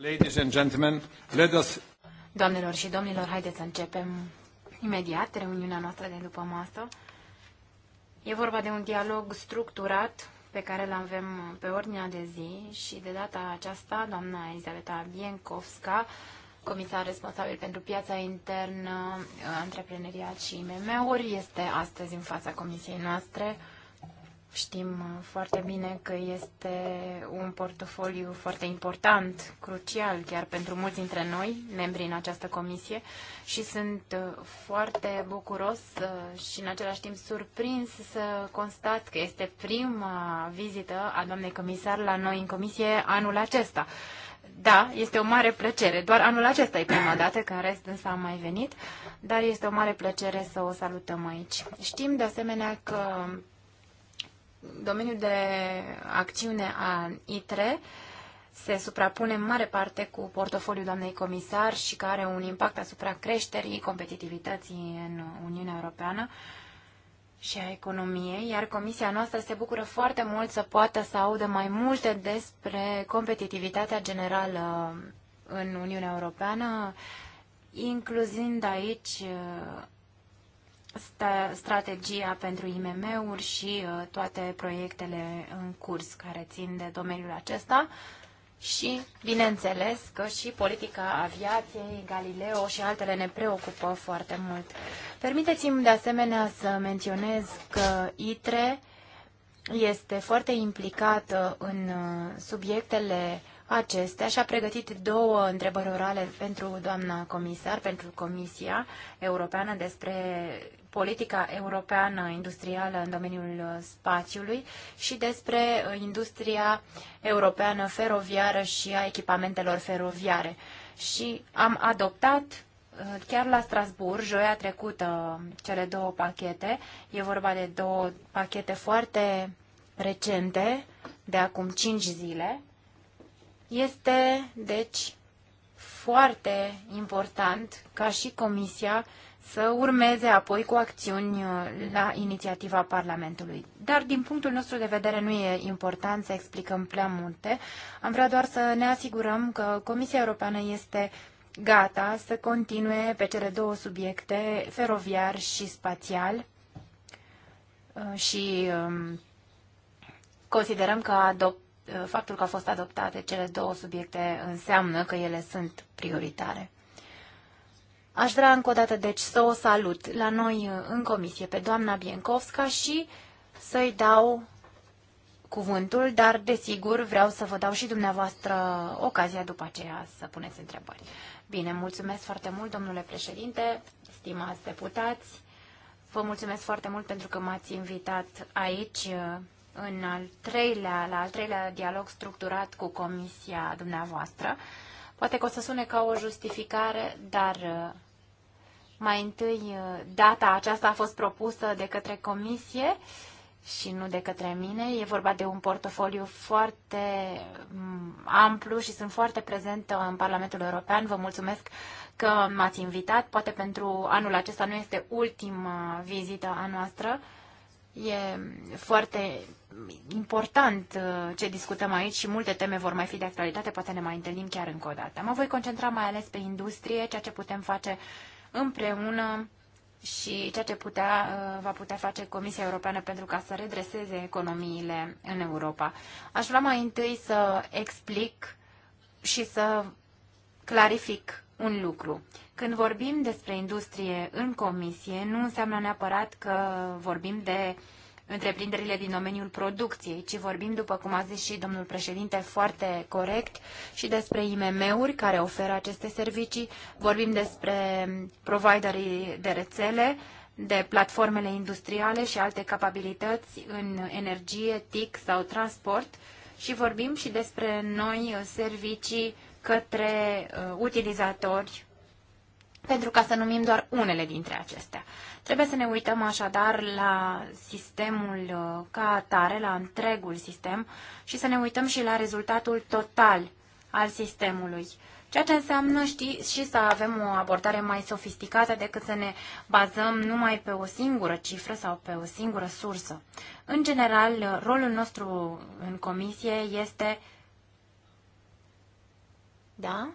Ladies and gentlemen, let us... Doamnelor și domnilor, haideți să începem imediat reuniunea noastră de după masă. E vorba de un dialog structurat pe care îl avem pe ordinea de zi și de data aceasta doamna Elizaveta Biencovska, comisar responsabil pentru piața internă, antreprenoriat și IMM-uri, este astăzi în fața comisiei noastre. Știm uh, foarte bine că este un portofoliu foarte important, crucial chiar pentru mulți dintre noi, membri în această comisie, și sunt uh, foarte bucuros uh, și în același timp surprins să constat că este prima vizită a doamnei comisar la noi în comisie anul acesta. Da, este o mare plăcere. Doar anul acesta e prima dată, că în rest însă am mai venit, dar este o mare plăcere să o salutăm aici. Știm de asemenea că domeniul de acțiune a ITRE se suprapune în mare parte cu portofoliul doamnei comisar și care are un impact asupra creșterii competitivității în Uniunea Europeană și a economiei, iar comisia noastră se bucură foarte mult să poată să audă mai multe despre competitivitatea generală în Uniunea Europeană, incluzând aici strategia pentru IMM-uri și uh, toate proiectele în curs care țin de domeniul acesta și, bineînțeles, că și politica aviației, Galileo și altele ne preocupă foarte mult. Permiteți-mi, de asemenea, să menționez că ITRE este foarte implicată în uh, subiectele acestea și a pregătit două întrebări orale pentru doamna comisar, pentru Comisia Europeană despre politica europeană industrială în domeniul uh, spațiului și despre uh, industria europeană feroviară și a echipamentelor feroviare. Și am adoptat uh, chiar la Strasbourg, joia trecută, cele două pachete. E vorba de două pachete foarte recente, de acum 5 zile. Este, deci, foarte important ca și Comisia să urmeze apoi cu acțiuni uh, la inițiativa Parlamentului. Dar din punctul nostru de vedere nu e important să explicăm prea multe. Am vrea doar să ne asigurăm că Comisia Europeană este gata să continue pe cele două subiecte, feroviar și spațial. Uh, și um, considerăm că adopt, uh, faptul că au fost adoptate cele două subiecte înseamnă că ele sunt prioritare. Aș vrea încă o dată, deci, să o salut la noi uh, în comisie pe doamna Biencovska și să-i dau cuvântul, dar, desigur, vreau să vă dau și dumneavoastră ocazia după aceea să puneți întrebări. Bine, mulțumesc foarte mult, domnule președinte, stimați deputați. Vă mulțumesc foarte mult pentru că m-ați invitat aici uh, în al treilea, la al treilea dialog structurat cu comisia dumneavoastră. Poate că o să sune ca o justificare, dar uh, mai întâi, uh, data aceasta a fost propusă de către comisie și nu de către mine. E vorba de un portofoliu foarte mm, amplu și sunt foarte prezentă în Parlamentul European. Vă mulțumesc că m-ați invitat. Poate pentru anul acesta nu este ultima vizită a noastră. E foarte important uh, ce discutăm aici și multe teme vor mai fi de actualitate, poate ne mai întâlnim chiar încă o dată. Mă voi concentra mai ales pe industrie, ceea ce putem face uh, împreună și ceea ce putea, uh, va putea face Comisia Europeană pentru ca să redreseze economiile în Europa. Aș vrea mai întâi să explic și să clarific un lucru. Când vorbim despre industrie în comisie, nu înseamnă neapărat că vorbim de uh, întreprinderile din domeniul producției, ci vorbim, după cum a zis și domnul președinte, foarte corect și despre IMM-uri care oferă aceste servicii, vorbim despre providerii de rețele, de platformele industriale și alte capabilități în energie, TIC sau transport și vorbim și despre noi servicii către uh, utilizatori pentru ca să numim doar unele dintre acestea. Trebuie să ne uităm așadar la sistemul uh, ca atare, la întregul sistem și să ne uităm și la rezultatul total al sistemului. Ceea ce înseamnă știi, și să avem o abordare mai sofisticată decât să ne bazăm numai pe o singură cifră sau pe o singură sursă. În general, uh, rolul nostru în comisie este... Da?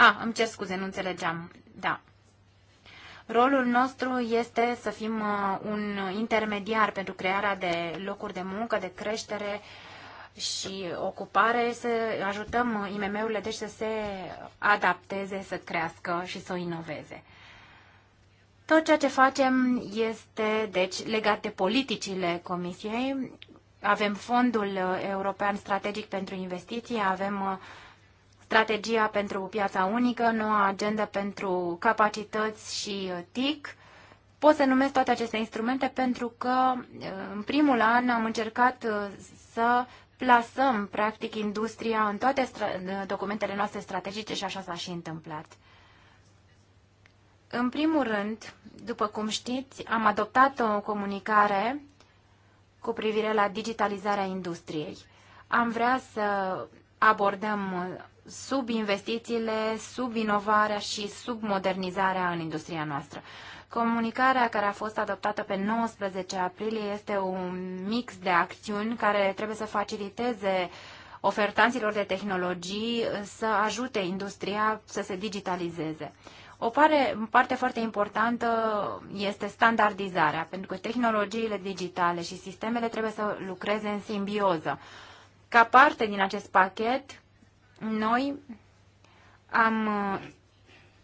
A, îmi cer scuze, nu înțelegeam. Da. Rolul nostru este să fim uh, un intermediar pentru crearea de locuri de muncă, de creștere și ocupare, să ajutăm uh, IMM-urile deci să se adapteze, să crească și să o inoveze. Tot ceea ce facem este, deci, legat de politicile Comisiei. Avem Fondul European Strategic pentru Investiții, avem uh, strategia pentru piața unică, noua agenda pentru capacități și uh, TIC. Pot să numesc toate aceste instrumente pentru că uh, în primul an am încercat uh, să plasăm, practic, industria în toate documentele noastre strategice și așa s-a și întâmplat. În primul rând, după cum știți, am adoptat o comunicare cu privire la digitalizarea industriei. Am vrea să abordăm sub investițiile, sub inovarea și sub modernizarea în industria noastră. Comunicarea care a fost adoptată pe 19 aprilie este un mix de acțiuni care trebuie să faciliteze ofertanților de tehnologii să ajute industria să se digitalizeze. O pare, parte foarte importantă este standardizarea, pentru că tehnologiile digitale și sistemele trebuie să lucreze în simbioză. Ca parte din acest pachet, noi am uh,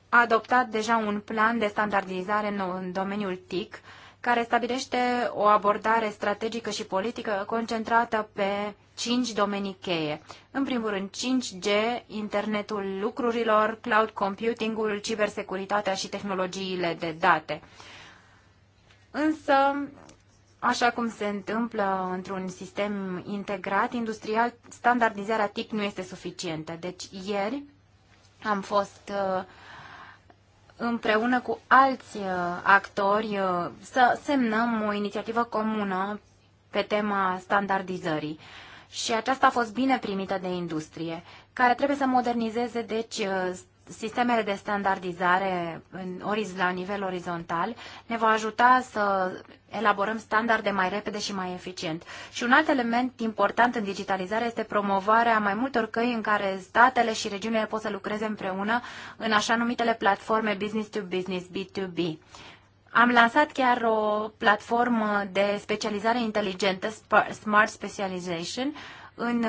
adoptat deja un plan de standardizare în domeniul TIC, care stabilește o abordare strategică și politică concentrată pe cinci domenii cheie. În primul rând, 5G, internetul lucrurilor, cloud computing-ul, cibersecuritatea și tehnologiile de date. Însă, Așa cum se întâmplă într-un sistem integrat industrial, standardizarea TIC nu este suficientă. Deci ieri am fost uh, împreună cu alți uh, actori uh, să semnăm o inițiativă comună pe tema standardizării. Și aceasta a fost bine primită de industrie, care trebuie să modernizeze deci sistemele de standardizare în, la nivel orizontal ne va ajuta să elaborăm standarde mai repede și mai eficient. Și un alt element important în digitalizare este promovarea mai multor căi în care statele și regiunile pot să lucreze împreună în așa numitele platforme business to business, B2B. Am lansat chiar o platformă de specializare inteligentă, Smart Specialization, în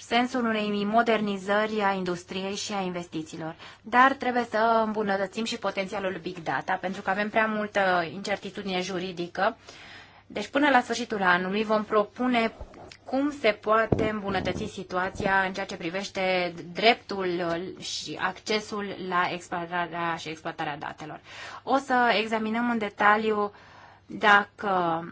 sensul unei modernizări a industriei și a investițiilor. Dar trebuie să îmbunătățim și potențialul big data, pentru că avem prea multă incertitudine juridică. Deci până la sfârșitul anului vom propune cum se poate îmbunătăți situația în ceea ce privește dreptul și accesul la exploatarea și exploatarea datelor. O să examinăm în detaliu dacă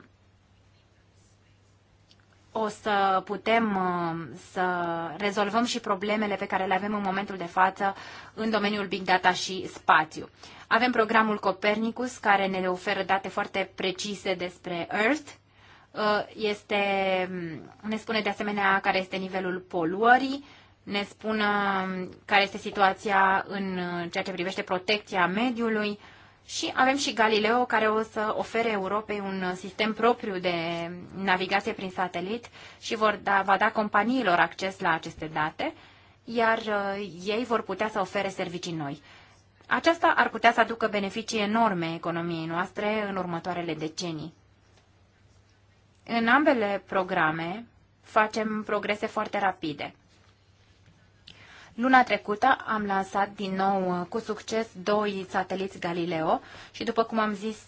o să putem uh, să rezolvăm și problemele pe care le avem în momentul de față în domeniul big data și spațiu. Avem programul Copernicus care ne oferă date foarte precise despre Earth. Uh, este, mm, ne spune de asemenea care este nivelul poluării, ne spune mm, care este situația în uh, ceea ce privește protecția mediului, și avem și Galileo, care o să ofere Europei un uh, sistem propriu de navigație prin satelit și vor da, va da companiilor acces la aceste date, iar uh, ei vor putea să ofere servicii noi. Aceasta ar putea să aducă beneficii enorme economiei noastre în următoarele decenii. În ambele programe facem progrese foarte rapide. Luna trecută am lansat din nou uh, cu succes doi sateliți Galileo și după cum am zis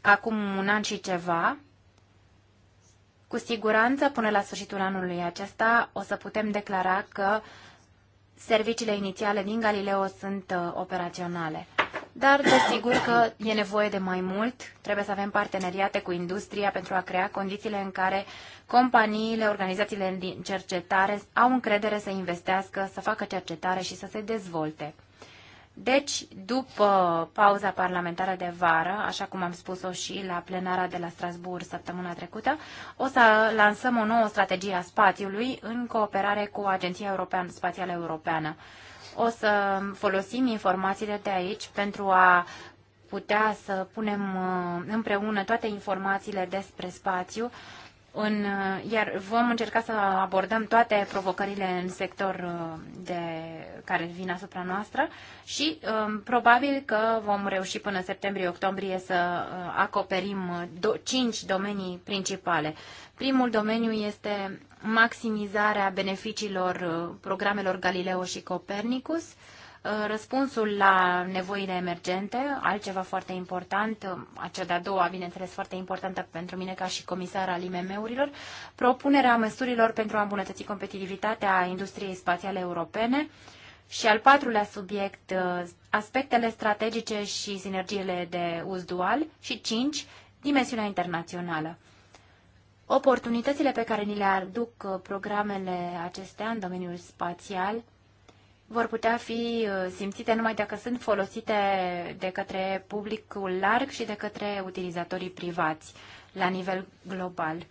acum un an și ceva, cu siguranță până la sfârșitul anului acesta o să putem declara că serviciile inițiale din Galileo sunt uh, operaționale dar desigur că e nevoie de mai mult. Trebuie să avem parteneriate cu industria pentru a crea condițiile în care companiile, organizațiile din cercetare au încredere să investească, să facă cercetare și să se dezvolte. Deci, după pauza parlamentară de vară, așa cum am spus-o și la plenara de la Strasbourg săptămâna trecută, o să lansăm o nouă strategie a spațiului în cooperare cu Agenția European, Spațială Europeană. O să folosim informațiile de aici pentru a putea să punem uh, împreună toate informațiile despre spațiu în, uh, iar vom încerca să abordăm toate provocările în sector uh, de, care vin asupra noastră și um, probabil că vom reuși până septembrie-octombrie să uh, acoperim do- cinci domenii principale. Primul domeniu este maximizarea beneficiilor programelor Galileo și Copernicus. Uh, Uh, răspunsul la nevoile emergente, altceva foarte important, uh, acea de-a doua, bineînțeles, foarte importantă pentru mine ca și comisar al IMM-urilor, propunerea măsurilor pentru a îmbunătăți competitivitatea industriei spațiale europene și al patrulea subiect, uh, aspectele strategice și sinergiile de uz dual și cinci, dimensiunea internațională. Oportunitățile pe care ni le aduc programele acestea în domeniul spațial vor putea fi uh, simțite numai dacă sunt folosite de către publicul larg și de către utilizatorii privați la nivel global.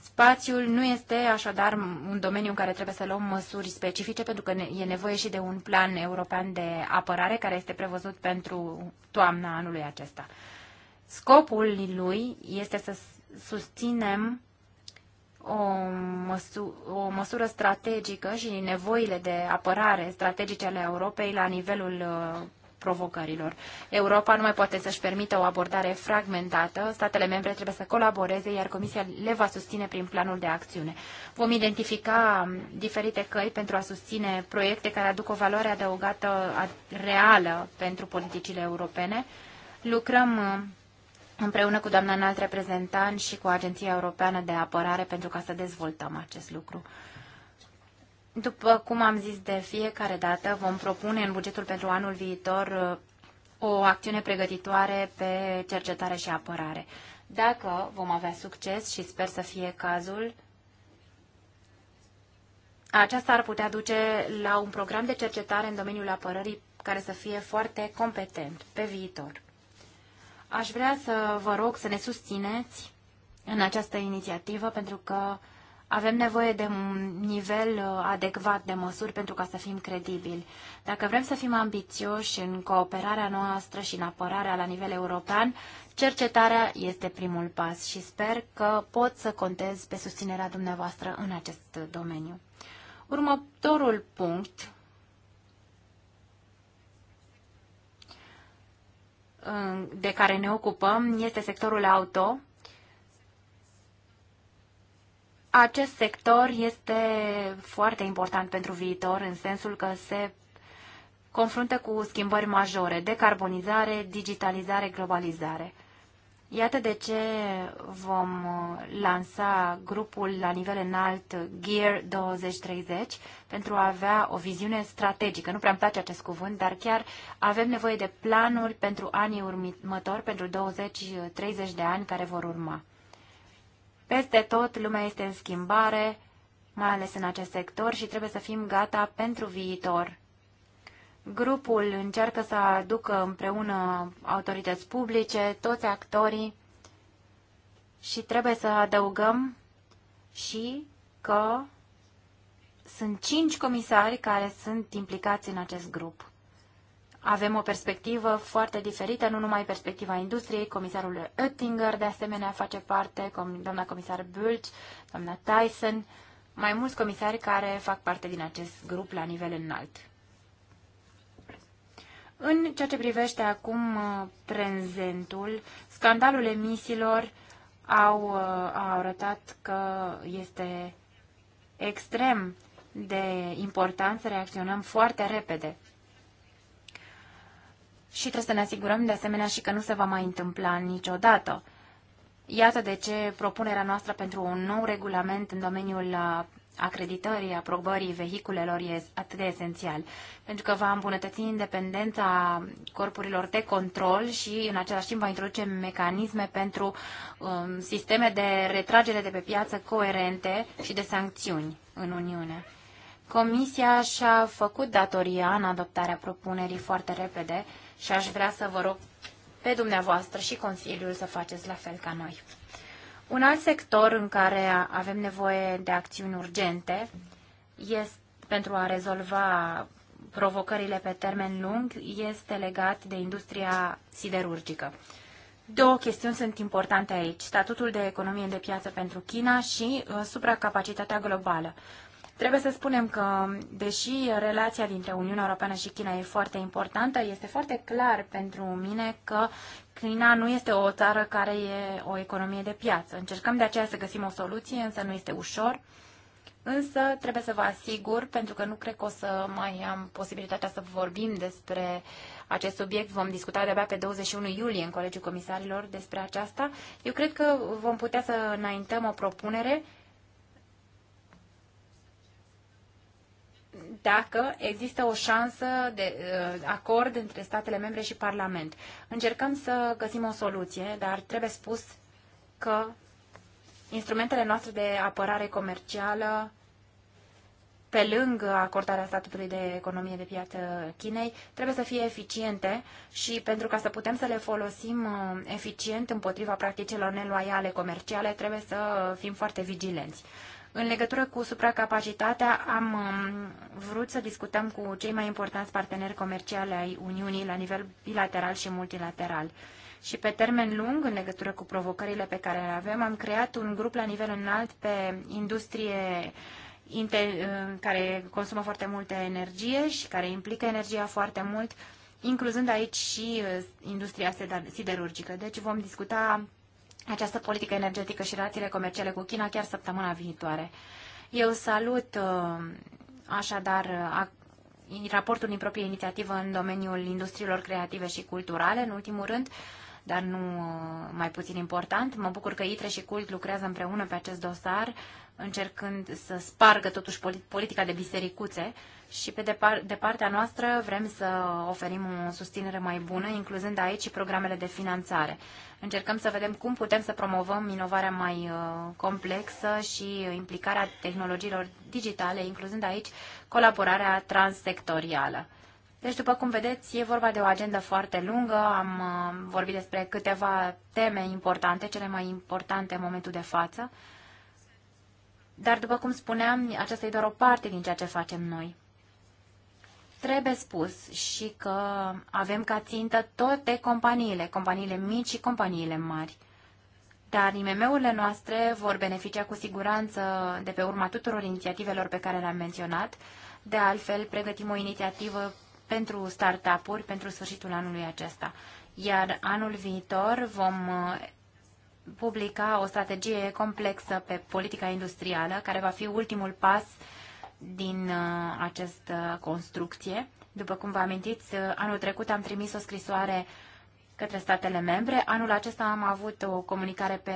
Spațiul nu este așadar un domeniu în care trebuie să luăm măsuri specifice, pentru că e nevoie și de un plan european de apărare care este prevăzut pentru toamna anului acesta. Scopul lui este să susținem o, măsu- o măsură strategică și nevoile de apărare strategice ale Europei la nivelul uh, provocărilor. Europa nu mai poate să-și permită o abordare fragmentată, statele membre trebuie să colaboreze, iar Comisia le va susține prin planul de acțiune. Vom identifica um, diferite căi pentru a susține proiecte care aduc o valoare adăugată reală pentru politicile europene. Lucrăm um, împreună cu doamna înalt reprezentant și cu Agenția Europeană de Apărare pentru ca să dezvoltăm acest lucru. După cum am zis de fiecare dată, vom propune în bugetul pentru anul viitor uh, o acțiune pregătitoare pe cercetare și apărare. Dacă vom avea succes și sper să fie cazul, aceasta ar putea duce la un program de cercetare în domeniul apărării care să fie foarte competent pe viitor. Aș vrea să vă rog să ne susțineți în această inițiativă pentru că avem nevoie de un nivel uh, adecvat de măsuri pentru ca să fim credibili. Dacă vrem să fim ambițioși în cooperarea noastră și în apărarea la nivel european, cercetarea este primul pas și sper că pot să contez pe susținerea dumneavoastră în acest domeniu. Următorul punct Uh, de care ne ocupăm este sectorul auto. Acest sector este foarte important pentru viitor în sensul că se confruntă cu schimbări majore, decarbonizare, digitalizare, globalizare. Iată de ce vom uh, lansa grupul la nivel înalt Gear 2030 pentru a avea o viziune strategică. Nu prea îmi place acest cuvânt, dar chiar avem nevoie de planuri pentru anii următori, pentru 20-30 de ani care vor urma. Peste tot, lumea este în schimbare, mai ales în acest sector, și trebuie să fim gata pentru viitor Grupul încearcă să aducă împreună autorități publice, toți actorii și trebuie să adăugăm și că sunt cinci comisari care sunt implicați în acest grup. Avem o perspectivă foarte diferită, nu numai perspectiva industriei, comisarul Oettinger de asemenea face parte, doamna comisar Bulc, doamna Tyson, mai mulți comisari care fac parte din acest grup la nivel înalt. În ceea ce privește acum uh, prezentul, scandalul emisiilor au, uh, a arătat că este extrem de important să reacționăm foarte repede. Și trebuie să ne asigurăm de asemenea și că nu se va mai întâmpla niciodată. Iată de ce propunerea noastră pentru un nou regulament în domeniul uh, acreditării, aprobării vehiculelor e atât de esențial, pentru că va îmbunătăți independența corpurilor de control și în același timp va introduce mecanisme pentru um, sisteme de retragere de pe piață coerente și de sancțiuni în Uniune. Comisia și-a făcut datoria în adoptarea propunerii foarte repede și aș vrea să vă rog pe dumneavoastră și Consiliul să faceți la fel ca noi. Un alt sector în care avem nevoie de acțiuni urgente este, pentru a rezolva provocările pe termen lung este legat de industria siderurgică. Două chestiuni sunt importante aici. Statutul de economie de piață pentru China și uh, supracapacitatea globală. Trebuie să spunem că, deși relația dintre Uniunea Europeană și China e foarte importantă, este foarte clar pentru mine că China nu este o țară care e o economie de piață. Încercăm de aceea să găsim o soluție, însă nu este ușor. Însă trebuie să vă asigur, pentru că nu cred că o să mai am posibilitatea să vorbim despre acest subiect, vom discuta de-abia pe 21 iulie în Colegiul Comisarilor despre aceasta. Eu cred că vom putea să înaintăm o propunere dacă există o șansă de uh, acord între statele membre și Parlament. Încercăm să găsim o soluție, dar trebuie spus că instrumentele noastre de apărare comercială pe lângă acordarea statutului de economie de piață Chinei, trebuie să fie eficiente și pentru ca să putem să le folosim uh, eficient împotriva practicilor neloiale comerciale, trebuie să fim foarte vigilenți. În legătură cu supracapacitatea, am um, vrut să discutăm cu cei mai importanți parteneri comerciale ai Uniunii la nivel bilateral și multilateral. Și pe termen lung, în legătură cu provocările pe care le avem, am creat un grup la nivel înalt pe industrie uh, care consumă foarte multă energie și care implică energia foarte mult, incluzând aici și uh, industria siderurgică. Deci vom discuta această politică energetică și relațiile comerciale cu China chiar săptămâna viitoare. Eu salut uh, așadar uh, raportul din proprie inițiativă în domeniul industriilor creative și culturale, în ultimul rând, dar nu uh, mai puțin important. Mă bucur că ITRE și CULT lucrează împreună pe acest dosar, încercând să spargă totuși politica de bisericuțe și pe de, par- de partea noastră vrem să oferim o susținere mai bună, incluzând aici și programele de finanțare. Încercăm să vedem cum putem să promovăm inovarea mai uh, complexă și implicarea tehnologiilor digitale, incluzând aici colaborarea transsectorială. Deci, după cum vedeți, e vorba de o agendă foarte lungă. Am uh, vorbit despre câteva teme importante, cele mai importante în momentul de față. Dar, după cum spuneam, aceasta e doar o parte din ceea ce facem noi. Trebuie spus și că avem ca țintă toate companiile, companiile mici și companiile mari. Dar IMM-urile noastre vor beneficia cu siguranță de pe urma tuturor inițiativelor pe care le-am menționat. De altfel, pregătim o inițiativă pentru startup-uri pentru sfârșitul anului acesta. Iar anul viitor vom uh, publica o strategie complexă pe politica industrială, care va fi ultimul pas uh, din uh, această construcție. După cum vă amintiți, uh, anul trecut am trimis o scrisoare către statele membre. Anul acesta am avut o comunicare pe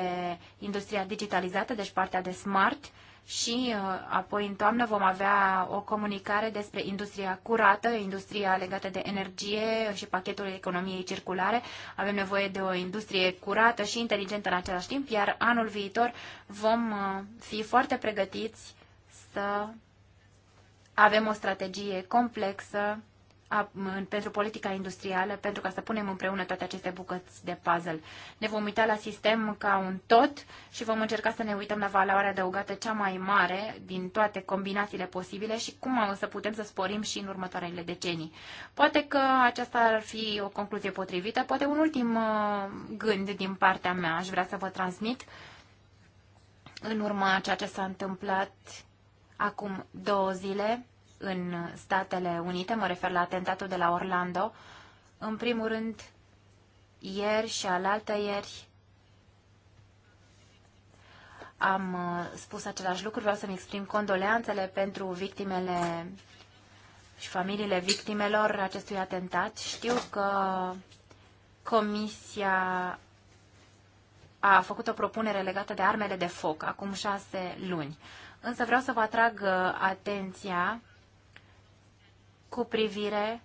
industria digitalizată, deci partea de smart, și uh, apoi în toamnă vom avea o comunicare despre industria curată, industria legată de energie și pachetul economiei circulare. Avem nevoie de o industrie curată și inteligentă în același timp, iar anul viitor vom fi foarte pregătiți să avem o strategie complexă a, pentru politica industrială, pentru ca să punem împreună toate aceste bucăți de puzzle. Ne vom uita la sistem ca un tot și vom încerca să ne uităm la valoarea adăugată cea mai mare din toate combinațiile posibile și cum o să putem să sporim și în următoarele decenii. Poate că aceasta ar fi o concluzie potrivită, poate un ultim uh, gând din partea mea aș vrea să vă transmit în urma ceea ce s-a întâmplat Acum două zile, în Statele Unite, mă refer la atentatul de la Orlando, în primul rând, ieri și alaltă ieri, am uh, spus același lucru, vreau să-mi exprim condoleanțele pentru victimele și familiile victimelor acestui atentat. Știu că Comisia a făcut o propunere legată de armele de foc acum șase luni însă vreau să vă atrag uh, atenția cu privire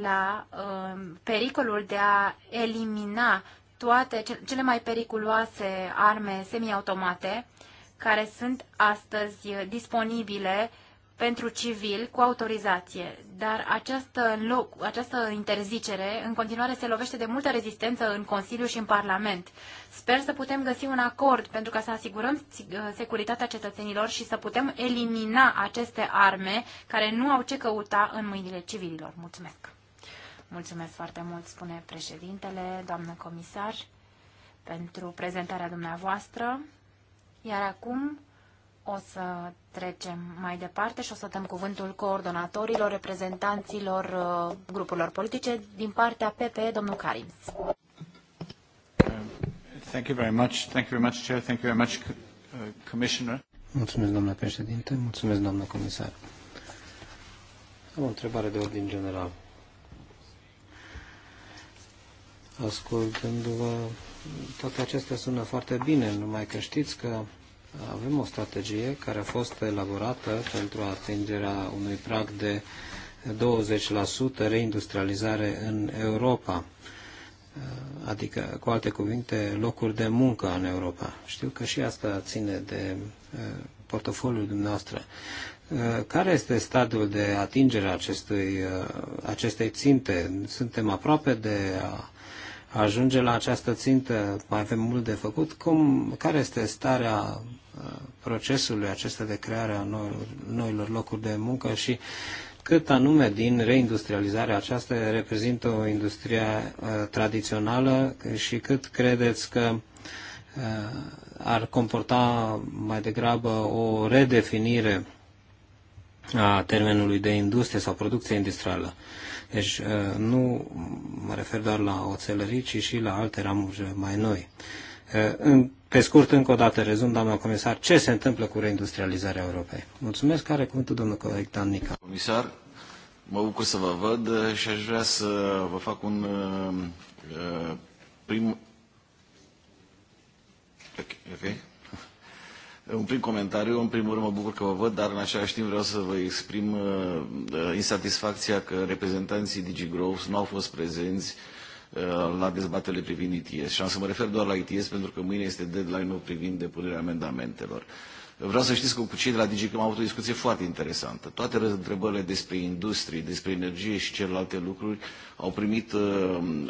la um, pericolul de a elimina toate cele mai periculoase arme semiautomate care sunt astăzi uh, disponibile uh, pentru civil cu autorizație, dar această, loc, această interzicere în continuare se lovește de multă rezistență în Consiliu și în Parlament. Sper să putem găsi un acord pentru ca să asigurăm uh, securitatea cetățenilor și să putem elimina aceste arme care nu au ce căuta în mâinile civililor. Mulțumesc! Mulțumesc foarte mult, spune președintele, doamnă comisar, pentru prezentarea dumneavoastră. Iar acum o să trecem mai departe și o să dăm cuvântul coordonatorilor, reprezentanților uh, grupurilor politice din partea PP, domnul Karims. Thank you very much. Thank you very much, Chair. Thank you very much, uh, Commissioner. Mulțumesc, domnule președinte. Mulțumesc, doamna comisar. Am o întrebare de ordin general. Ascultându-vă, toate acestea sună foarte bine, numai că știți că avem o strategie care a fost elaborată pentru atingerea unui prag de 20% reindustrializare în Europa, adică, cu alte cuvinte, locuri de muncă în Europa. Știu că și asta ține de uh, portofoliul dumneavoastră. Uh, care este stadiul de atingere acestui, uh, acestei ținte? Suntem aproape de a ajunge la această țintă, mai avem mult de făcut. Cum, care este starea uh, procesului acesta de creare a noilor, noilor locuri de muncă și cât anume din reindustrializarea aceasta reprezintă o industrie uh, tradițională și cât credeți că uh, ar comporta mai degrabă o redefinire a termenului de industrie sau producție industrială. Deci uh, nu mă refer doar la oțelării, ci și la alte ramuri mai noi. Uh, pe scurt, încă o dată rezum, doamna comisar, ce se întâmplă cu reindustrializarea Europei. Mulțumesc, care cuvântul domnul Dan Nica. Comisar, mă bucur să vă văd și aș vrea să vă fac un uh, prim... Okay. okay un prim comentariu. În primul rând mă bucur că vă văd, dar în același timp vreau să vă exprim uh, uh insatisfacția că reprezentanții DigiGrowth nu au fost prezenți uh, la dezbatele privind ITS. Și am să mă refer doar la ITS pentru că mâine este deadline-ul privind depunerea amendamentelor. Uh, Vreau să știți că cu cei de la DG am avut o discuție foarte interesantă. Toate întrebările despre industrie, despre energie și celelalte lucruri au primit uh,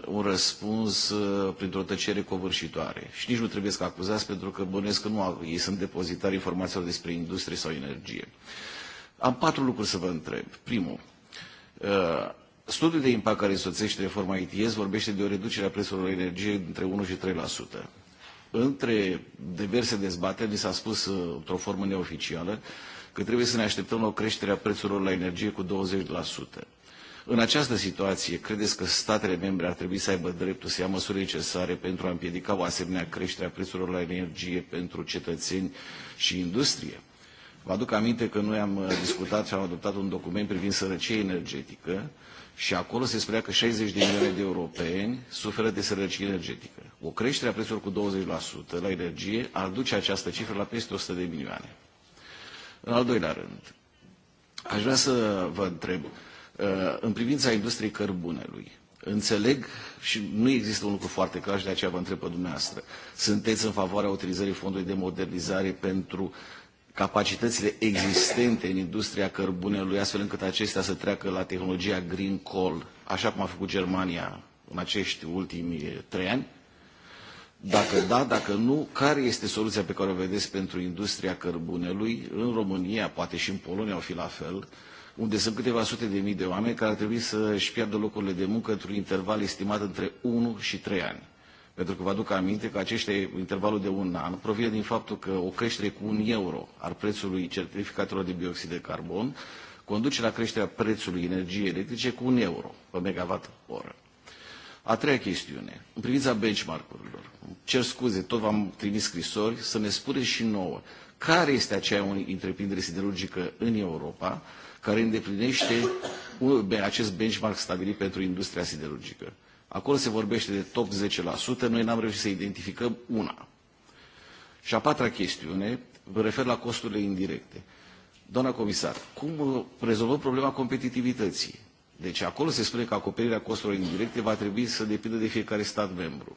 un răspuns uh, printr-o tăcere covârșitoare. Și nici nu trebuie să acuzați pentru că bănuiesc că nu au, ei sunt depozitari informațiilor despre industrie sau energie. Am patru lucruri să vă întreb. Primul, uh, Studiul de impact care însoțește reforma ITS vorbește de o reducere a prețurilor energiei între 1 și 3% între diverse dezbateri, ni s-a spus uh, într-o formă neoficială că trebuie să ne așteptăm la o creștere a prețurilor la energie cu 20%. În această situație, credeți că statele membre ar trebui să aibă dreptul să ia măsuri necesare pentru a împiedica o asemenea creștere a prețurilor la energie pentru cetățeni și industrie? Vă aduc aminte că noi am uh, discutat și am adoptat un document privind sărăcie energetică, și acolo se spunea că 60 de milioane de europeni suferă de sărăcie energetică. O creștere a prețurilor cu 20% la energie ar duce această cifră la peste 100 de milioane. În al doilea rând, aș vrea să vă întreb, uh, în privința industriei cărbunelui, înțeleg și nu există un lucru foarte clar și de aceea vă întreb pe dumneavoastră, sunteți în favoarea utilizării fondului de modernizare pentru capacitățile existente în industria cărbunelui, astfel încât acestea să treacă la tehnologia green coal, așa cum a făcut Germania în acești ultimi trei ani? Dacă da, dacă nu, care este soluția pe care o vedeți pentru industria cărbunelui în România, poate și în Polonia o fi la fel, unde sunt câteva sute de mii de oameni care ar trebui să își piardă locurile de muncă într-un interval estimat între 1 și 3 ani. Pentru că vă aduc aminte că aceștia, intervalul de un an, provine din faptul că o creștere cu un euro al prețului certificatelor de bioxid de carbon conduce la creșterea prețului energiei electrice cu un euro pe megawatt oră. A treia chestiune, în privința benchmark-urilor. Cer scuze, tot v-am trimis scrisori, să ne spuneți și nouă care este aceea întreprindere siderurgică în Europa care îndeplinește acest benchmark stabilit pentru industria siderurgică. Acolo se vorbește de top 10%, noi n-am reușit să identificăm una. Și a patra chestiune, vă refer la costurile indirecte. Doamna comisar, cum uh, rezolvăm problema competitivității? Deci acolo se spune că acoperirea costurilor indirecte va trebui să depindă de fiecare stat membru.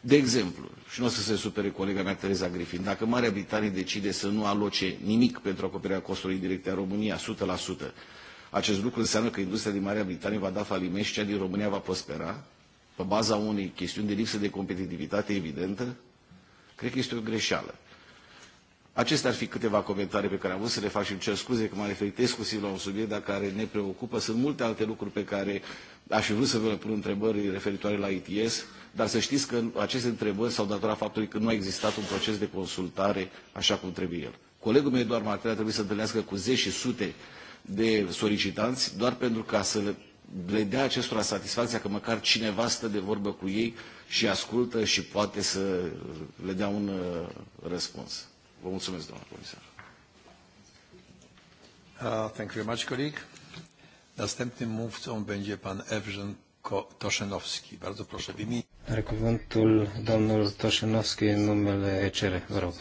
De exemplu, și nu o să se supere colega mea Tereza Griffin, dacă Marea Britanie decide să nu aloce nimic pentru acoperirea costurilor indirecte a România, 100%, acest lucru înseamnă că industria din Marea Britanie va da faliment și cea din România va prospera? pe baza unei chestiuni de lipsă de competitivitate evidentă, cred că este o greșeală. Acestea ar fi câteva comentarii pe care am vrut să le fac și îmi cer scuze că m-am referit exclusiv la un subiect, dar care ne preocupă. Sunt multe alte lucruri pe care aș fi vrut să vă pun întrebări referitoare la ITS, dar să știți că aceste întrebări s-au datorat faptului că nu a existat un proces de consultare așa cum trebuie el. Colegul meu, Eduard Martel, a trebuit să întâlnească cu zeci și sute de solicitanți doar pentru ca să le dea acestora satisfacția că măcar cineva stă de vorbă cu ei și ascultă și poate să le dea un uh, răspuns. Vă mulțumesc, doamna comisar. Uh, thank you very much, colleague. Następnym mówcą będzie pan Evgen Toszenowski. Bardzo proszę w imieniu. Rekomendul domnul Toszenowski, în numele ECR, vă rog.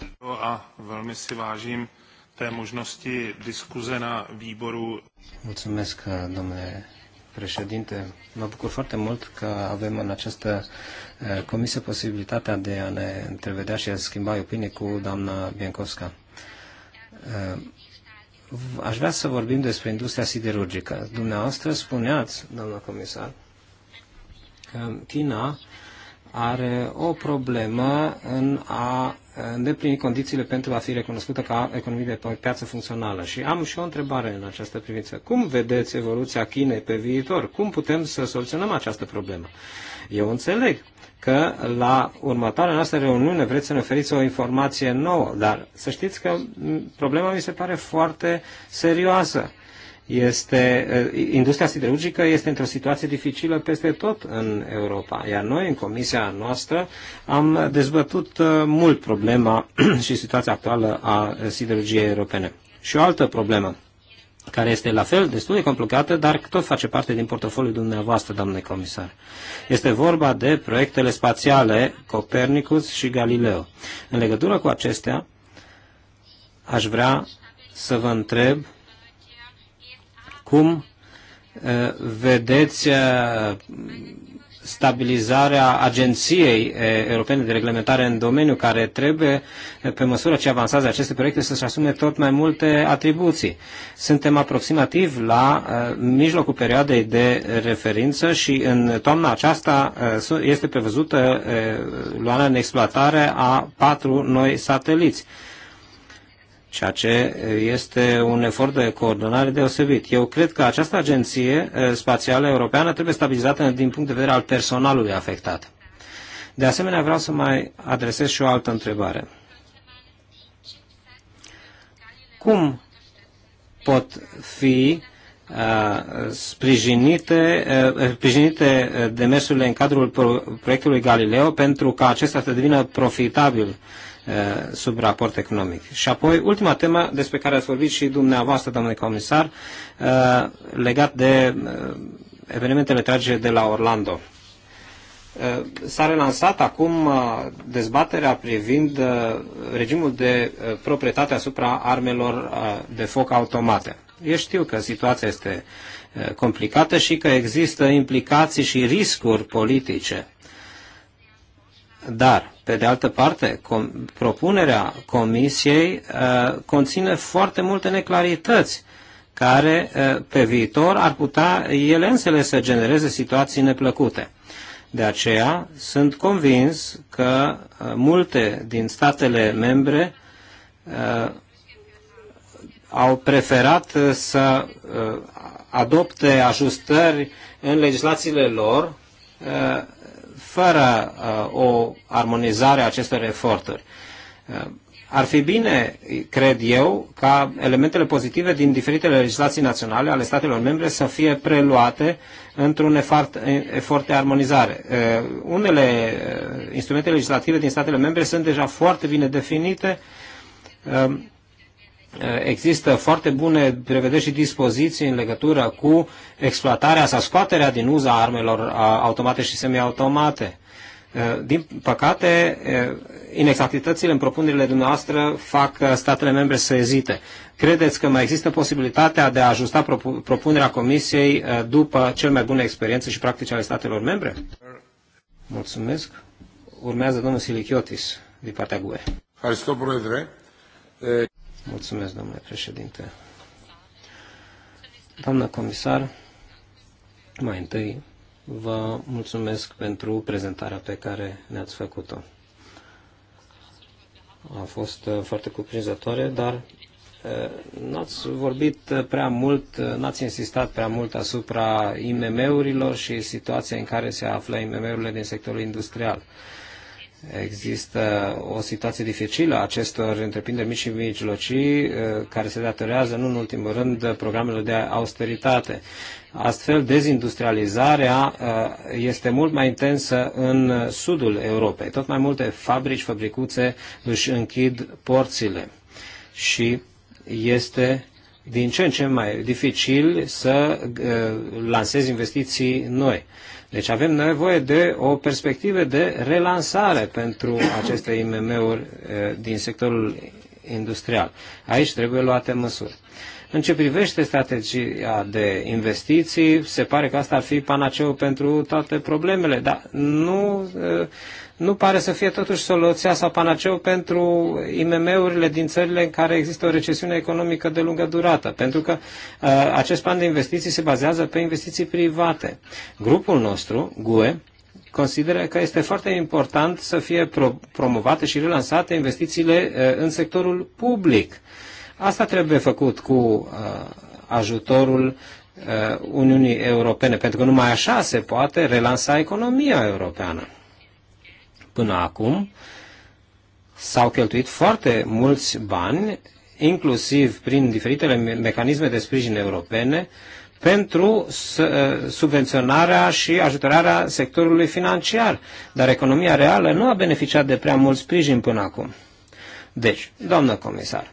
A velmi si vážím té možnosti diskuze na výboru. Mulțumesc, domnule președinte. Mă bucur foarte mult că avem în această eh, comisie posibilitatea de a ne întrevedea și a schimba opinie cu doamna Biencovska. Eh, aș vrea să vorbim despre industria siderurgică. Dumneavoastră spuneați, doamna comisar, că China are o problemă în a îndeplini condițiile pentru a fi recunoscută ca economie de piață funcțională. Și am și o întrebare în această privință. Cum vedeți evoluția Chinei pe viitor? Cum putem să soluționăm această problemă? Eu înțeleg că la următoarea noastră reuniune vreți să ne oferiți o informație nouă, dar să știți că problema mi se pare foarte serioasă este, eh, industria siderurgică este într-o situație dificilă peste tot în Europa, iar noi, în comisia noastră, am dezbătut eh, mult problema și situația actuală a siderurgiei europene. Și o altă problemă care este la fel destul de complicată, dar tot face parte din portofoliul dumneavoastră, doamne comisar. Este vorba de proiectele spațiale Copernicus și Galileo. În legătură cu acestea, aș vrea să vă întreb cum uh, vedeți uh, stabilizarea Agenției uh, Europene de Reglementare în domeniu, care trebuie, pe măsură ce avansează aceste proiecte, să-și asume tot mai multe atribuții. Suntem aproximativ la mijlocul perioadei de referință și în toamna aceasta este prevăzută luarea în exploatare a patru noi sateliți ceea ce eh, este un efort de coordonare deosebit. Eu cred că această agenție eh, spațială europeană trebuie stabilizată din punct de vedere al personalului afectat. De asemenea, vreau să mai adresez și o altă întrebare. Cum pot fi eh, sprijinite, sprijinite demersurile în cadrul proiectului Galileo pentru ca acesta să devină profitabil Uh, sub raport economic. Și apoi, ultima temă despre care ați vorbit și dumneavoastră, domnule comisar, uh, legat de uh, evenimentele trage de la Orlando. S-a relansat acum dezbaterea privind regimul de proprietate asupra armelor de foc automate. Eu știu că situația este complicată și că există implicații și riscuri politice dar, pe de altă parte, com- propunerea Comisiei uh, conține foarte multe neclarități care uh, pe viitor ar putea ele însele să genereze situații neplăcute. De aceea sunt convins că uh, multe din statele membre uh, au preferat uh, să uh, adopte ajustări în legislațiile lor uh, fără uh, o armonizare a acestor eforturi. Uh, ar fi bine, cred eu, ca elementele pozitive din diferitele legislații naționale ale statelor membre să fie preluate într-un efort, efort de armonizare. Uh, unele instrumente legislative din statele membre sunt deja foarte bine definite Eh, există foarte bune prevederi și dispoziții în legătură cu exploatarea sau scoaterea din uza armelor automate și semiautomate. Eh, din păcate, eh, inexactitățile în propunerile dumneavoastră fac statele membre să ezite. Credeți că mai există posibilitatea de a ajusta propunerea Comisiei după cel mai bune experiențe și practici ale statelor membre? Mulțumesc. Urmează domnul Silichiotis din partea GUE. Haristo, Mulțumesc, domnule președinte. Doamnă comisar, mai întâi vă mulțumesc pentru prezentarea pe care ne-ați făcut-o. A fost uh, foarte cuprinzătoare, dar uh, n-ați vorbit uh, prea mult, n-ați insistat prea mult asupra IMM-urilor și situația în care se află IMM-urile din sectorul industrial. Există o situație dificilă a acestor întreprinderi mici și mijlocii, eh, care se datorează, nu în ultimul rând, programelor de austeritate. Astfel, dezindustrializarea eh, este mult mai intensă în sudul Europei. Tot mai multe fabrici, fabricuțe își închid porțile și este din ce în ce mai dificil să eh, lansezi investiții noi. Deci avem nevoie de o perspectivă de relansare pentru aceste IMM-uri eh, din sectorul industrial. Aici trebuie luate măsuri. În ce privește strategia de investiții, se pare că asta ar fi panaceul pentru toate problemele, dar nu eh, nu pare să fie totuși soluția sau panaceu pentru IMM-urile din țările în care există o recesiune economică de lungă durată, pentru că uh, acest plan de investiții se bazează pe investiții private. Grupul nostru, GUE, consideră că este foarte important să fie pro- promovate și relansate investițiile uh, în sectorul public. Asta trebuie făcut cu uh, ajutorul uh, Uniunii Europene, pentru că numai așa se poate relansa economia europeană până acum s-au cheltuit foarte mulți bani, inclusiv prin diferitele mecanisme de sprijin europene, pentru eh, subvenționarea și ajutorarea sectorului financiar, dar economia reală nu a beneficiat de prea mult sprijin până acum. Deci, doamnă comisar,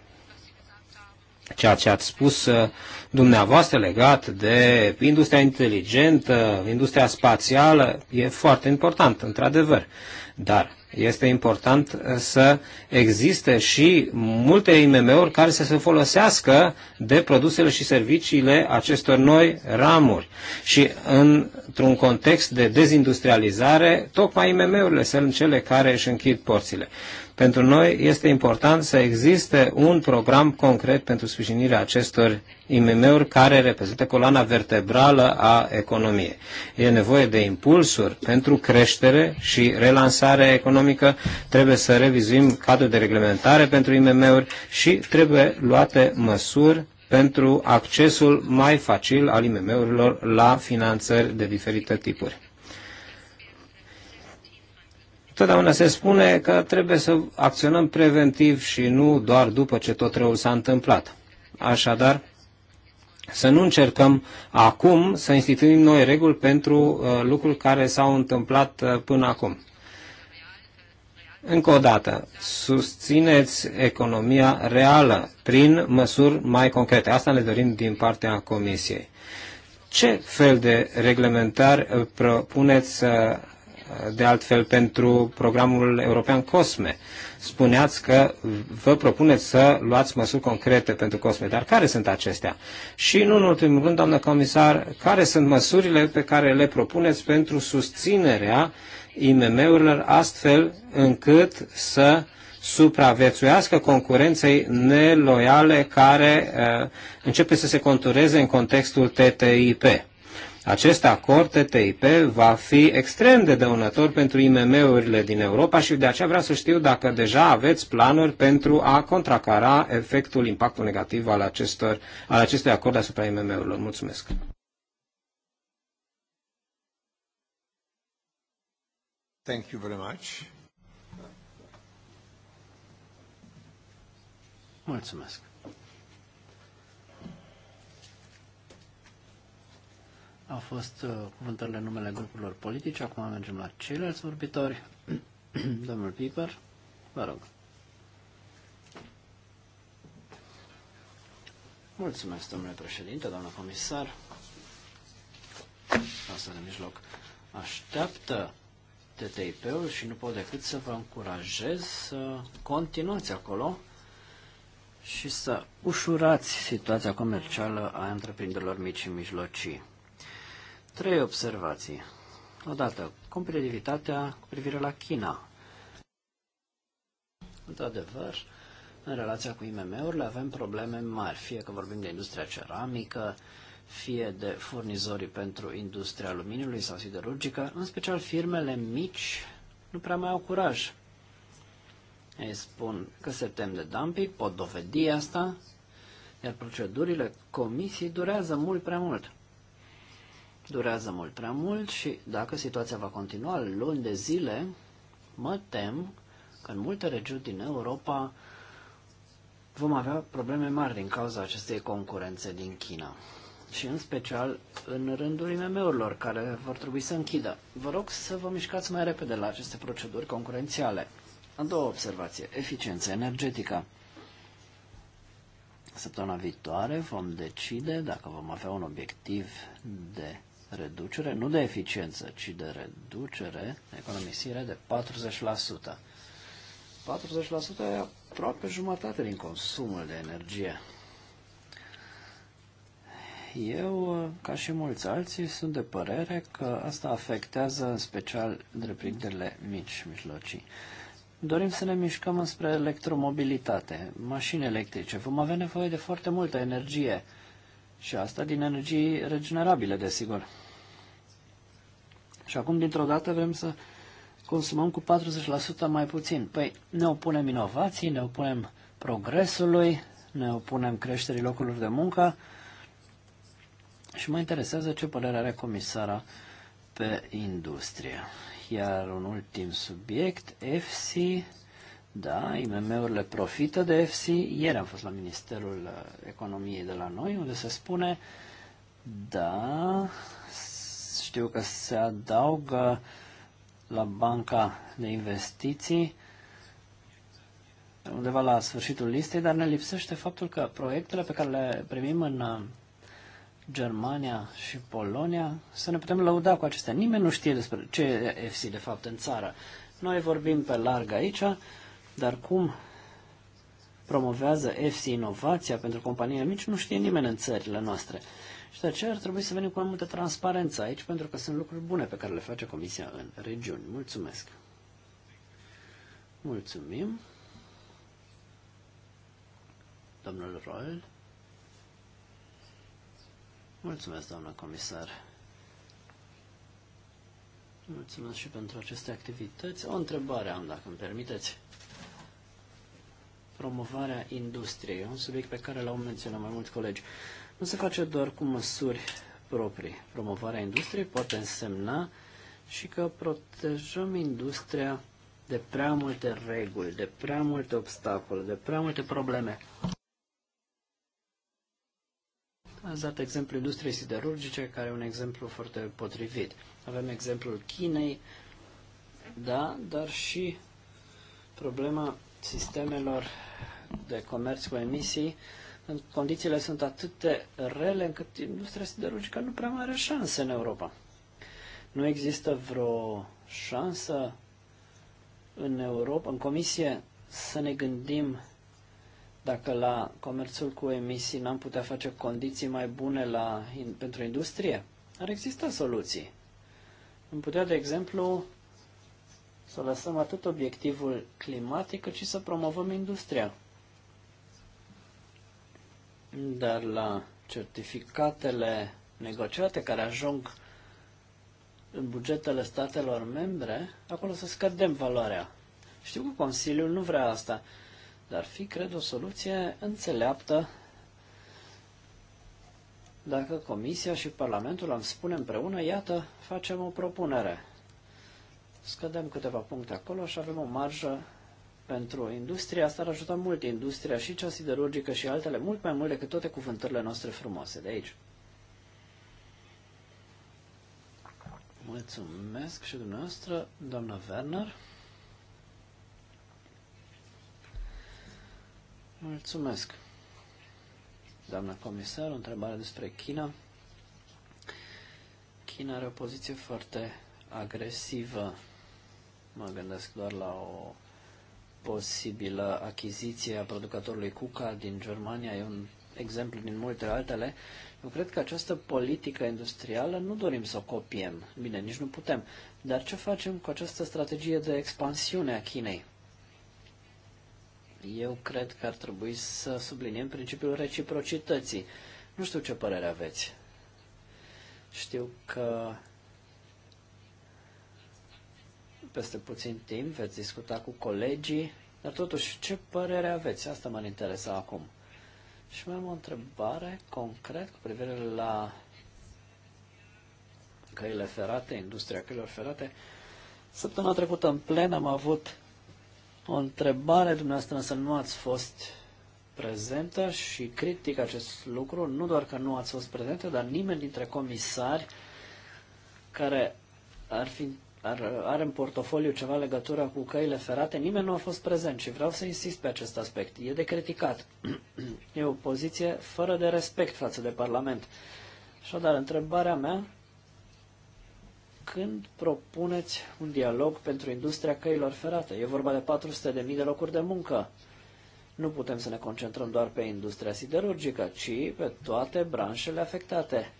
ceea ce ați spus eh, dumneavoastră legat de industria inteligentă, industria spațială, e foarte important, într-adevăr. Dar este important uh, să existe și multe IMM-uri care să se folosească de produsele și serviciile acestor noi ramuri. Și într-un context de dezindustrializare, tocmai IMM-urile sunt cele care își închid porțile. Pentru noi este important să existe un program concret pentru sprijinirea acestor IMM-uri care reprezintă coloana vertebrală a economiei. E nevoie de impulsuri pentru creștere și relansare economică, trebuie să revizuim cadrul de reglementare pentru IMM-uri și trebuie luate măsuri pentru accesul mai facil al IMM-urilor la finanțări de diferite tipuri. Totdeauna se spune că trebuie să acționăm preventiv și nu doar după ce tot răul s-a întâmplat. Așadar, să nu încercăm acum să instituim noi reguli pentru uh, lucruri care s-au întâmplat uh, până acum. Încă o dată, susțineți economia reală prin măsuri mai concrete. Asta ne dorim din partea Comisiei. Ce fel de reglementari uh, propuneți să de altfel pentru programul european COSME. Spuneați că vă propuneți să luați măsuri concrete pentru COSME, dar care sunt acestea? Și, nu în ultimul rând, doamnă comisar, care sunt măsurile pe care le propuneți pentru susținerea IMM-urilor astfel încât să supraviețuiască concurenței neloiale care uh, începe să se contureze în contextul TTIP. Acest acord TTIP va fi extrem de dăunător pentru IMM-urile din Europa și de aceea vreau să știu dacă deja aveți planuri pentru a contracara efectul, impactul negativ al, acestor, al acestui acord asupra IMM-urilor. Mulțumesc! Thank you very much. Mulțumesc. Au fost uh, cuvântările numele grupurilor politice. Acum mergem la ceilalți vorbitori. Domnul Piper, vă rog. Mulțumesc, domnule președinte, doamnă comisar. Asta de mijloc așteaptă TTIP-ul și nu pot decât să vă încurajez să continuați acolo și să ușurați situația comercială a întreprinderilor mici și mijlocii. Trei observații. Odată, competitivitatea cu privire la China. Într-adevăr, în relația cu IMM-urile avem probleme mari, fie că vorbim de industria ceramică, fie de furnizorii pentru industria aluminiului sau siderurgică, în special firmele mici nu prea mai au curaj. Ei spun că se tem de dumping, pot dovedi asta, iar procedurile comisii durează mult prea mult durează mult prea mult și dacă situația va continua luni de zile, mă tem că în multe regiuni din Europa vom avea probleme mari din cauza acestei concurențe din China și în special în rândul IMM-urilor care vor trebui să închidă. Vă rog să vă mișcați mai repede la aceste proceduri concurențiale. A doua observație, eficiență energetică. Săptămâna viitoare vom decide dacă vom avea un obiectiv de reducere, nu de eficiență, ci de reducere, de economisire de 40%. 40% e aproape jumătate din consumul de energie. Eu, ca și mulți alții, sunt de părere că asta afectează în special întreprinderile mici, mijlocii. Dorim să ne mișcăm înspre electromobilitate, mașini electrice. Vom avea nevoie de foarte multă energie și asta din energii regenerabile, desigur. Și acum, dintr-o dată, vrem să consumăm cu 40% mai puțin. Păi ne opunem inovații, ne opunem progresului, ne opunem creșterii locurilor de muncă și mă interesează ce părere are comisara pe industrie. Iar un ultim subiect, FC, da, IMM-urile profită de FC. Ieri am fost la Ministerul uh, Economiei de la noi, unde se spune, da, știu că se adaugă la banca de investiții undeva la sfârșitul listei, dar ne lipsește faptul că proiectele pe care le primim în uh, Germania și Polonia, să ne putem lăuda cu acestea. Nimeni nu știe despre ce e FC de fapt în țară. Noi vorbim pe larg aici, dar cum promovează FC inovația pentru companie mici, nu știe nimeni în țările noastre. Și de aceea ar trebui să venim cu mai multă transparență aici, pentru că sunt lucruri bune pe care le face Comisia în regiuni. Mulțumesc! Mulțumim! Domnul Roel. Mulțumesc, doamnă comisar. Mulțumesc și pentru aceste activități. O întrebare am, dacă îmi permiteți. Promovarea industriei, un subiect pe care l-au menționat mai mulți colegi. Uh, nu se face doar cu măsuri proprii. Promovarea industriei poate însemna și că protejăm industria de prea multe reguli, de prea multe obstacole, de prea multe probleme. Ați dat exemplu industriei siderurgice, care e un exemplu foarte potrivit. Avem exemplul Chinei, da, dar și problema sistemelor de comerț cu emisii condițiile sunt atât de rele încât industria siderurgică nu prea mai are șanse în Europa. Nu există vreo șansă în Europa, în comisie, să ne gândim dacă la comerțul cu emisii n-am putea face condiții mai bune la, in, pentru industrie. Ar exista soluții. Am putea, de exemplu, să lăsăm atât obiectivul climatic, cât și să promovăm industria dar la certificatele negociate care ajung în bugetele statelor membre, acolo să scădem valoarea. Știu că Consiliul nu vrea asta, dar fi, cred, o soluție înțeleaptă dacă Comisia și Parlamentul am spune împreună, iată, facem o propunere. Scădem câteva puncte acolo și avem o marjă pentru industrie, asta ar ajuta mult industria și cea siderurgică și altele, mult mai mult decât toate cuvântările noastre frumoase de aici. Mulțumesc și dumneavoastră, doamna Werner. Mulțumesc. Doamna comisar, o întrebare despre China. China are o poziție foarte agresivă. Mă gândesc doar la o posibilă achiziție a producătorului Cuca din Germania, e un exemplu din multe altele, eu cred că această politică industrială nu dorim să o copiem. Bine, nici nu putem. Dar ce facem cu această strategie de expansiune a Chinei? Eu cred că ar trebui să subliniem principiul reciprocității. Nu știu ce părere aveți. Știu că peste puțin timp, veți discuta cu colegii, dar totuși, ce părere aveți? Asta mă interesa acum. Și mai am o întrebare concret cu privire la căile ferate, industria căilor ferate. Săptămâna trecută în plen am avut o întrebare, dumneavoastră însă nu ați fost prezentă și critic acest lucru, nu doar că nu ați fost prezentă, dar nimeni dintre comisari care ar fi are, are în portofoliu ceva legătură cu căile ferate, nimeni nu a fost prezent și vreau să insist pe acest aspect. E de criticat. e o poziție fără de respect față de Parlament. Așadar, întrebarea mea, când propuneți un dialog pentru industria căilor ferate? E vorba de 400.000 de locuri de muncă. Nu putem să ne concentrăm doar pe industria siderurgică, ci pe toate branșele afectate.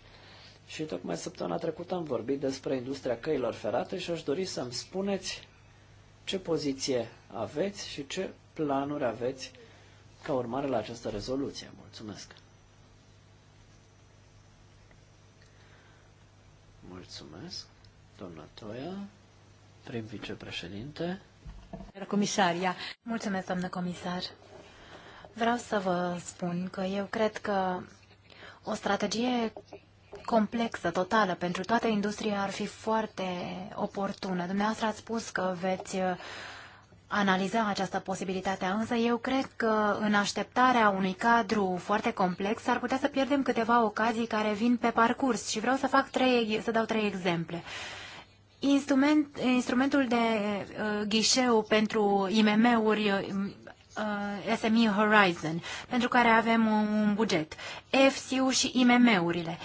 Și tocmai săptămâna trecută am vorbit despre industria căilor ferate și aș dori să-mi spuneți ce poziție aveți și ce planuri aveți ca urmare la această rezoluție. Mulțumesc! Mulțumesc, doamna Toia, prim vicepreședinte. Comisaria. Mulțumesc, doamnă comisar. Vreau să vă spun că eu cred că o strategie complexă, totală, pentru toată industria ar fi foarte oportună. Dumneavoastră ați spus că veți uh, analiza această posibilitate, însă eu cred că în așteptarea unui cadru foarte complex ar putea să pierdem câteva ocazii care vin pe parcurs și vreau să, fac trei, să dau trei exemple. Instrument, instrumentul de uh, ghișeu pentru IMM-uri Uh, SME Horizon, pentru care avem un buget, FCU și IMM-urile,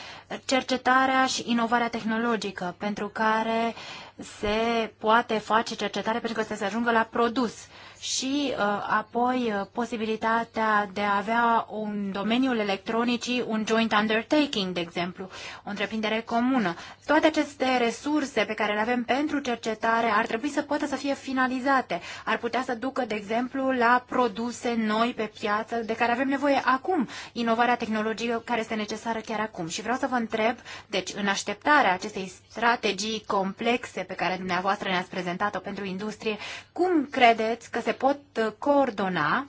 cercetarea și inovarea tehnologică, pentru care uh, se poate face cercetare pentru că să se ajungă la produs și uh, apoi uh, posibilitatea de a avea un domeniul electronicii, un joint undertaking, de exemplu, o întreprindere comună. Toate aceste resurse pe care le avem pentru cercetare ar trebui să poată să fie finalizate. Ar putea să ducă, de exemplu, la produse noi pe piață de care avem nevoie acum, inovarea tehnologică care este necesară chiar acum. Și vreau să vă întreb, deci, în așteptarea acestei strategii complexe pe care dumneavoastră ne-ați prezentat-o pentru industrie, cum credeți că se pot uh, coordona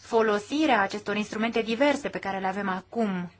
folosirea acestor instrumente diverse pe care le avem acum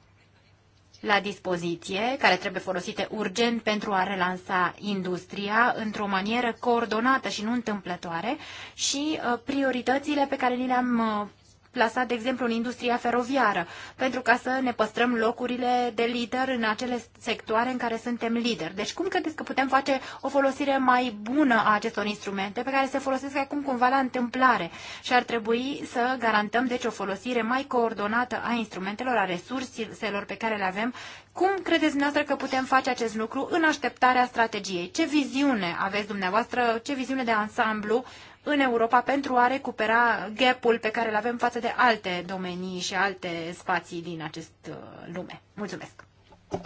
la dispoziție, care trebuie folosite urgent pentru a relansa industria într-o manieră coordonată și nu întâmplătoare și uh, prioritățile pe care ni le-am uh, plasat, de exemplu, în industria feroviară, pentru ca să ne păstrăm locurile de lider în acele sectoare în care suntem lideri. Deci cum credeți că putem face o folosire mai bună a acestor instrumente pe care se folosesc acum cumva la întâmplare și ar trebui să garantăm deci o folosire mai coordonată a instrumentelor, a resurselor pe care le avem. Cum credeți dumneavoastră că putem face acest lucru în așteptarea strategiei? Ce viziune aveți dumneavoastră, ce viziune de ansamblu în Europa pentru a recupera gapul pe care îl avem față de alte domenii și alte spații din acest uh, lume. Mulțumesc! Uh,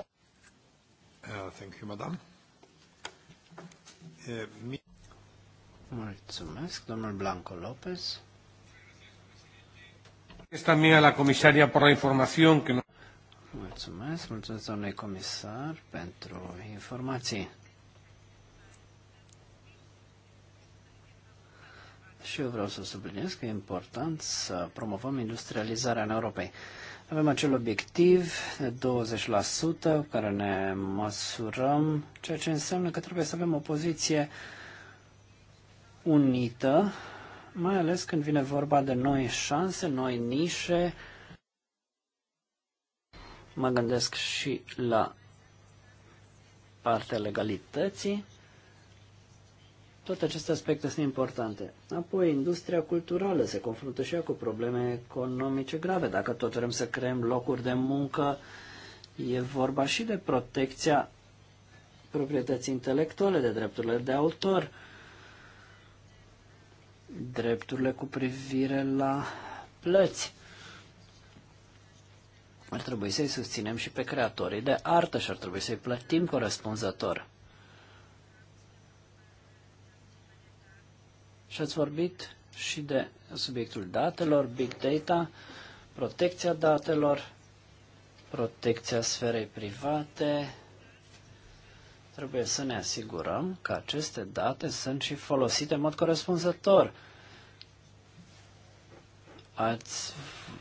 thank you, madam. Uh, mulțumesc, domnul Blanco Lopez. Esta mea la comisaria por la información que Mulțumesc, mulțumesc domnule comisar pentru informații. Și eu vreau să subliniez că e important să promovăm industrializarea în Europei. Avem acel obiectiv de 20% care ne măsurăm, ceea ce înseamnă că trebuie să avem o poziție unită, mai ales când vine vorba de noi șanse, noi nișe. Mă gândesc și la partea legalității. Toate aceste aspecte sunt importante. Apoi, industria culturală se confruntă și ea cu probleme economice grave. Dacă tot vrem să creăm locuri de muncă, e vorba și de protecția proprietății intelectuale, de drepturile de autor, drepturile cu privire la plăți. Ar trebui să-i susținem și pe creatorii de artă și ar trebui să-i plătim corespunzător. Și ați vorbit și de subiectul datelor, big data, protecția datelor, protecția sferei private. Trebuie să ne asigurăm că aceste date sunt și folosite în mod corespunzător. Ați,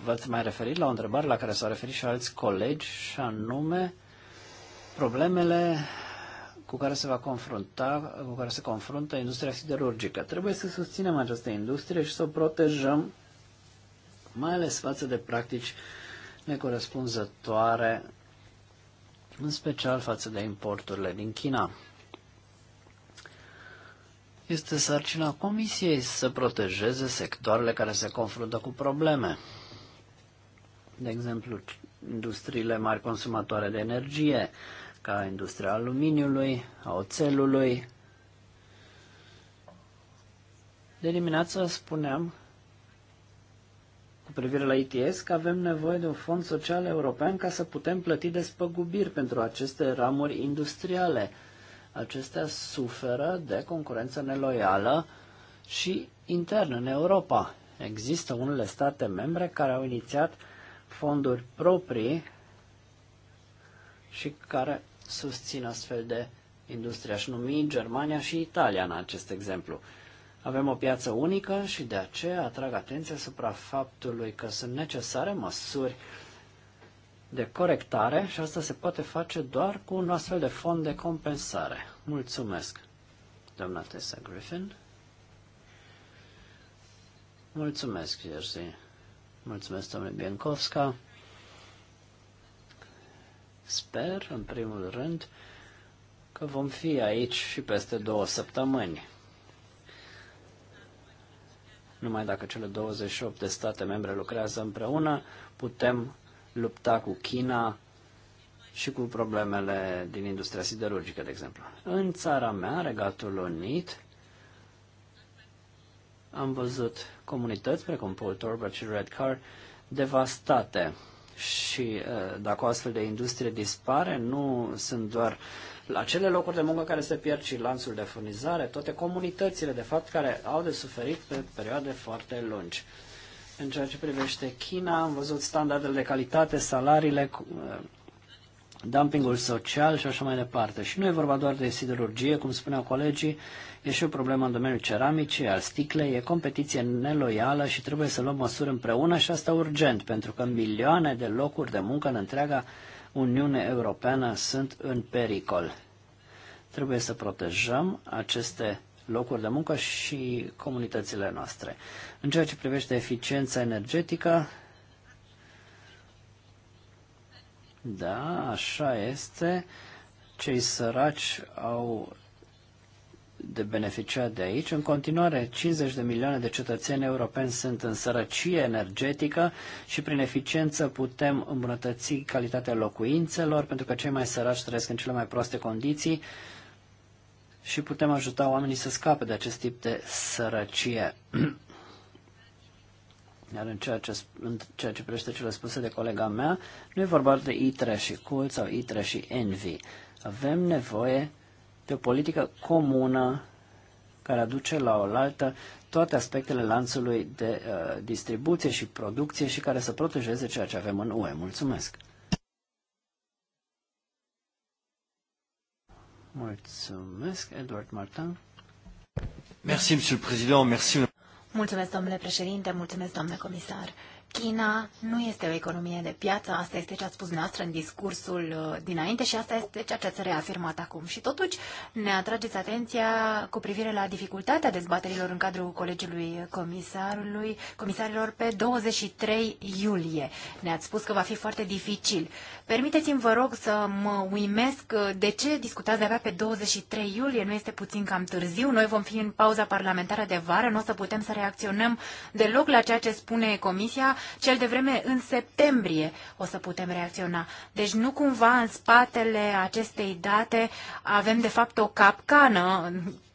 v-ați mai referit la o întrebare la care s-au referit și alți colegi, și anume problemele cu care se va confrunta, cu care se confruntă industria siderurgică. Trebuie să susținem această industrie și să o protejăm, mai ales față de practici necorespunzătoare, în special față de importurile din China. Este sarcina Comisiei să protejeze sectoarele care se confruntă cu probleme. De exemplu, industriile mari consumatoare de energie, ca industria aluminiului, a oțelului. De dimineață spuneam cu privire la ITS că avem nevoie de un fond social european ca să putem plăti despăgubiri pentru aceste ramuri industriale. Acestea suferă de concurență neloială și intern în Europa. Există unele state membre care au inițiat fonduri proprii și care susțin astfel de industrie. Aș numi Germania și Italia în acest exemplu. Avem o piață unică și de aceea atrag atenția asupra faptului că sunt necesare măsuri de corectare și asta se poate face doar cu un astfel de fond de compensare. Mulțumesc, doamna Tessa Griffin. Mulțumesc, Jerzy. Mulțumesc, domnule Biencovska. Sper, în primul rând, că vom fi aici și peste două săptămâni. Numai dacă cele 28 de state membre lucrează împreună, putem lupta cu China și cu problemele din industria siderurgică, de exemplu. În țara mea, Regatul Unit, am văzut comunități precum Paul Torbert și Red Car devastate și dacă o astfel de industrie dispare, nu sunt doar la cele locuri de muncă care se pierd, ci lanțul de furnizare, toate comunitățile, de fapt, care au de suferit pe perioade foarte lungi. În ceea ce privește China, am văzut standardele de calitate, salariile, dumpingul social și așa mai departe. Și nu e vorba doar de siderurgie, cum spuneau colegii, e și o problemă în domeniul ceramicii, al sticlei, e competiție neloială și trebuie să luăm măsuri împreună și asta urgent, pentru că milioane de locuri de muncă în întreaga Uniune Europeană sunt în pericol. Trebuie să protejăm aceste locuri de muncă și comunitățile noastre. În ceea ce privește eficiența energetică, Da, așa este. Cei săraci au de beneficiat de aici. În continuare, 50 de milioane de cetățeni europeni sunt în sărăcie energetică și prin eficiență putem îmbunătăți calitatea locuințelor, pentru că cei mai săraci trăiesc în cele mai proaste condiții și putem ajuta oamenii să scape de acest tip de sărăcie. Iar în ceea ce, în ceea ce privește cele spuse de colega mea, nu e vorba de ITRE și CULT sau ITRE și ENVI. Avem nevoie de o politică comună care aduce la oaltă toate aspectele lanțului de uh, distribuție și producție și care să protejeze ceea ce avem în UE. Mulțumesc! Mulțumesc, Edward Martin. Merci, Monsieur le Président. Merci. Mulțumesc, domnule președinte, mulțumesc, doamnă comisar. China nu este o economie de piață, asta este ce ați spus noastră în discursul uh, dinainte și asta este ceea ce ați reafirmat acum. Și totuși ne atrageți atenția cu privire la dificultatea dezbaterilor în cadrul Colegiului Comisarului, Comisarilor pe 23 iulie. Ne-ați spus că va fi foarte dificil. Permiteți-mi, vă rog, să mă uimesc uh, de ce discutați de-abia pe 23 iulie, nu este puțin cam târziu, noi vom fi în pauza parlamentară de vară, nu o să putem să reacționăm deloc la ceea ce spune Comisia cel de vreme în septembrie o să putem reacționa. Deci nu cumva în spatele acestei date avem de fapt o capcană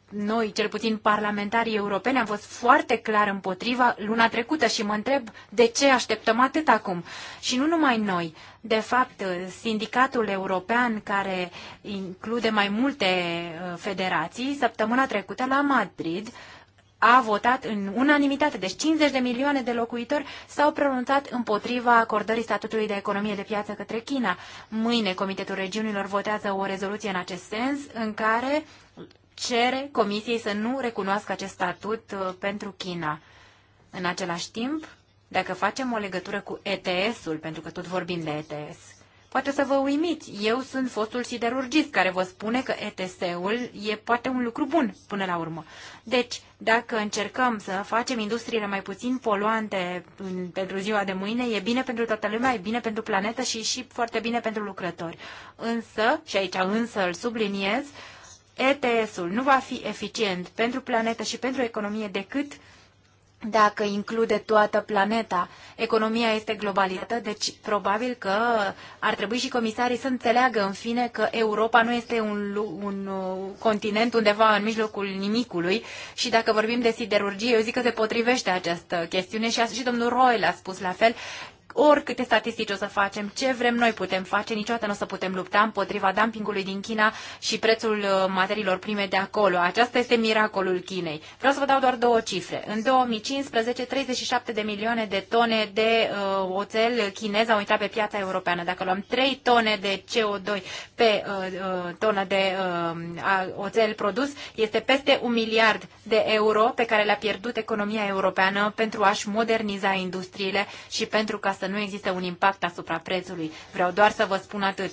noi, cel puțin parlamentarii europeni, am fost foarte clar împotriva luna trecută și mă întreb de ce așteptăm atât acum. Și nu numai noi. De fapt, sindicatul european care include mai multe uh, federații, săptămâna trecută la Madrid, uh, a votat în unanimitate, deci 50 de milioane de locuitori s-au pronunțat împotriva acordării statutului de economie de piață către China. Mâine Comitetul Regiunilor votează o rezoluție în acest sens în care cere Comisiei să nu recunoască acest statut uh, pentru China. În același timp, dacă facem o legătură cu ETS-ul, pentru că tot vorbim de ETS, Poate să vă uimiți, eu sunt fostul siderurgist care vă spune că ETS-ul e poate un lucru bun până la urmă. Deci, dacă încercăm să facem industriile mai puțin poluante pentru ziua de mâine, e bine pentru toată lumea, e bine pentru planetă și și foarte bine pentru lucrători. Însă, și aici însă îl subliniez, ETS-ul nu va fi eficient pentru planetă și pentru economie decât uh, dacă include toată planeta. Economia este globalizată, deci probabil că ar trebui și comisarii să înțeleagă în fine că Europa nu este un, un uh, continent undeva în mijlocul nimicului și dacă vorbim de siderurgie, eu zic că se potrivește această chestiune și, și domnul Roy l-a spus la fel, oricâte statistici o să facem, ce vrem noi putem face, niciodată nu o să putem lupta împotriva dumpingului din China și prețul uh, materiilor prime de acolo. Aceasta este miracolul Chinei. Vreau să vă dau doar două cifre. În 2015, 37 de milioane de tone de uh, oțel chinez au intrat pe piața europeană. Dacă luăm 3 tone de CO2 pe uh, uh, tonă de uh, oțel produs, este peste un miliard de euro pe care le-a pierdut economia europeană pentru a-și moderniza industriile și pentru ca să să nu existe un impact asupra prețului. Vreau doar să vă spun atât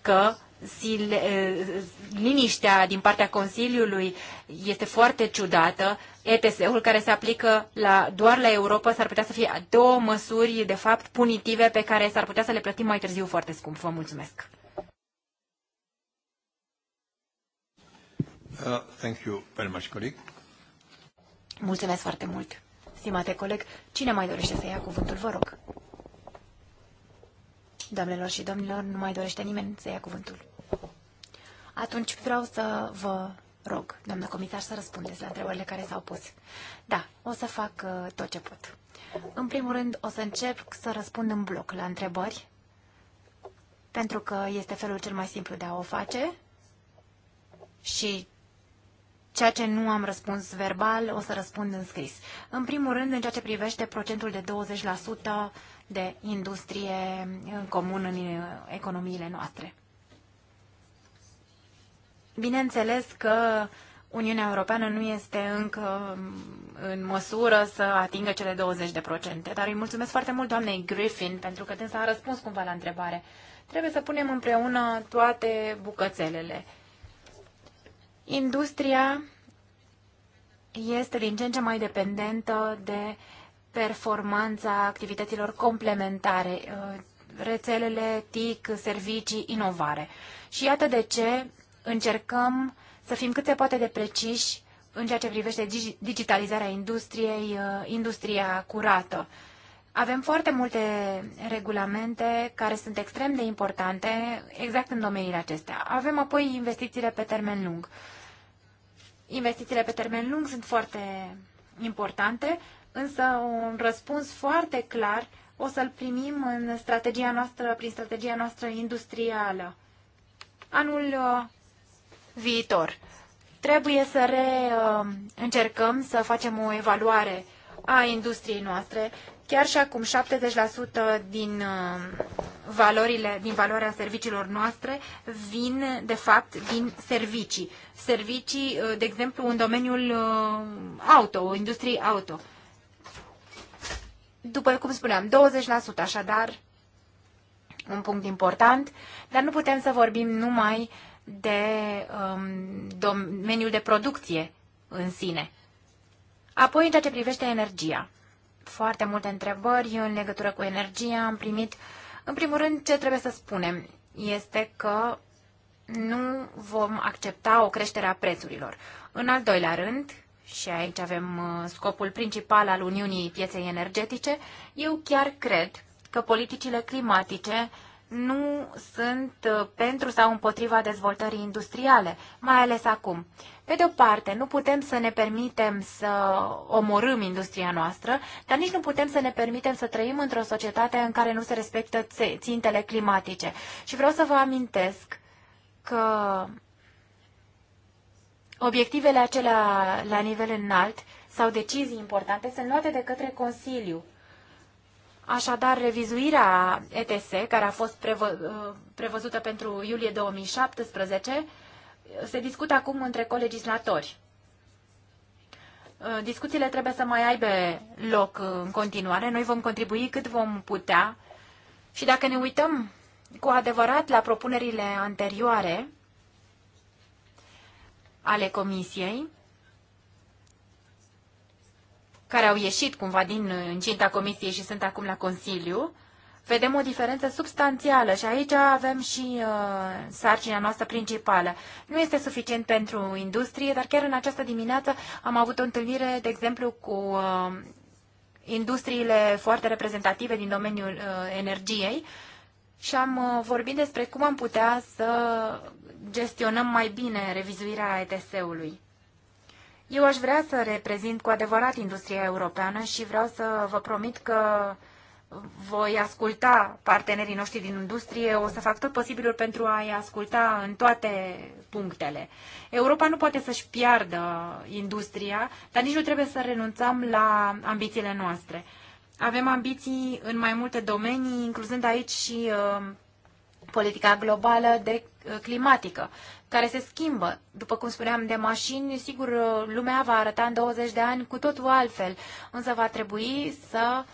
că liniștea din partea Consiliului este foarte ciudată. ETS-ul care se aplică la, doar la Europa s-ar putea să fie două măsuri, de fapt, punitive pe care s-ar putea să le plătim mai târziu foarte scump. Vă mulțumesc. Uh, thank you very much, colleague. Mulțumesc foarte mult. Stimate coleg, cine mai dorește să ia cuvântul, vă rog? Doamnelor și domnilor, nu mai dorește nimeni să ia cuvântul. Atunci vreau să vă rog, doamnă comisar, să răspundeți la întrebările care s-au pus. Da, o să fac uh, tot ce pot. În primul rând, o să încep să răspund în bloc la întrebări, pentru că este felul cel mai simplu de a o face și Ceea ce nu am răspuns verbal, o să răspund în scris. În primul rând, în ceea ce privește procentul de 20% de industrie în comun în uh, economiile noastre. Bineînțeles că Uniunea Europeană nu este încă um, în măsură să atingă cele 20%, dar îi mulțumesc foarte mult doamnei Griffin pentru că dânsa a răspuns cumva la întrebare. Trebuie să punem împreună toate bucățelele Industria este din ce în ce mai dependentă de performanța activităților complementare, uh, rețelele, TIC, servicii, inovare. Și iată de ce încercăm să fim cât se poate de preciși în ceea ce privește digitalizarea industriei, uh, industria curată. Avem foarte multe regulamente care sunt extrem de importante exact în domeniile acestea. Avem apoi investițiile pe termen lung. Investițiile pe termen lung sunt foarte importante, însă un răspuns foarte clar o să-l primim în strategia noastră, prin strategia noastră industrială. Anul uh, viitor. Trebuie să re, uh, încercăm să facem o evaluare a industriei noastre, Chiar și acum 70% din uh, valorile, din valoarea serviciilor noastre vin, de fapt, din servicii. Servicii, uh, de exemplu, în domeniul uh, auto, industriei auto. După cum spuneam, 20% așadar, un punct important, dar nu putem să vorbim numai de um, domeniul de producție în sine. Apoi, în ceea ce privește energia foarte multe întrebări în legătură cu energia. Am primit, în primul rând, ce trebuie să spunem este că nu vom accepta o creștere a prețurilor. În al doilea rând, și aici avem uh, scopul principal al Uniunii Pieței Energetice, eu chiar cred că politicile climatice nu sunt uh, pentru sau împotriva dezvoltării industriale, mai ales acum. Pe de o parte, nu putem să ne permitem să omorâm industria noastră, dar nici nu putem să ne permitem să trăim într-o societate în care nu se respectă țintele climatice. Și vreau să vă amintesc că obiectivele acelea la nivel înalt sau decizii importante sunt luate de către Consiliu Așadar, revizuirea ETS, care a fost prevă, uh, prevăzută pentru iulie 2017, se discută acum între colegislatori. Uh, discuțiile trebuie să mai aibă loc uh, în continuare. Noi vom contribui cât vom putea și dacă ne uităm cu adevărat la propunerile anterioare ale Comisiei, care au ieșit cumva din încinta uh, Comisiei și sunt acum la Consiliu, vedem o diferență substanțială și aici avem și uh, sarcina noastră principală. Nu este suficient pentru industrie, dar chiar în această dimineață am avut o întâlnire, de exemplu, cu uh, industriile foarte reprezentative din domeniul uh, energiei și am uh, vorbit despre cum am putea să gestionăm mai bine revizuirea ETS-ului. Eu aș vrea să reprezint cu adevărat industria europeană și vreau să vă promit că voi asculta partenerii noștri din industrie, o să fac tot posibilul pentru a-i asculta în toate punctele. Europa nu poate să-și piardă industria, dar nici nu trebuie să renunțăm la ambițiile noastre. Avem ambiții în mai multe domenii, incluzând aici și uh, politica globală de uh, climatică care se schimbă. După cum spuneam, de mașini, sigur, lumea va arăta în 20 de ani cu totul altfel, însă va trebui să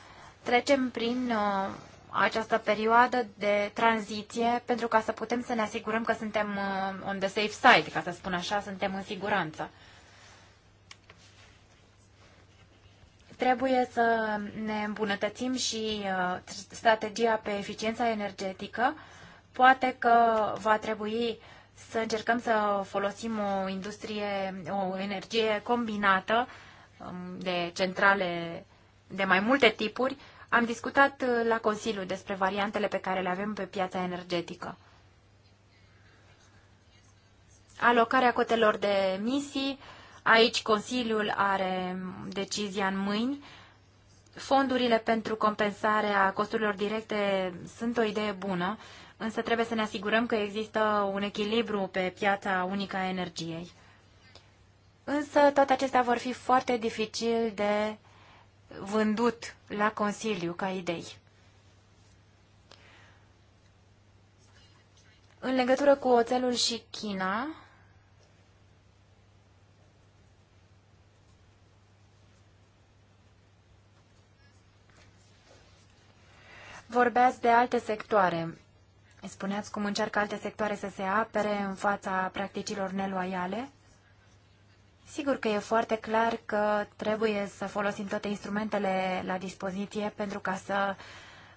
trecem prin uh, această perioadă de tranziție pentru ca să putem să ne asigurăm că suntem uh, on the safe side, ca să spun așa, suntem în siguranță. Trebuie să ne îmbunătățim și uh, strategia pe eficiența energetică. Poate că va trebui uh, să încercăm să folosim o industrie, o energie combinată um, de centrale de mai multe tipuri. Am discutat uh, la Consiliu despre variantele pe care le avem pe piața energetică. Alocarea cotelor de emisii, aici Consiliul are decizia în mâini. Fondurile pentru compensarea costurilor directe sunt o idee bună, însă trebuie să ne asigurăm că există un echilibru pe piața unică a energiei. Însă toate acestea vor fi foarte dificil de vândut la Consiliu ca idei. În legătură cu oțelul și China, vorbeați de alte sectoare. Spuneați cum încearcă alte sectoare să se apere în fața practicilor neloiale. Sigur că e foarte clar că trebuie să folosim toate instrumentele la dispoziție pentru ca să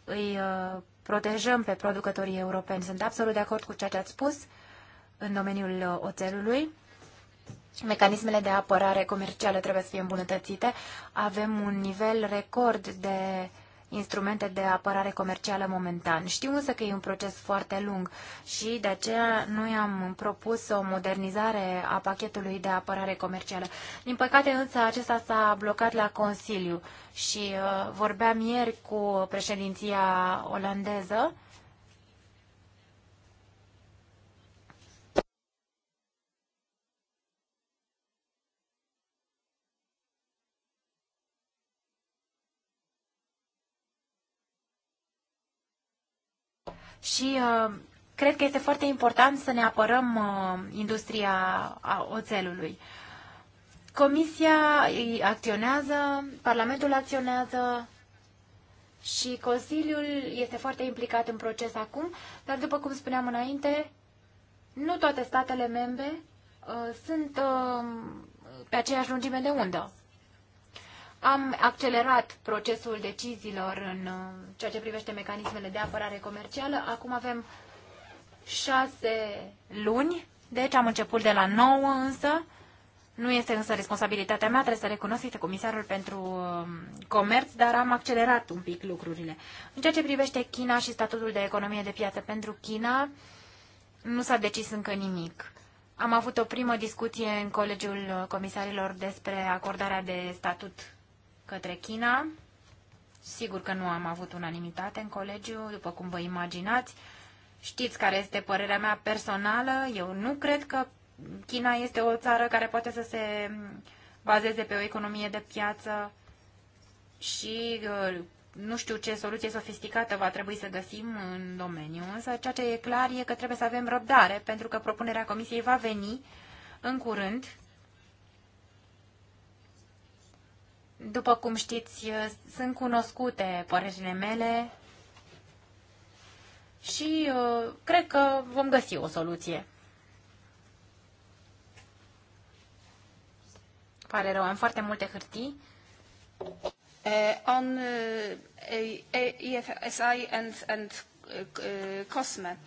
îi uh, protejăm pe producătorii europeni. Sunt absolut de acord cu ceea ce ați spus în domeniul uh, oțelului. Mecanismele de apărare comercială trebuie să fie îmbunătățite. Avem un nivel record de instrumente de apărare comercială momentan. Știu însă că e un proces foarte lung și de aceea noi am propus o modernizare a pachetului de apărare comercială. Din păcate însă acesta s-a blocat la Consiliu și uh, vorbeam ieri cu președinția olandeză și uh, cred că este foarte important să ne apărăm uh, industria oțelului. Comisia acționează, Parlamentul acționează și Consiliul este foarte implicat în proces acum, dar după cum spuneam înainte, nu toate statele membre uh, sunt uh, pe aceeași lungime de undă. Am accelerat procesul deciziilor în uh, ceea ce privește mecanismele de apărare comercială. Acum avem șase luni, deci am început de la nouă însă. Nu este însă responsabilitatea mea, trebuie să recunosc, este comisarul pentru um, comerț, dar am accelerat un pic lucrurile. În ceea ce privește China și statutul de economie de piață pentru China, nu s-a decis încă nimic. Am avut o primă discuție în Colegiul Comisarilor despre acordarea de statut către China. Sigur că nu am avut unanimitate în colegiu, după cum vă imaginați. Știți care este părerea mea personală. Eu nu cred că China este o țară care poate să se bazeze pe o economie de piață și uh, nu știu ce soluție sofisticată va trebui să găsim în domeniu, însă ceea ce e clar e că trebuie să avem răbdare, pentru că propunerea Comisiei va veni în curând După cum știți, sunt cunoscute părerile mele și uh, cred că vom găsi o soluție. Pare rău, am foarte multe hârtii. Uh, on uh, eh, EFSI eh, and, and uh, COSME.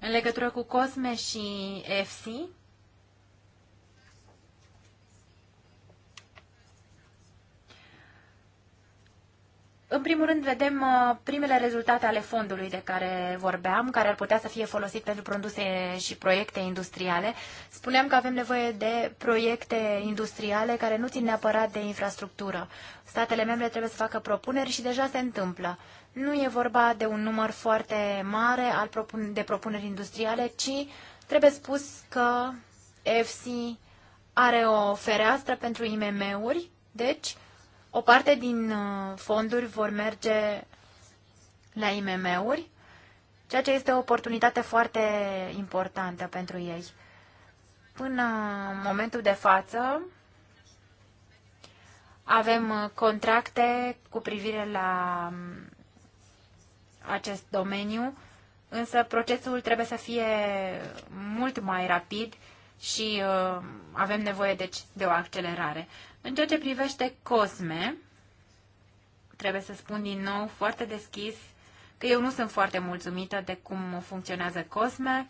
În legătură cu COSME și EFSI, În primul rând, vedem uh, primele rezultate ale fondului de care vorbeam, care ar putea să fie folosit pentru produse și proiecte industriale. Spuneam că avem nevoie de proiecte industriale care nu țin neapărat de infrastructură. Statele membre trebuie să facă propuneri și deja se întâmplă. Nu e vorba de un număr foarte mare de propuneri industriale, ci trebuie spus că EFSI are o fereastră pentru IMM-uri, deci o parte din uh, fonduri vor merge la IMM-uri, ceea ce este o oportunitate foarte importantă pentru ei. Până în momentul de față, avem uh, contracte cu privire la um, acest domeniu, însă procesul trebuie să fie mult mai rapid și uh, avem nevoie deci de o accelerare. În ceea ce privește Cosme, trebuie să spun din nou foarte deschis că eu nu sunt foarte mulțumită de cum funcționează Cosme.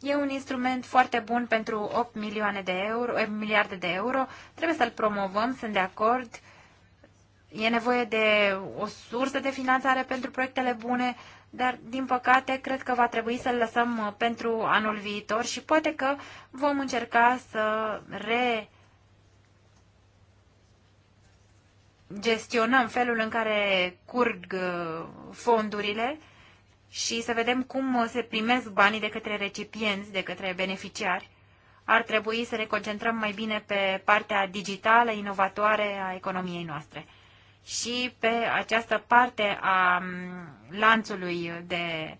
E un instrument foarte bun pentru 8 milioane de euro, 8 eh, miliarde de euro. Trebuie să-l promovăm, sunt de acord. E nevoie de o sursă de finanțare pentru proiectele bune, dar din păcate cred că va trebui să-l lăsăm uh, pentru anul viitor și poate că vom încerca să re gestionăm felul în care curg uh, fondurile și să vedem cum uh, se primesc banii de către recipienți, de către beneficiari. Ar trebui să ne concentrăm mai bine pe partea digitală, inovatoare a economiei noastre și pe această parte a mm, lanțului de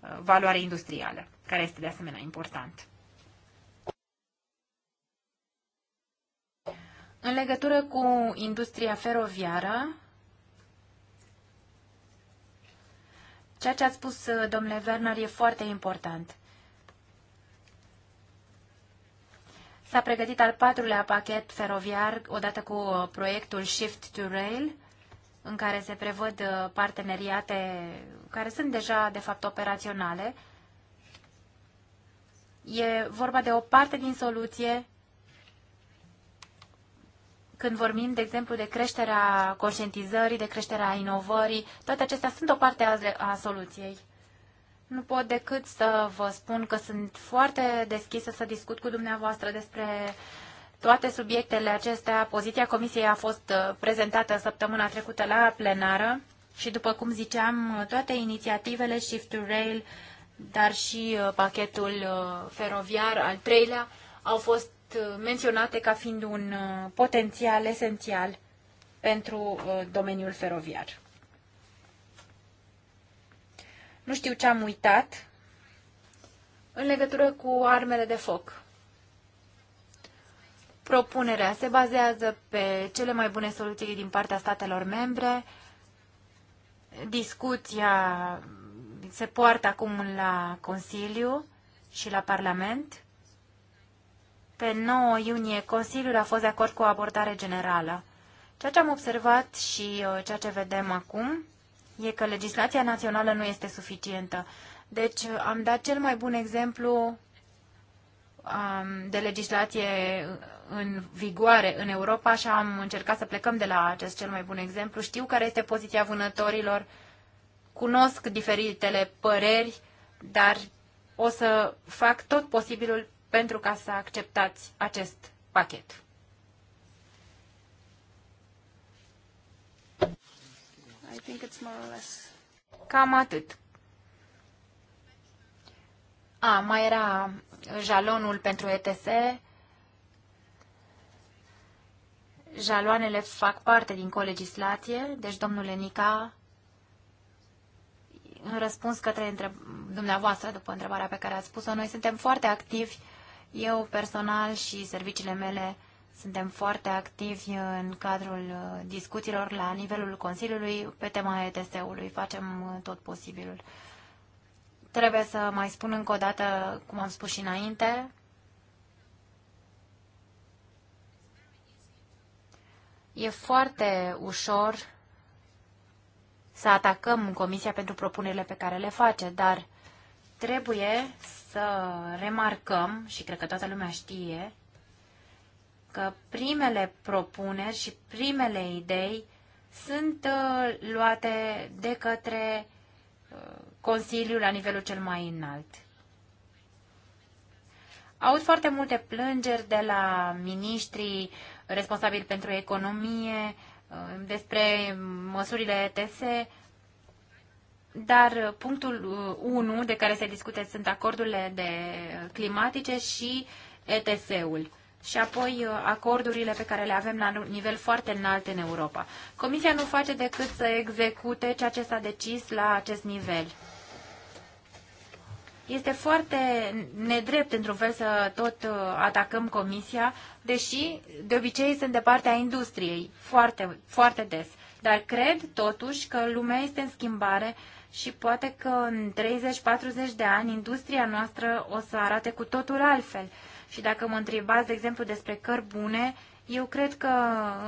uh, valoare industrială, care este de asemenea important. În legătură cu industria feroviară, ceea ce a spus, uh, domnule Werner, e foarte important. S-a pregătit al patrulea pachet feroviar, odată cu uh, proiectul Shift to Rail, în care se prevăd uh, parteneriate care sunt deja, de fapt, operaționale. E vorba de o parte din soluție când vorbim, de exemplu, de creșterea conștientizării, de creșterea inovării, toate acestea sunt o parte a, soluției. Nu pot decât să vă spun că sunt foarte deschisă să discut cu dumneavoastră despre toate subiectele acestea. Poziția Comisiei a fost uh, prezentată săptămâna trecută la plenară și, după cum ziceam, toate inițiativele Shift to Rail, dar și uh, pachetul uh, feroviar al treilea, au fost fost uh, menționate ca fiind un uh, potențial esențial pentru uh, domeniul feroviar. Nu știu ce am uitat în legătură cu armele de foc. Propunerea se bazează pe cele mai bune soluții din partea statelor membre. Discuția se poartă acum la Consiliu și la Parlament. Pe 9 iunie, Consiliul a fost de acord cu o abordare generală. Ceea ce am observat și uh, ceea ce vedem acum e că legislația națională nu este suficientă. Deci uh, am dat cel mai bun exemplu um, de legislație uh, în vigoare în Europa și am încercat să plecăm de la acest cel mai bun exemplu. Știu care este poziția vânătorilor, cunosc diferitele păreri, dar o să fac tot posibilul pentru ca să acceptați acest pachet. I think it's more or less. Cam atât. A, mai era jalonul pentru ETS. Jaloanele fac parte din colegislație, deci domnule Nica, în răspuns către dumneavoastră, după întrebarea pe care ați spus-o, noi suntem foarte activi eu personal și serviciile mele suntem foarte activi în cadrul uh, discuțiilor la nivelul Consiliului pe tema ETS-ului. Facem uh, tot posibilul. Trebuie să mai spun încă o dată, cum am spus și înainte, e foarte ușor să atacăm Comisia pentru propunerile pe care le face, dar trebuie să remarcăm, și cred că toată lumea știe, că primele propuneri și primele idei sunt uh, luate de către uh, Consiliul la nivelul cel mai înalt. Aud foarte multe plângeri de la ministrii responsabili pentru economie uh, despre mm, măsurile ETS, dar punctul 1 uh, de care se discute sunt acordurile de climatice și ETS-ul și apoi uh, acordurile pe care le avem la nivel foarte înalt în Europa. Comisia nu face decât să execute ceea ce s-a decis la acest nivel. Este foarte nedrept, într-un fel, să tot uh, atacăm Comisia, deși de obicei sunt de partea industriei, foarte, foarte des. Dar cred, totuși, că lumea este în schimbare și poate că în 30-40 de ani industria noastră o să arate cu totul altfel. Și dacă mă întrebați, de exemplu, despre cărbune, eu cred că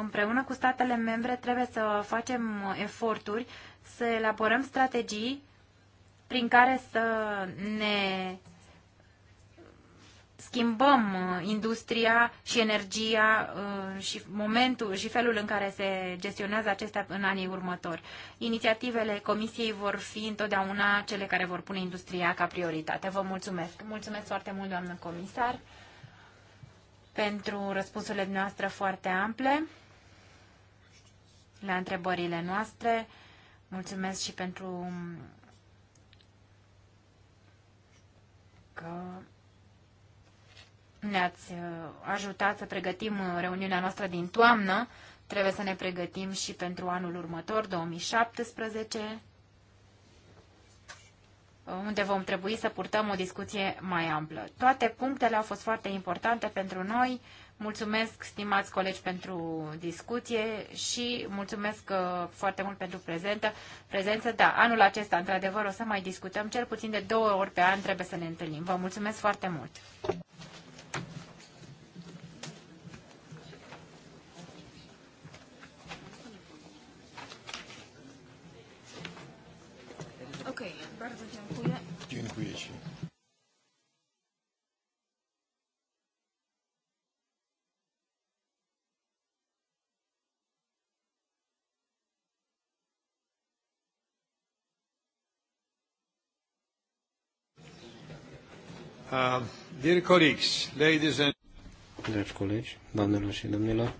împreună cu statele membre trebuie să facem eforturi, să elaborăm strategii prin care să ne schimbăm uh, industria și energia uh, și momentul și felul în care se gestionează acestea în anii următori. Inițiativele Comisiei vor fi întotdeauna cele care vor pune industria ca prioritate. Vă mulțumesc. Mulțumesc foarte mult, doamnă comisar, pentru răspunsurile noastre foarte ample la întrebările noastre. Mulțumesc și pentru că ne-ați uh, ajutat să pregătim uh, reuniunea noastră din toamnă. Trebuie să ne pregătim și pentru anul următor, 2017, unde vom trebui să purtăm o discuție mai amplă. Toate punctele au fost foarte importante pentru noi. Mulțumesc, stimați colegi, pentru discuție și mulțumesc uh, foarte mult pentru prezentă. prezență. Da, anul acesta, într-adevăr, o să mai discutăm. Cel puțin de două ori pe an trebuie să ne întâlnim. Vă mulțumesc foarte mult! Uh, dear colleagues, ladies and... Dragi colegi, doamnelor și domnilor,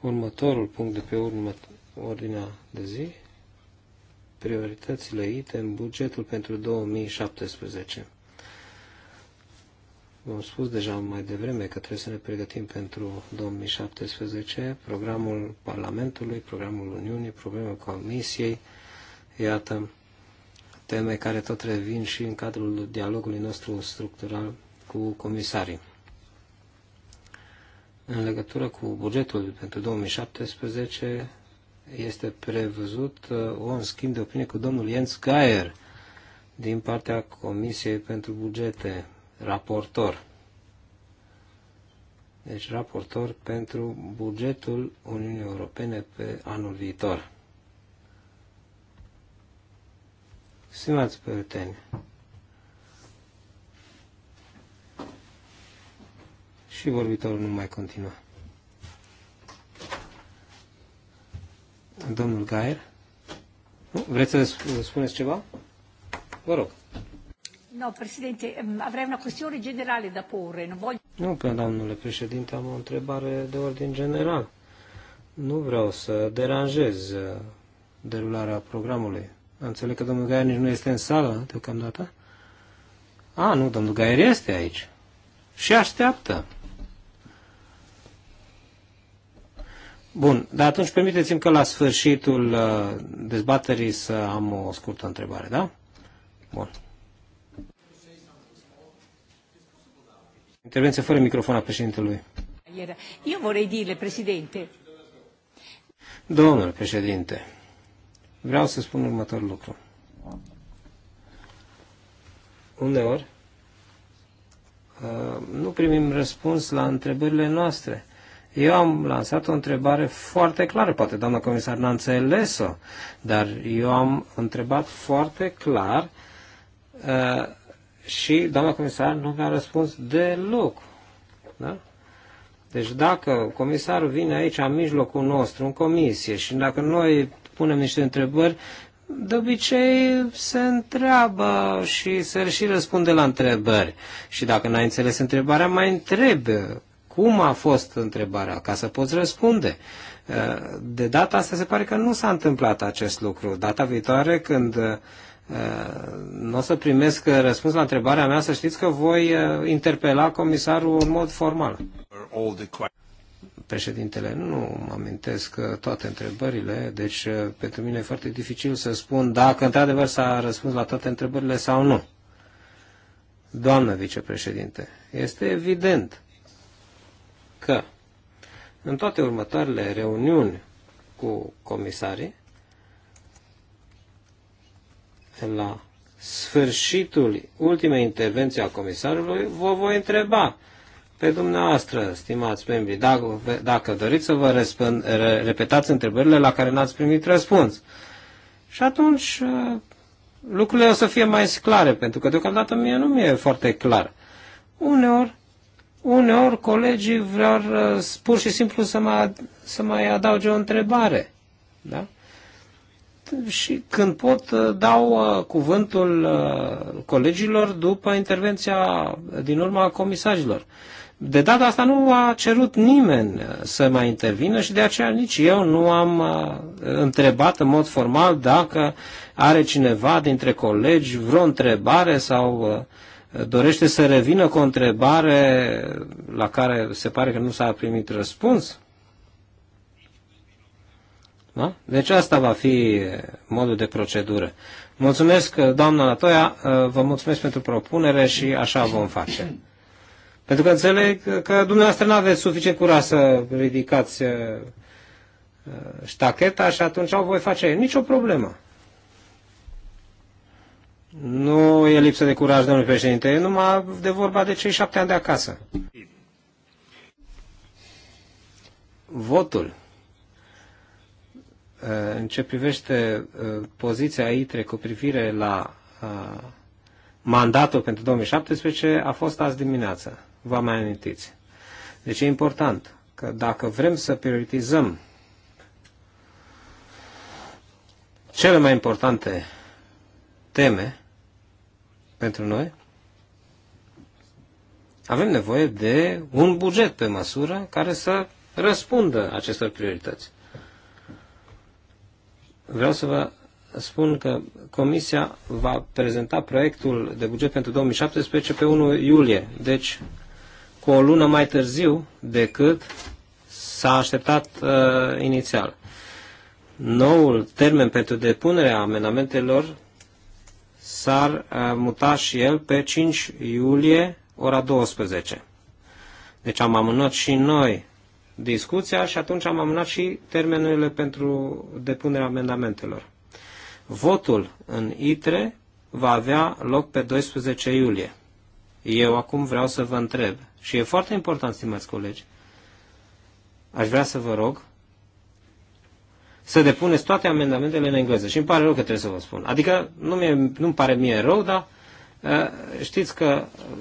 următorul punct de pe urmă, ordinea de zi, prioritățile ite în bugetul pentru 2017. V-am spus deja mai devreme că trebuie să ne pregătim pentru 2017 programul Parlamentului, programul Uniunii, programul Comisiei, iată, teme care tot revin și în cadrul dialogului nostru structural cu comisarii. În legătură cu bugetul pentru 2017 este prevăzut uh, un schimb de opinie cu domnul Jens Geier din partea Comisiei pentru Bugete, raportor. Deci raportor pentru bugetul Uniunii Europene pe anul viitor. Stimați prieteni, și vorbitorul nu mai continuă. Domnul Gaier, vreți să spuneți ceva? Vă rog. No, președinte, um, avem o chestiune generală de porre, Nu, voi... Nu, pe domnule președinte, am o întrebare de ordin general. Nu vreau să deranjez uh, derularea programului. Înțeleg că domnul Gaier nici nu este în sală deocamdată. A, nu, domnul Gaier este aici. Și așteaptă. Bun, dar atunci permiteți-mi că la sfârșitul uh, dezbaterii să am o scurtă întrebare, da? Bun. Intervenție fără microfon a președintelui. Eu vorrei dire, președinte. Domnule președinte, vreau să spun următorul lucru. Uneori, uh, nu primim răspuns la întrebările noastre. Eu am lansat o întrebare foarte clară, poate doamna comisar n-a înțeles-o, dar eu am întrebat foarte clar uh, și doamna comisar nu mi-a răspuns deloc. Da? Deci dacă comisarul vine aici în mijlocul nostru, în comisie, și dacă noi punem niște întrebări, de obicei se întreabă și se și răspunde la întrebări. Și dacă n-ai înțeles întrebarea, mai întrebe cum a fost întrebarea, ca să poți răspunde. De data asta se pare că nu s-a întâmplat acest lucru. Data viitoare, când uh, nu o să primesc răspuns la întrebarea mea, să știți că voi uh, interpela comisarul în mod formal. Președintele, nu mă amintesc uh, toate întrebările, deci uh, pentru mine e foarte dificil să spun dacă într-adevăr s-a răspuns la toate întrebările sau nu. Doamnă vicepreședinte, este evident că în toate următoarele reuniuni cu comisarii, la sfârșitul ultimei intervenții a comisarului, vă voi întreba pe dumneavoastră, stimați membri, dacă, dacă doriți să vă răspund, repetați întrebările la care n-ați primit răspuns. Și atunci uh, lucrurile o să fie mai clare, pentru că deocamdată mie nu mi-e foarte clar. Uneori, uneori colegii vreau uh, pur și simplu să mai, să mai adauge o întrebare. Da? Și când pot, uh, dau cuvântul colegilor după intervenția din urma comisarilor. De data asta nu a cerut nimeni uh, să mai intervină și de aceea nici eu nu am uh, întrebat în mod formal dacă are cineva dintre colegi vreo întrebare sau uh, dorește să revină cu o întrebare la care se pare că nu s-a primit răspuns. Da? Deci asta va fi modul de procedură. Mulțumesc, doamna Natoia, vă mulțumesc pentru propunere și așa vom face. Pentru că înțeleg că dumneavoastră nu aveți suficient curaj să ridicați uh, uh, ștacheta și atunci o voi face. Nicio problemă. Nu e lipsă de curaj, domnule președinte, e numai de vorba de cei șapte ani de acasă. Votul uh, în ce privește poziția ITRE cu privire la mandatul pentru 2017 a fost azi dimineață vă mai amintiți. Deci e important că dacă vrem să prioritizăm cele mai importante teme pentru noi, avem nevoie de un buget pe măsură care să răspundă acestor priorități. Vreau să vă spun că Comisia va prezenta proiectul de buget pentru 2017 pe 1 iulie. Deci, cu o lună mai târziu decât s-a așteptat uh, inițial. Noul termen pentru depunerea amendamentelor s-ar uh, muta și el pe 5 iulie, ora 12. Deci am amânat și noi discuția și atunci am amânat și termenurile pentru depunerea amendamentelor. Votul în ITRE va avea loc pe 12 iulie. Eu acum vreau să vă întreb, și e foarte important, stimați colegi, aș vrea să vă rog să depuneți toate amendamentele în engleză. Și îmi pare rău că trebuie să vă spun. Adică nu mi nu-mi pare mie rău, dar uh, știți că uh,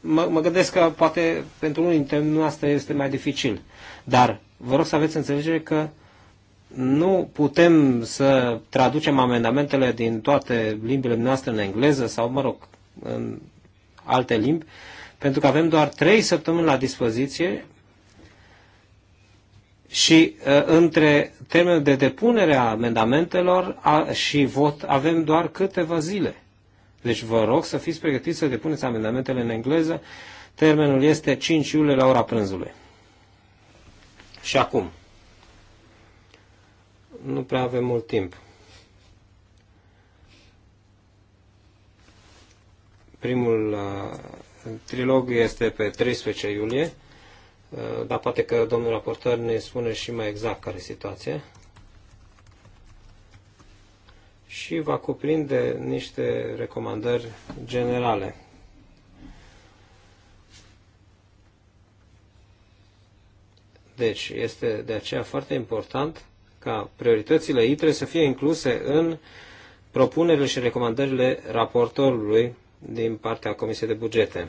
mă, mă gândesc că poate pentru unii dintre asta este mai dificil. Dar vă rog să aveți înțelegere că nu putem să traducem amendamentele din toate limbile noastre în engleză sau, mă rog, în alte limbi, pentru că avem doar trei săptămâni la dispoziție și uh, între termenul de depunere a amendamentelor a, și vot avem doar câteva zile. Deci vă rog să fiți pregătiți să depuneți amendamentele în engleză. Termenul este 5 iulie la ora prânzului. Și acum. Nu prea avem mult timp. Primul uh, trilog este pe 13 iulie, uh, dar poate că domnul raportor ne spune și mai exact care e situația. Și va cuprinde niște recomandări generale. Deci, este de aceea foarte important ca prioritățile ITRE să fie incluse în propunerile și recomandările raportorului din partea Comisiei de Bugete.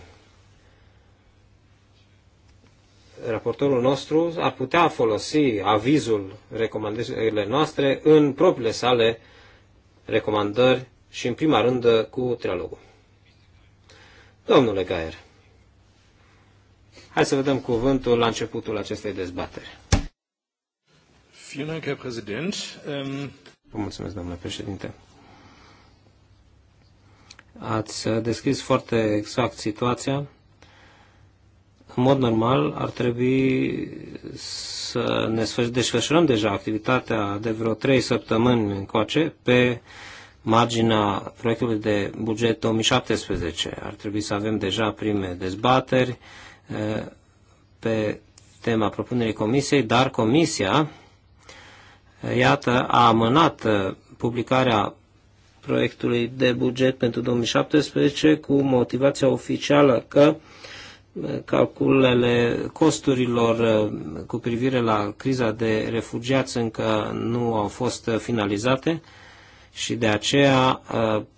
Raportorul nostru ar putea folosi avizul recomandările noastre în propriile sale recomandări și în prima rândă cu trialogul. Domnule Gaier, hai să vedem cuvântul la începutul acestei dezbateri. Vă mulțumesc, domnule președinte. Ați uh, descris foarte exact situația. În mod normal ar trebui să ne desfășurăm deja activitatea de vreo trei săptămâni încoace pe marginea proiectului de buget 2017. Ar trebui să avem deja prime dezbateri uh, pe tema propunerii comisiei, dar comisia, uh, iată, a amânat publicarea proiectului de buget pentru 2017 cu motivația oficială că uh, calculele costurilor uh, cu privire la criza de refugiați încă nu au fost uh, finalizate și de aceea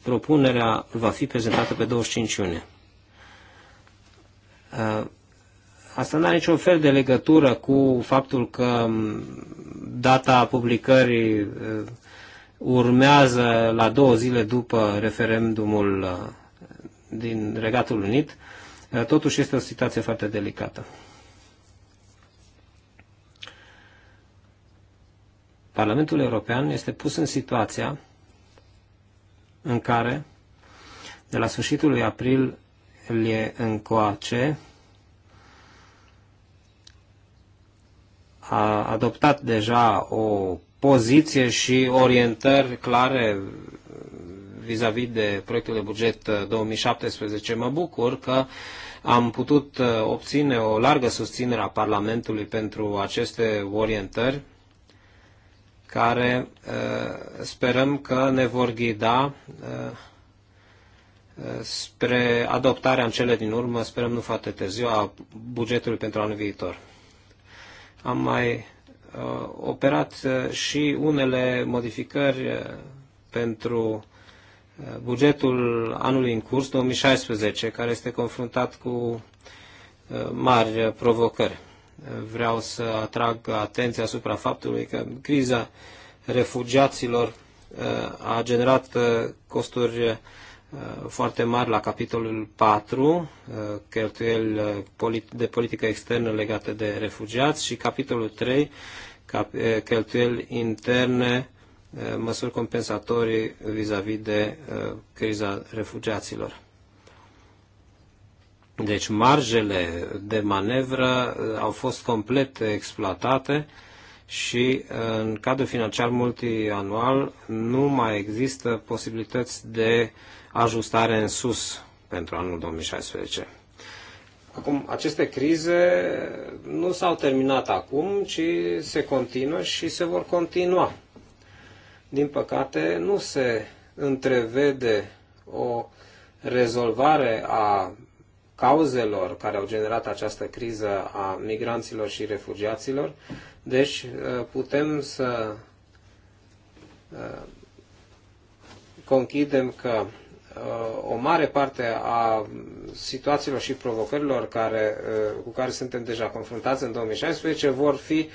propunerea va fi prezentată pe 25 iunie. Asta nu are niciun fel de legătură cu faptul că mm, data publicării urmează la două zile după referendumul uh, din Regatul Unit, uh, totuși este o situație foarte delicată. Parlamentul European este pus în situația în care, de la sfârșitul lui april, e încoace, a adoptat deja o poziție și orientări clare vis-a-vis -vis de proiectul de buget 2017. Uh, mă bucur că am putut uh, obține o largă susținere a Parlamentului pentru aceste orientări, care uh, sperăm că ne vor ghida spre adoptarea în cele din urmă, sperăm nu foarte târziu, a bugetului pentru anul viitor. Am mai Uh, operat uh, și unele modificări uh, pentru bugetul anului în curs, 2016, care este confruntat cu mari provocări. Vreau să atrag atenția asupra faptului că criza refugiaților a generat costuri Uh, foarte mari la capitolul 4, uh, cheltuieli uh, de politică externă legate de refugiați și capitolul 3, cheltuieli interne, măsuri compensatorii vis-a-vis -vis de criza refugiaților. Deci marjele de manevră au fost complet exploatate și uh, în cadrul financiar multianual nu mai există posibilități de ajustare în sus pentru anul 2016. Acum, aceste crize nu s-au terminat acum, ci se continuă și se vor continua. Din păcate, nu se întrevede o rezolvare a cauzelor care au generat această criză a migranților și refugiaților, deci uh, putem să uh, conchidem că uh, o mare parte a situațiilor și provocărilor care, cu care suntem deja confruntați în 2016 vor fi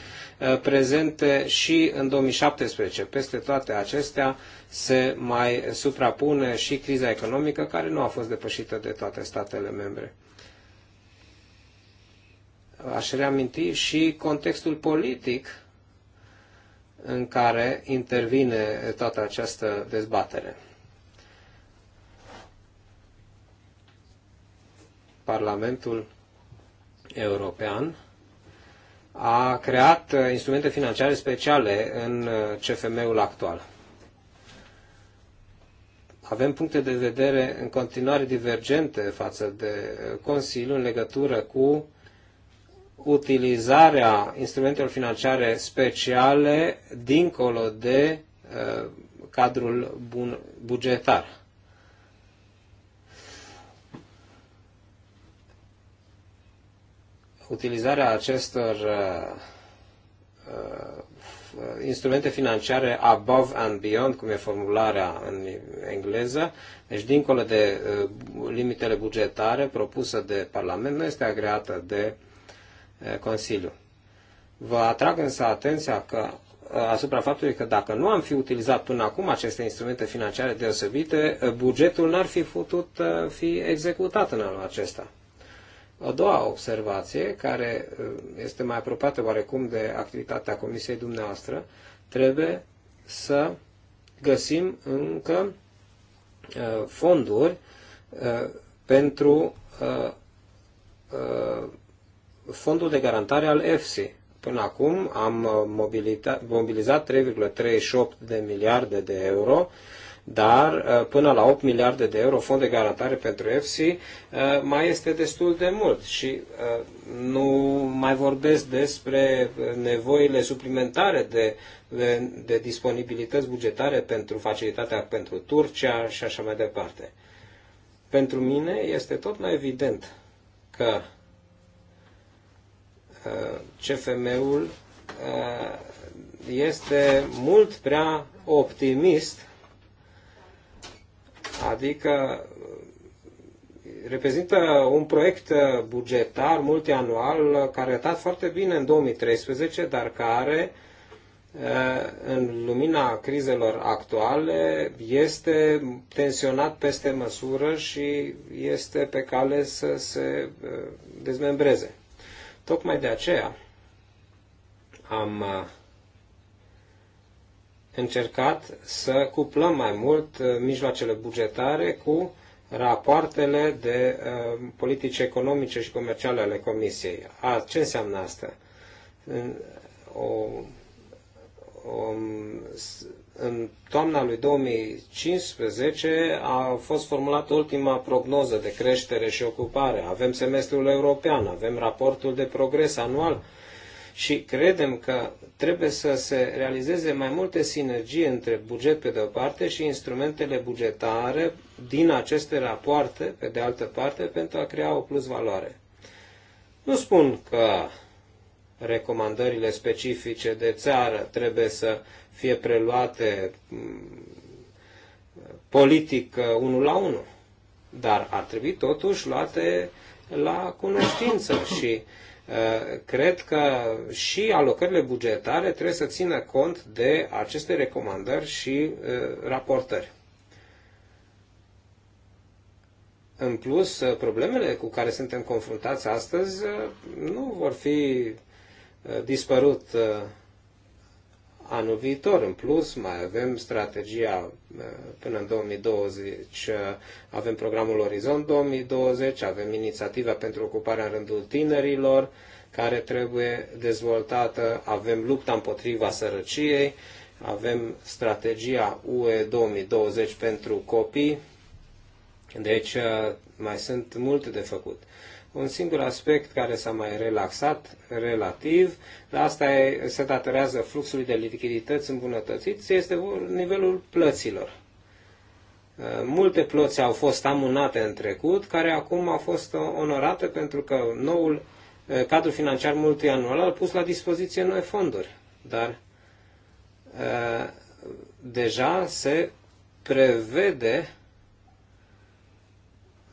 prezente și în 2017. Peste toate acestea se mai suprapune și criza economică care nu a fost depășită de toate statele membre aș reaminti și contextul politic în care intervine toată această dezbatere. Parlamentul European a creat instrumente financiare speciale în CFM-ul actual. Avem puncte de vedere în continuare divergente față de Consiliu în legătură cu utilizarea instrumentelor financiare speciale dincolo de uh, cadrul bun, bugetar. Utilizarea acestor uh, uh, instrumente financiare above and beyond, cum e formularea în engleză, deci dincolo de uh, limitele bugetare propusă de Parlament, nu este agreată de uh, Eh, Consiliu. Vă atrag însă atenția că eh, asupra faptului că dacă nu am fi utilizat până acum aceste instrumente financiare deosebite, eh, bugetul n-ar fi putut fi executat în anul acesta. O doua observație, care este mai apropiată oarecum de activitatea Comisiei dumneavoastră, trebuie să găsim încă fonduri pentru fondul de garantare al EFSI. Până acum am uh, mobilizat 3,38 de miliarde de euro, dar uh, până la 8 miliarde de euro fond de garantare pentru EFSI uh, mai este destul de mult și nu mai vorbesc despre nevoile suplimentare de, de, de disponibilități bugetare pentru facilitatea pentru Turcia și așa mai departe. Pentru mine este tot mai evident că Uh, CFM-ul uh, este mult prea optimist, adică uh, reprezintă un proiect bugetar multianual care a arătat foarte bine în 2013, dar care în lumina crizelor actuale este tensionat peste măsură și este pe cale să se dezmembreze. Tocmai de aceea am uh, încercat să cuplăm mai mult uh, mijloacele bugetare cu rapoartele de uh, politici economice și comerciale ale Comisiei. A, ce înseamnă asta? O, o în toamna lui 2015 a fost formulată ultima prognoză de creștere și ocupare. Avem semestrul european, avem raportul de progres anual și credem că trebuie să se realizeze mai multe sinergii între buget pe de o parte și instrumentele bugetare din aceste rapoarte pe de altă parte pentru a crea o plus valoare. Nu spun că recomandările specifice de țară trebuie să fie preluate mm, politic uh, unul la unul. Dar ar trebui totuși luate la cunoștință și uh, cred că și alocările bugetare trebuie să țină cont de aceste recomandări și uh, raportări. În plus, problemele cu care suntem confruntați astăzi nu vor fi dispărut anul viitor. În plus, mai avem strategia uh, până în 2020, uh, avem programul Orizont 2020, avem inițiativa pentru ocuparea în rândul tinerilor, care trebuie dezvoltată, avem lupta împotriva sărăciei, avem strategia UE 2020 pentru copii, deci uh, mai sunt multe de făcut un singur aspect care s-a mai relaxat relativ, dar asta e, se datorează fluxului de lichidități îmbunătățit, este nivelul plăților. Uh, multe plăți au fost amânate în trecut, care acum au fost onorate pentru că noul uh, cadru financiar multianual a pus la dispoziție noi fonduri. Dar uh, deja se prevede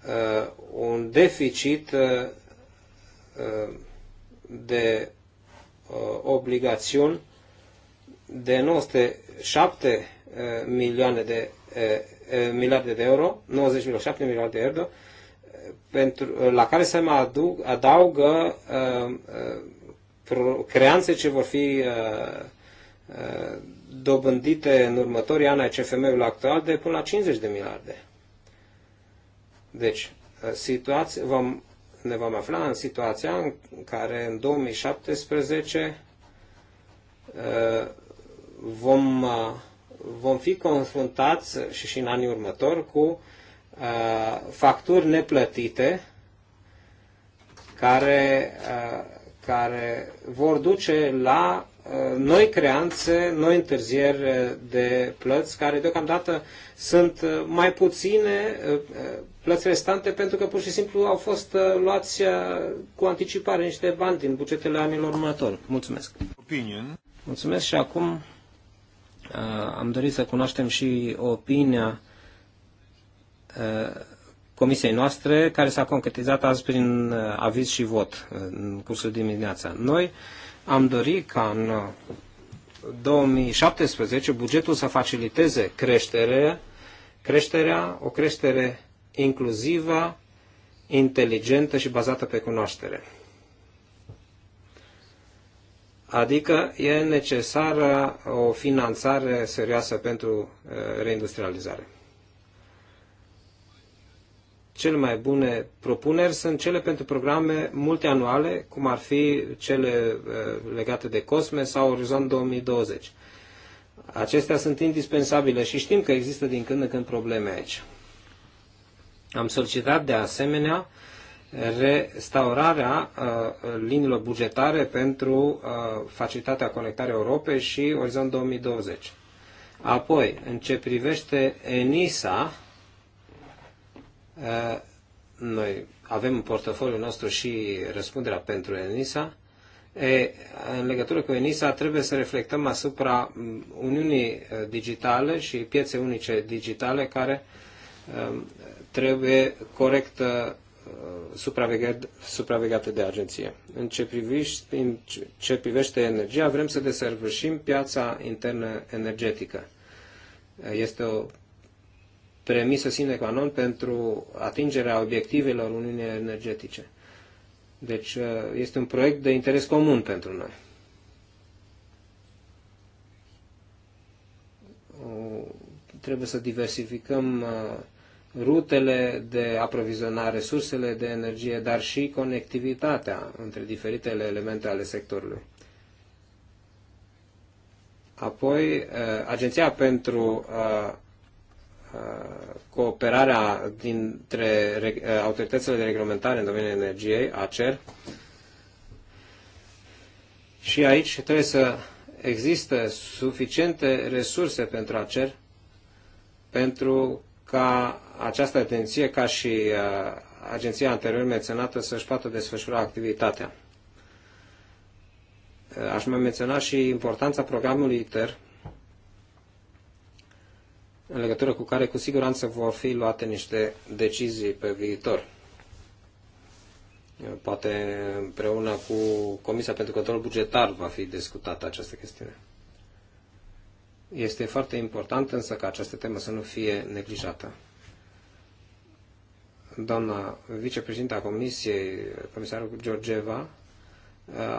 Uh, un deficit uh, uh, de obligațiuni de 907 milioane de miliarde de euro, 90,7 miliarde de euro, pentru, la care se mai adug, adaugă uh, creanțe ce vor fi uh, uh, dobândite în următorii ani ai CFM-ului actual de până la 50 de miliarde. Deci, uh, situație, vom, ne vom afla în situația în care în 2017 uh, vom, uh, vom fi confruntați și, și în anii următori cu facturi neplătite care, care vor duce la Uh, noi creanțe, noi întârzieri uh, de plăți, care deocamdată sunt uh, mai puține plăți restante pentru că pur și simplu au fost luați cu anticipare niște bani din bugetele anilor următori. Mulțumesc. Opinion. Mulțumesc și acum am dorit să cunoaștem și opinia comisiei noastre, care s-a concretizat azi prin aviz și vot în cursul dimineața. Noi am dorit ca în 2017 uh, bugetul să faciliteze creștere, creșterea, o creștere inclusivă, inteligentă și bazată pe cunoaștere. Adică e necesară o finanțare serioasă pentru uh, reindustrializare cele mai bune propuneri sunt cele pentru programe multianuale, cum ar fi cele uh, legate de COSME sau Orizont 2020. Acestea sunt indispensabile și știm că există din când în când probleme aici. Am solicitat de asemenea restaurarea uh, liniilor bugetare pentru uh, Facilitatea conectării Europei și Orizont 2020. Apoi, în ce privește ENISA, Uh, noi avem în portofoliul nostru și răspunderea pentru ENISA. E, în legătură cu ENISA trebuie să reflectăm asupra Uniunii uh, Digitale și piețe unice digitale care uh, trebuie corect supravegate de agenție. În ce, priviște, în ce privește energia, vrem să desăvârșim piața internă energetică. Este o premisă sine qua non pentru atingerea obiectivelor Uniunii Energetice. Deci uh, este un proiect de interes comun pentru noi. Trebuie să diversificăm uh, rutele de aprovizionare, resursele de energie, dar și conectivitatea între diferitele elemente ale sectorului. Apoi, uh, Agenția pentru Uh, cooperarea dintre uh, autoritățile de reglementare în domeniul energiei, ACER, și aici trebuie să există suficiente resurse pentru ACER pentru ca această agenție, ca și uh, agenția anterior menționată, să-și poată desfășura activitatea. Aș mai menționa și importanța programului ITER, în legătură cu care cu siguranță vor fi luate niște decizii pe viitor. Poate împreună cu Comisia pentru Control Bugetar va fi discutată această chestiune. Este foarte important însă ca această temă să nu fie neglijată. Doamna vicepreședinta Comisiei, comisarul Georgeva,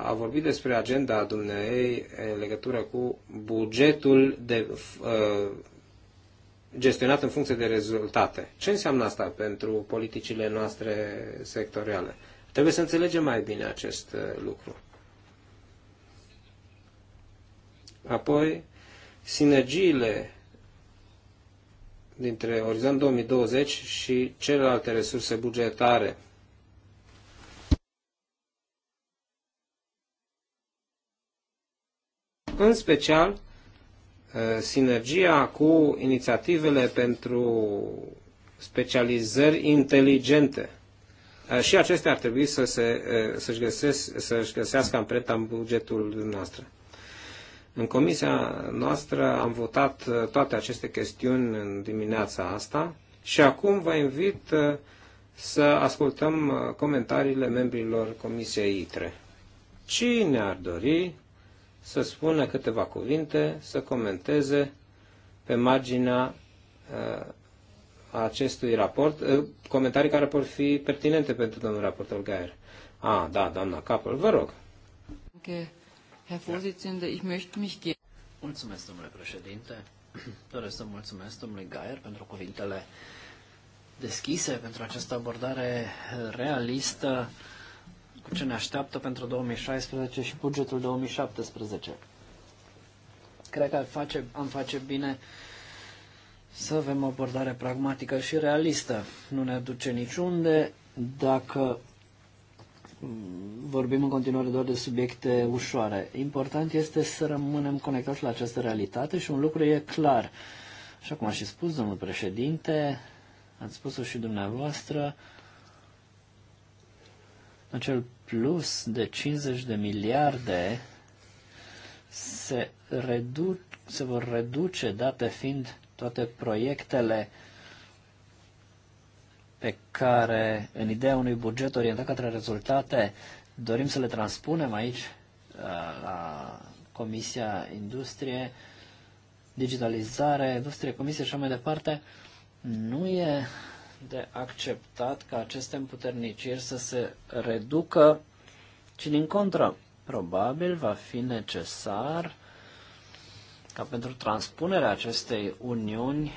a vorbit despre agenda dumneei în legătură cu bugetul de uh, gestionat în funcție de rezultate. Ce înseamnă asta pentru politicile noastre sectoriale? Trebuie să înțelegem mai bine acest uh, lucru. Apoi, sinergiile dintre Orizont 2020 și celelalte resurse bugetare. În special, Eh, sinergia cu inițiativele pentru specializări inteligente. Eh, și acestea ar trebui să se, eh, să-și, găsesc, să-și găsească amprenta în bugetul noastră. În comisia noastră am votat toate aceste chestiuni în dimineața asta și acum vă invit să ascultăm comentariile membrilor Comisiei ITRE. Cine ar dori să spună câteva cuvinte, să comenteze pe marginea uh, acestui raport, uh, comentarii care pot fi pertinente pentru domnul raportor Gaier. A, ah, da, doamna Capel, vă rog. Mulțumesc, domnule președinte. Doresc să mulțumesc domnului Gaier pentru cuvintele deschise, pentru această abordare realistă ce ne așteaptă pentru 2016 și bugetul 2017. Cred că am face, am face bine să avem o abordare pragmatică și realistă. Nu ne aduce niciunde dacă vorbim în continuare doar de subiecte ușoare. Important este să rămânem conectați la această realitate și un lucru e clar. Așa cum a și spus domnul președinte, ați spus-o și dumneavoastră, acel plus de 50 de miliarde se, reduc, se vor reduce, date fiind toate proiectele pe care, în ideea unui buget orientat către rezultate, dorim să le transpunem aici, uh, la Comisia Industrie, Digitalizare, Industrie, Comisie și așa mai departe, nu e de acceptat ca aceste împuterniciri să se reducă, ci din contră, probabil va fi necesar ca pentru transpunerea acestei uniuni,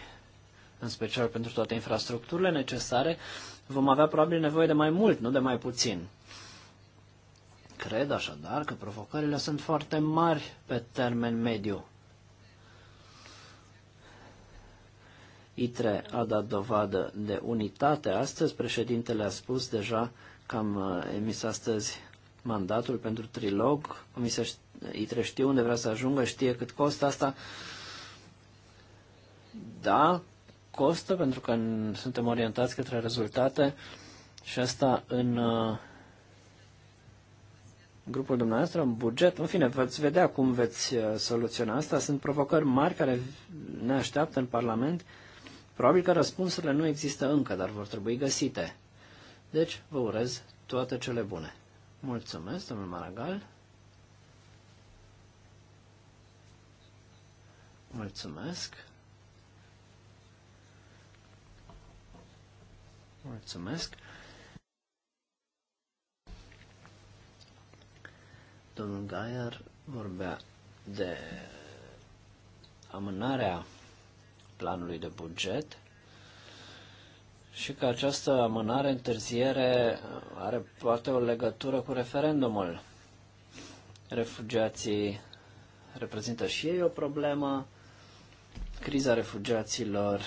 în special pentru toate infrastructurile necesare, vom avea probabil nevoie de mai mult, nu de mai puțin. Cred așadar că provocările sunt foarte mari pe termen mediu. ITRE a dat dovadă de unitate. Astăzi președintele a spus deja că am uh, emis astăzi mandatul pentru trilog. Comisia ITRE știe unde vrea să ajungă, știe cât costă asta. Da, costă pentru că suntem orientați către rezultate și asta în uh, grupul dumneavoastră, în buget. În fine, veți vedea cum veți uh, soluționa asta. Sunt provocări mari care ne așteaptă în Parlament Probabil că răspunsurile nu există încă, dar vor trebui găsite. Deci, vă urez toate cele bune. Mulțumesc, domnul Maragal. Mulțumesc. Mulțumesc. Domnul Gaier vorbea de amânarea planului de buget și că această amânare, întârziere are poate o legătură cu referendumul. Refugiații reprezintă și ei o problemă, criza refugiaților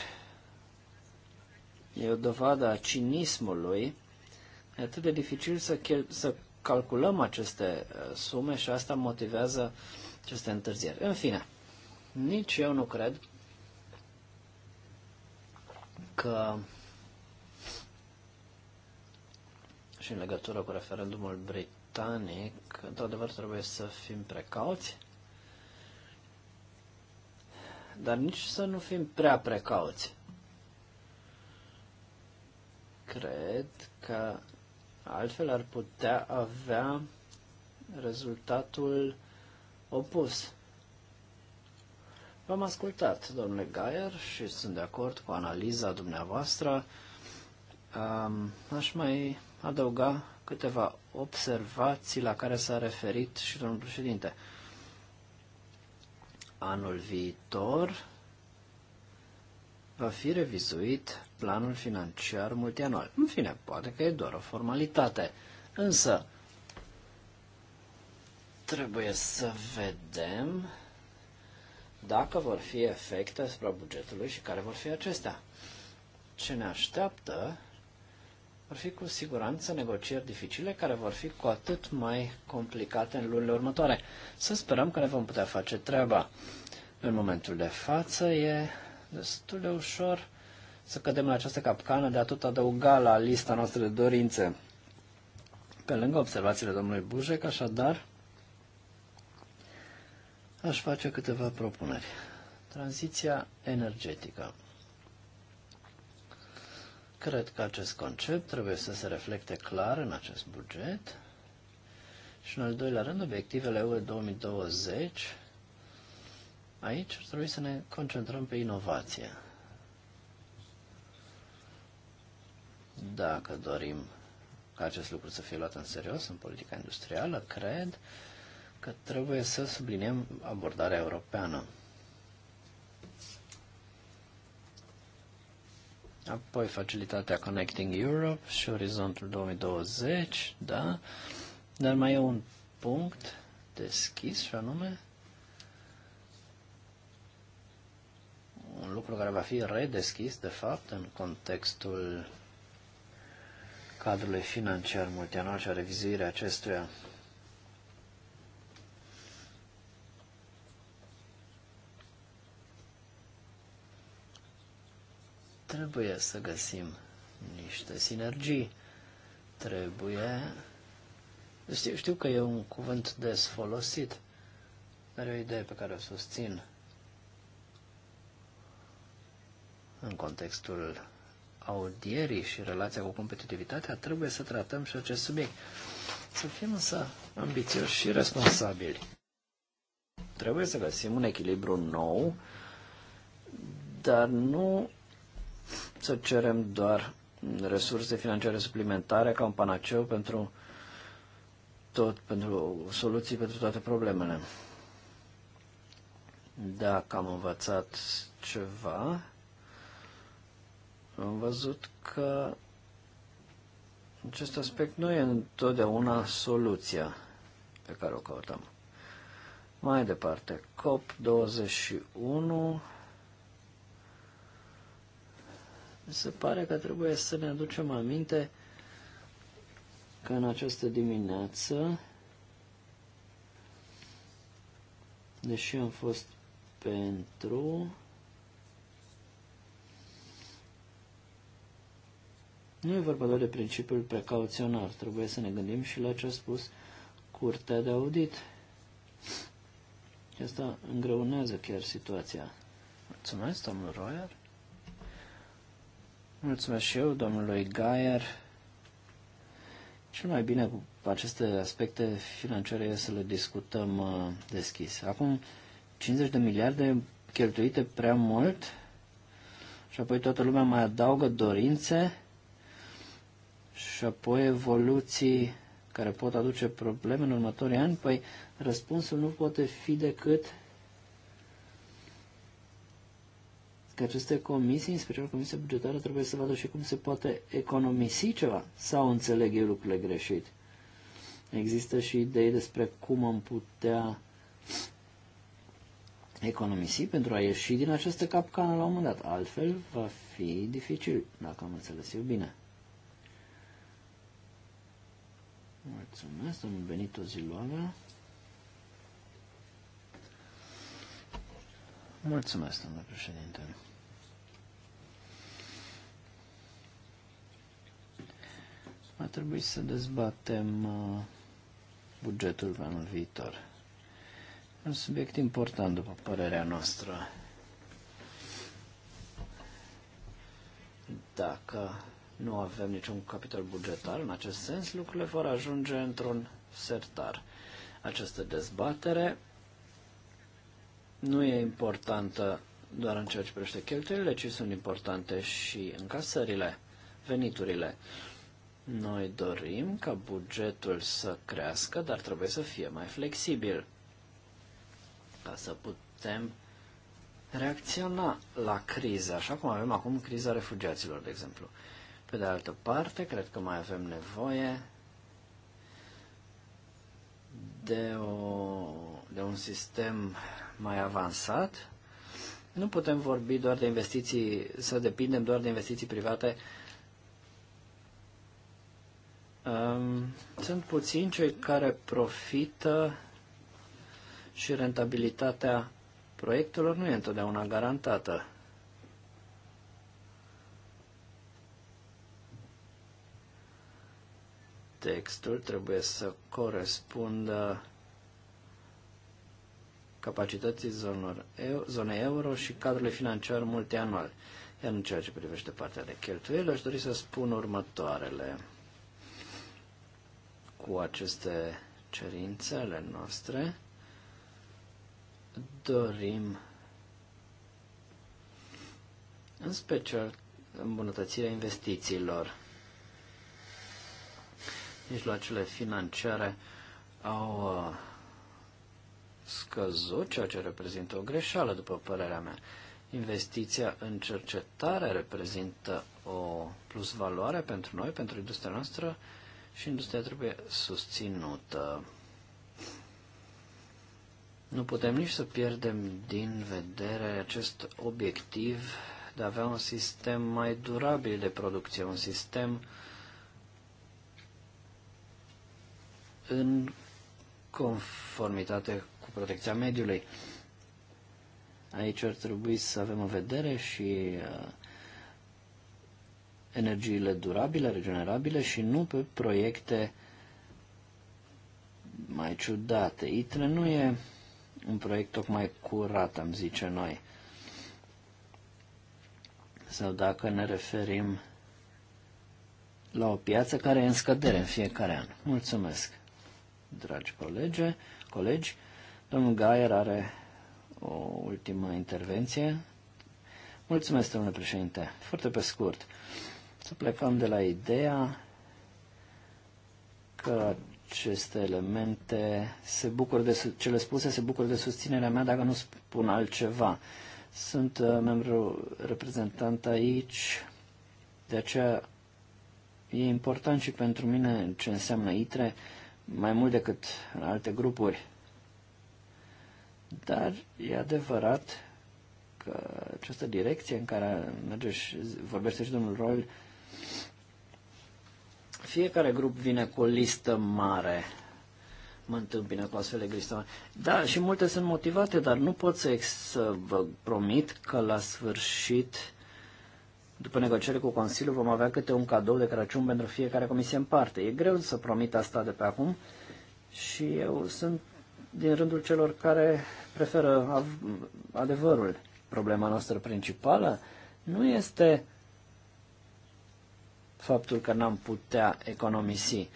e o dovadă a cinismului, e atât de dificil să, chel- să calculăm aceste uh, sume și asta motivează aceste întârzieri. În fine, nici eu nu cred că și în legătură cu referendumul britanic, într-adevăr trebuie să fim precauți, dar nici să nu fim prea precauți. Cred că altfel ar putea avea rezultatul opus. V-am ascultat, domnule Gaier, și sunt de acord cu analiza dumneavoastră. aș mai adăuga câteva observații la care s-a referit și domnul președinte. Anul viitor va fi revizuit planul financiar multianual. În fine, poate că e doar o formalitate, însă trebuie să vedem dacă vor fi efecte asupra bugetului și care vor fi acestea. Ce ne așteaptă vor fi cu siguranță negocieri dificile care vor fi cu atât mai complicate în lunile următoare. Să sperăm că ne vom putea face treaba. În momentul de față e destul de ușor să cădem în această capcană de a tot adăuga la lista noastră de dorințe. Pe lângă observațiile domnului Bujec, așadar, aș face câteva propuneri. Tranziția energetică. Cred că acest concept trebuie să se reflecte clar în acest buget. Și în al doilea rând, obiectivele UE 2020. Aici ar trebui să ne concentrăm pe inovație. Dacă dorim ca acest lucru să fie luat în serios în politica industrială, cred că trebuie să subliniem abordarea europeană. Apoi facilitatea Connecting Europe și orizontul 2020, da? Dar mai e un punct deschis și anume un lucru care va fi redeschis, de fapt, în contextul cadrului financiar multianual și a revizuirii acestuia Trebuie să găsim niște sinergii. Trebuie... Știu, știu că e un cuvânt des folosit, dar e o idee pe care o susțin în contextul audierii și relația cu competitivitatea, trebuie să tratăm și acest subiect. Să fim însă ambițioși și responsabili. Trebuie să găsim un echilibru nou, dar nu să cerem doar resurse financiare suplimentare ca un panaceu pentru tot, pentru soluții pentru toate problemele. Dacă am învățat ceva, am văzut că acest aspect nu e întotdeauna soluția pe care o căutăm. Mai departe, COP21 Mi se pare că trebuie să ne aducem aminte că în această dimineață, deși am fost pentru, nu e vorba doar de principiul precauțional, trebuie să ne gândim și la ce a spus curtea de audit. Asta îngreunează chiar situația. Mulțumesc, domnul Royer. Mulțumesc și eu, domnului Gaier. Cel mai bine cu aceste aspecte financiare e să le discutăm uh, deschis. Acum, 50 de miliarde cheltuite prea mult și apoi toată lumea mai adaugă dorințe și apoi evoluții care pot aduce probleme în următorii ani, păi răspunsul nu poate fi decât că aceste comisii, în special Comisia Bugetară, trebuie să vadă și cum se poate economisi ceva. Sau înțeleg eu lucrurile greșit? Există și idei despre cum am putea economisi pentru a ieși din această capcană la un moment dat. Altfel va fi dificil, dacă am înțeles eu bine. Mulțumesc, domnul Benito Ziloaga. Mulțumesc, domnule președinte. Va trebui să dezbatem uh, bugetul pe anul viitor. Un subiect important, după părerea noastră. Dacă nu avem niciun capital bugetar în acest sens, lucrurile vor ajunge într-un sertar. Această dezbatere nu e importantă doar în ceea ce privește cheltuielile, ci sunt importante și încasările, veniturile. Noi dorim ca bugetul să crească, dar trebuie să fie mai flexibil ca să putem reacționa la criză, așa cum avem acum criza refugiaților, de exemplu. Pe de altă parte, cred că mai avem nevoie de, o, de un sistem mai avansat. Nu putem vorbi doar de investiții, să depindem doar de investiții private. Sunt puțini cei care profită și rentabilitatea proiectelor nu e întotdeauna garantată. Textul trebuie să corespundă capacității zonor, zonei euro și cadrului financiar multianual. Iar în ceea ce privește partea de cheltuieli, aș dori să spun următoarele. Cu aceste cerințe ale noastre, dorim în special îmbunătățirea investițiilor. Mijloacele financiare au uh, scăzut, ceea ce reprezintă o greșeală, după părerea mea. Investiția în cercetare reprezintă o plusvaloare pentru noi, pentru industria noastră și industria trebuie susținută. Nu putem nici să pierdem din vedere acest obiectiv de a avea un sistem mai durabil de producție, un sistem în conformitate cu protecția mediului. Aici ar trebui să avem în vedere și uh, energiile durabile, regenerabile și nu pe proiecte mai ciudate. ITRE nu e un proiect tocmai curat, am zice noi. Sau dacă ne referim la o piață care e în scădere în fiecare an. Mulțumesc! dragi colege, colegi. Domnul Gaier are o ultimă intervenție. Mulțumesc, domnule președinte. Foarte pe scurt. Să plecăm de la ideea că aceste elemente se bucură de, cele spuse se bucură de susținerea mea dacă nu spun altceva. Sunt uh, membru reprezentant aici, de aceea e important și pentru mine ce înseamnă ITRE mai mult decât în alte grupuri. Dar e adevărat că această direcție în care merge și vorbește și domnul Roy, fiecare grup vine cu o listă mare. Mă întâmpină cu astfel de listă mare. Da, și multe sunt motivate, dar nu pot să, să vă promit că la sfârșit după negocieri cu Consiliul vom avea câte un cadou de Crăciun pentru fiecare comisie în parte. E greu să promit asta de pe acum și eu sunt din rândul celor care preferă adevărul. Problema noastră principală nu este faptul că n-am putea economisi.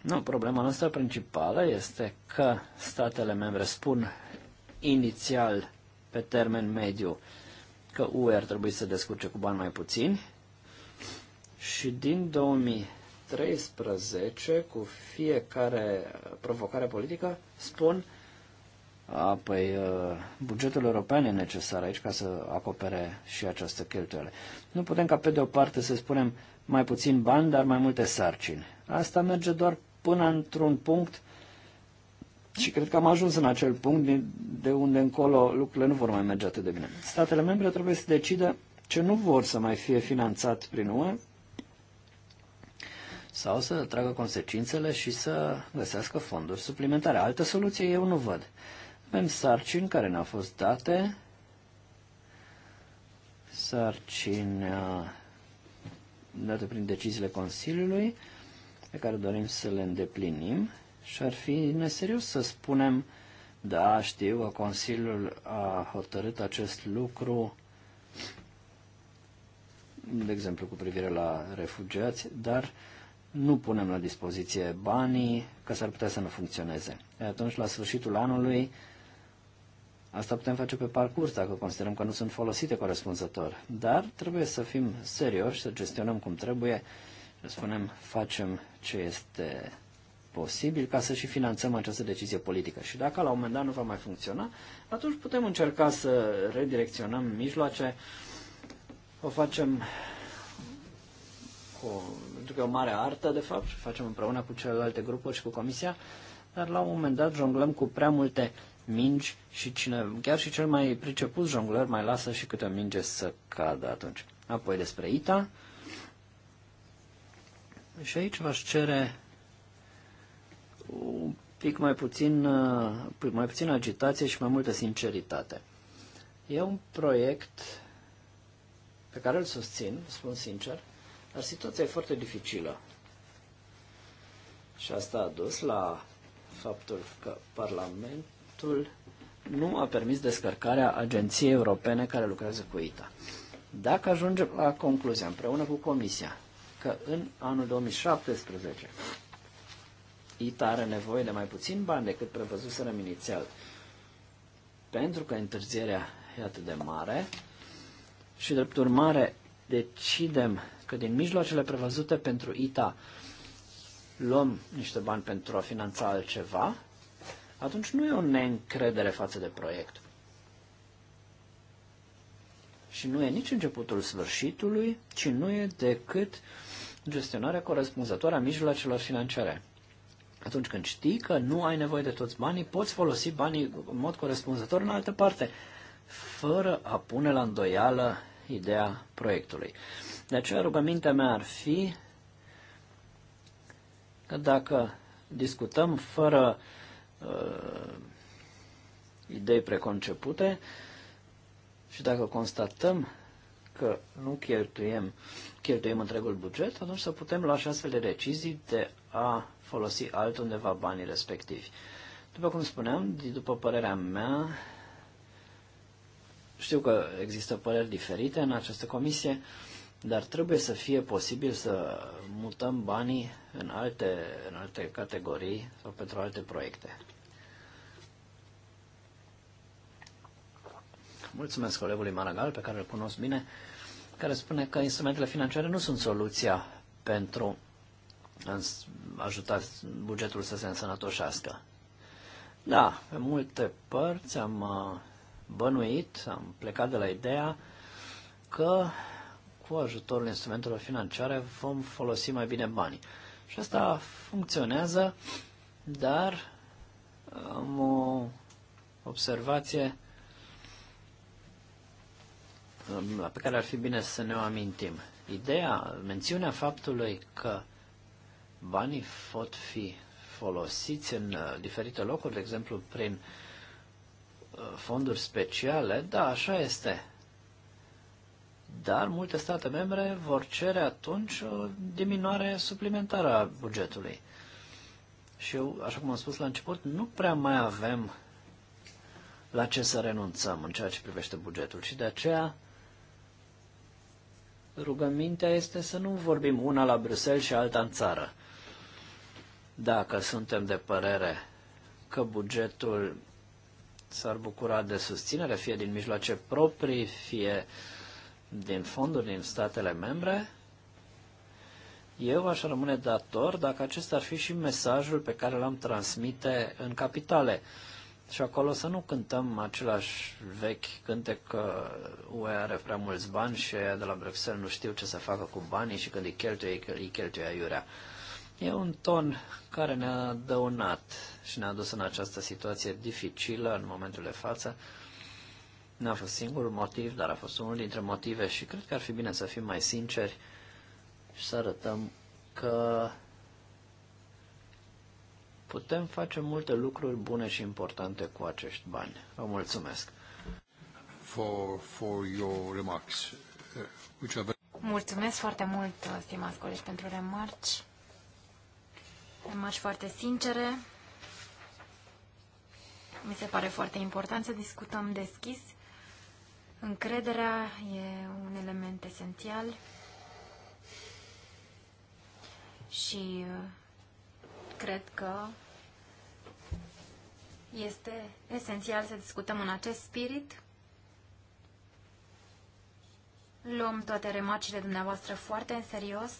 Nu, problema noastră principală este că statele membre spun inițial pe termen mediu că UE ar trebui să descurce cu bani mai puțini și din 2013, cu fiecare provocare politică, spun a, păi, uh, bugetul european e necesar aici ca să acopere și această cheltuială. Nu putem ca pe de o parte să spunem mai puțin bani, dar mai multe sarcini. Asta merge doar până într-un punct și cred că am ajuns în acel punct de unde încolo lucrurile nu vor mai merge atât de bine. Statele membre trebuie să decidă ce nu vor să mai fie finanțat prin UE sau să tragă consecințele și să găsească fonduri suplimentare. Altă soluție eu nu văd. Avem sarcini care ne-au fost date, sarcini date prin deciziile Consiliului, pe care dorim să le îndeplinim și ar fi neserios să spunem, da, știu că Consiliul a hotărât acest lucru, de exemplu cu privire la refugiați, dar nu punem la dispoziție banii, că s-ar putea să nu funcționeze. E atunci, la sfârșitul anului, Asta putem face pe parcurs dacă considerăm că nu sunt folosite corespunzător. Dar trebuie să fim serioși, să gestionăm cum trebuie, să spunem facem ce este posibil ca să și finanțăm această decizie politică. Și dacă la un moment dat nu va mai funcționa, atunci putem încerca să redirecționăm mijloace. O facem cu, pentru că e o mare artă, de fapt, și facem împreună cu celelalte grupuri și cu Comisia, dar la un moment dat jonglăm cu prea multe mingi și cine, chiar și cel mai priceput jongler mai lasă și câte o minge să cadă atunci. Apoi despre ITA. Și aici v-aș cere un pic mai puțin, uh, mai puțin agitație și mai multă sinceritate. E un proiect pe care îl susțin, spun sincer, dar situația e foarte dificilă. Și asta a dus la faptul că Parlamentul nu a permis descărcarea agenției europene care lucrează cu ITA. Dacă ajungem la concluzia împreună cu Comisia că în anul 2017 ITA are nevoie de mai puțin bani decât prevăzuserăm inițial. Pentru că întârzierea e atât de mare și, drept urmare, decidem că din mijloacele prevăzute pentru ITA luăm niște bani pentru a finanța altceva, atunci nu e o neîncredere față de proiect. Și nu e nici începutul sfârșitului, ci nu e decât gestionarea corespunzătoare a mijloacelor financiare. Atunci când știi că nu ai nevoie de toți banii, poți folosi banii în mod corespunzător în altă parte, fără a pune la îndoială ideea proiectului. De aceea rugămintea mea ar fi că dacă discutăm fără uh, idei preconcepute și dacă constatăm că nu cheltuiem, cheltuiem întregul buget, atunci să putem lua și astfel de decizii de a folosi altundeva banii respectivi. După cum spuneam, după părerea mea, știu că există păreri diferite în această comisie, dar trebuie să fie posibil să mutăm banii în alte, în alte categorii sau pentru alte proiecte. Mulțumesc colegului Maragal, pe care îl cunosc bine, care spune că instrumentele financiare nu sunt soluția pentru ajutat bugetul să se însănătoșească. Da, pe multe părți am uh, bănuit, am plecat de la ideea că cu ajutorul instrumentelor financiare vom folosi mai bine banii. Și asta funcționează, dar am o observație um, pe care ar fi bine să ne o amintim. Ideea, mențiunea faptului că banii pot fi folosiți în uh, diferite locuri, de exemplu prin uh, fonduri speciale, da, așa este. Dar multe state membre vor cere atunci o diminuare suplimentară a bugetului. Și eu, așa cum am spus la început, nu prea mai avem la ce să renunțăm în ceea ce privește bugetul. Și de aceea rugămintea este să nu vorbim una la Bruxelles și alta în țară. Dacă suntem de părere că bugetul s-ar bucura de susținere, fie din mijloace proprii, fie din fonduri din statele membre, eu aș rămâne dator dacă acesta ar fi și mesajul pe care l-am transmite în capitale. Și acolo să nu cântăm același vechi cântec că UE are prea mulți bani și de la Bruxelles nu știu ce să facă cu banii și când îi cheltuie, îi cheltuie aiurea. E un ton care ne-a dăunat și ne-a dus în această situație dificilă în momentul de față. Nu a fost singurul motiv, dar a fost unul dintre motive și cred că ar fi bine să fim mai sinceri și să arătăm că putem face multe lucruri bune și importante cu acești bani. Vă mulțumesc! For, for your remarks, uh, which are... Mulțumesc foarte mult, stimați colegi, pentru remarci rămași foarte sincere. Mi se pare foarte important să discutăm deschis. Încrederea e un element esențial și uh, cred că este esențial să discutăm în acest spirit. Luăm toate remarcile dumneavoastră foarte în serios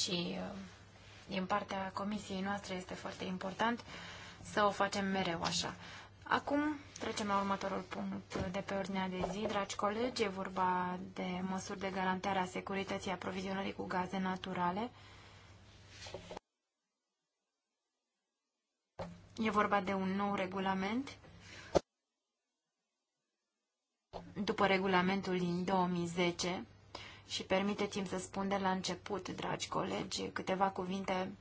și uh, din partea comisiei noastre este foarte important să o facem mereu așa. Acum trecem la următorul punct de pe ordinea de zi. Dragi colegi, e vorba de măsuri de garantare a securității aprovizionării cu gaze naturale. E vorba de un nou regulament. După regulamentul din 2010, și permiteți-mi să spun de la început, dragi colegi, câteva cuvinte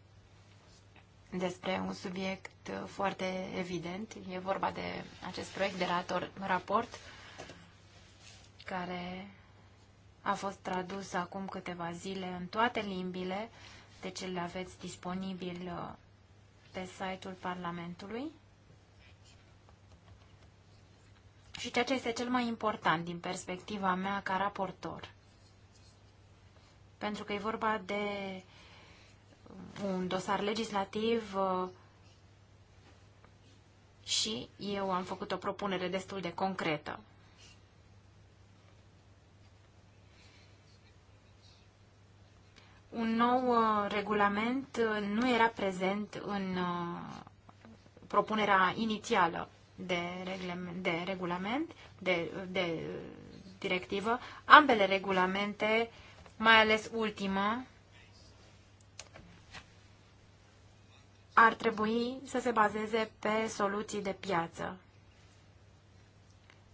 despre un subiect foarte evident. E vorba de acest proiect de rator, raport care a fost tradus acum câteva zile în toate limbile, deci îl aveți disponibil uh, pe site-ul Parlamentului. Și ceea ce este cel mai important din perspectiva mea ca raportor – pentru că e vorba de un dosar legislativ uh, și eu am făcut o propunere destul de concretă. Un nou uh, regulament uh, nu era prezent în propunerea inițială de, reglement, de regulament, de, de directivă. Ambele regulamente uh, mai ales ultima, ar trebui să se bazeze pe soluții de piață.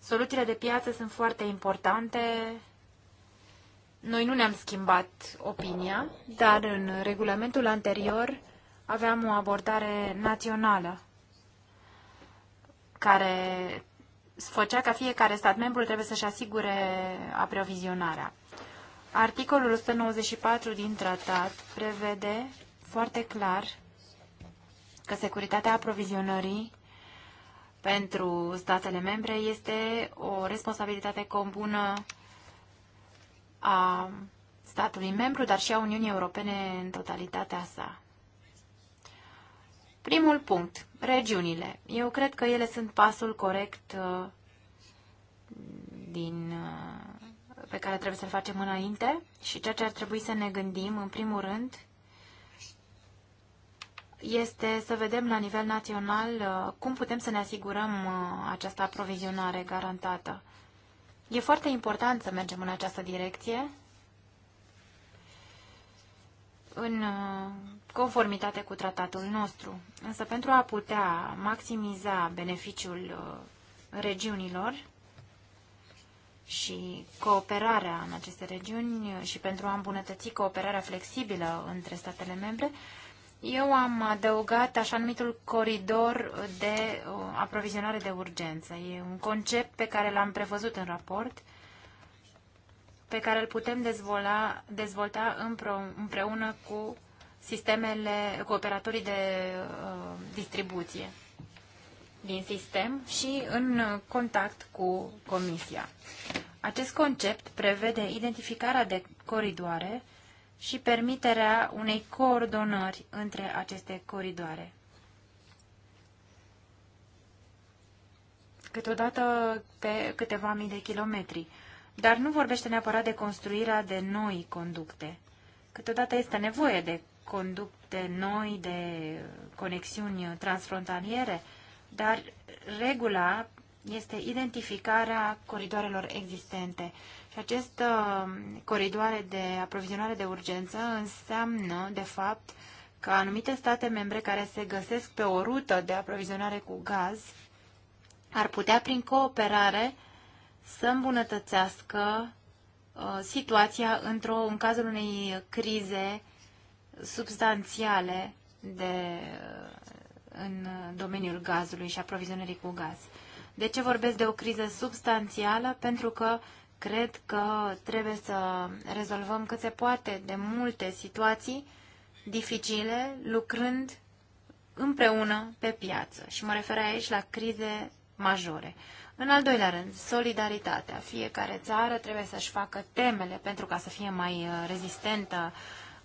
Soluțiile de piață sunt foarte importante. Noi nu ne-am schimbat opinia, dar în regulamentul anterior aveam o abordare națională care făcea ca fiecare stat membru trebuie să-și asigure aprovizionarea. Articolul 194 din tratat prevede foarte clar că securitatea aprovizionării pentru statele membre este o responsabilitate comună a statului membru, dar și a Uniunii Europene în totalitatea sa. Primul punct, regiunile. Eu cred că ele sunt pasul corect uh, din uh, pe care trebuie să-l facem înainte și ceea ce ar trebui să ne gândim, în primul rând, este să vedem la nivel național uh, cum putem să ne asigurăm uh, această aprovizionare garantată. E foarte important să mergem în această direcție, în uh, conformitate cu tratatul nostru. Însă pentru a putea maximiza beneficiul regiunilor, și cooperarea în aceste regiuni și pentru a îmbunătăți cooperarea flexibilă între statele membre, eu am adăugat așa numitul coridor de uh, aprovizionare de urgență. E un concept pe care l-am prevăzut în raport, pe care îl putem dezvolta, dezvolta împreună cu sistemele, cu operatorii de uh, distribuție din sistem și în contact cu Comisia. Acest concept prevede identificarea de coridoare și permiterea unei coordonări între aceste coridoare. Câteodată pe câteva mii de kilometri, dar nu vorbește neapărat de construirea de noi conducte. Câteodată este nevoie de conducte noi, de conexiuni transfrontaliere, dar regula este identificarea coridoarelor existente. Și aceste uh, coridoare de aprovizionare de urgență înseamnă, de fapt, că anumite state membre care se găsesc pe o rută de aprovizionare cu gaz ar putea, prin cooperare, să îmbunătățească uh, situația într-o, în cazul unei crize substanțiale de uh, în domeniul gazului și aprovizionării cu gaz. De ce vorbesc de o criză substanțială? Pentru că cred că trebuie să rezolvăm cât se poate de multe situații dificile lucrând împreună pe piață. Și mă refer aici la crize majore. În al doilea rând, solidaritatea. Fiecare țară trebuie să-și facă temele pentru ca să fie mai uh, rezistentă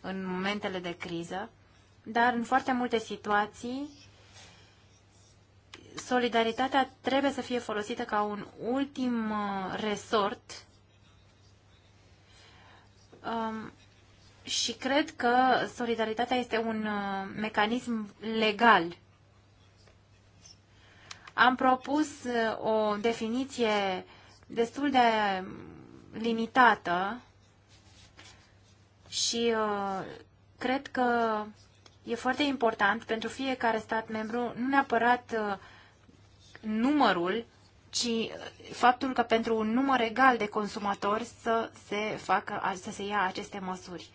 în momentele de criză, dar în foarte multe situații solidaritatea trebuie să fie folosită ca un ultim uh, resort um, și cred că solidaritatea este un uh, mecanism legal. Am propus uh, o definiție destul de limitată și uh, cred că e foarte important pentru fiecare stat membru nu neapărat uh, numărul, ci uh, faptul că pentru un număr egal de consumatori să se, facă, să se ia aceste măsuri.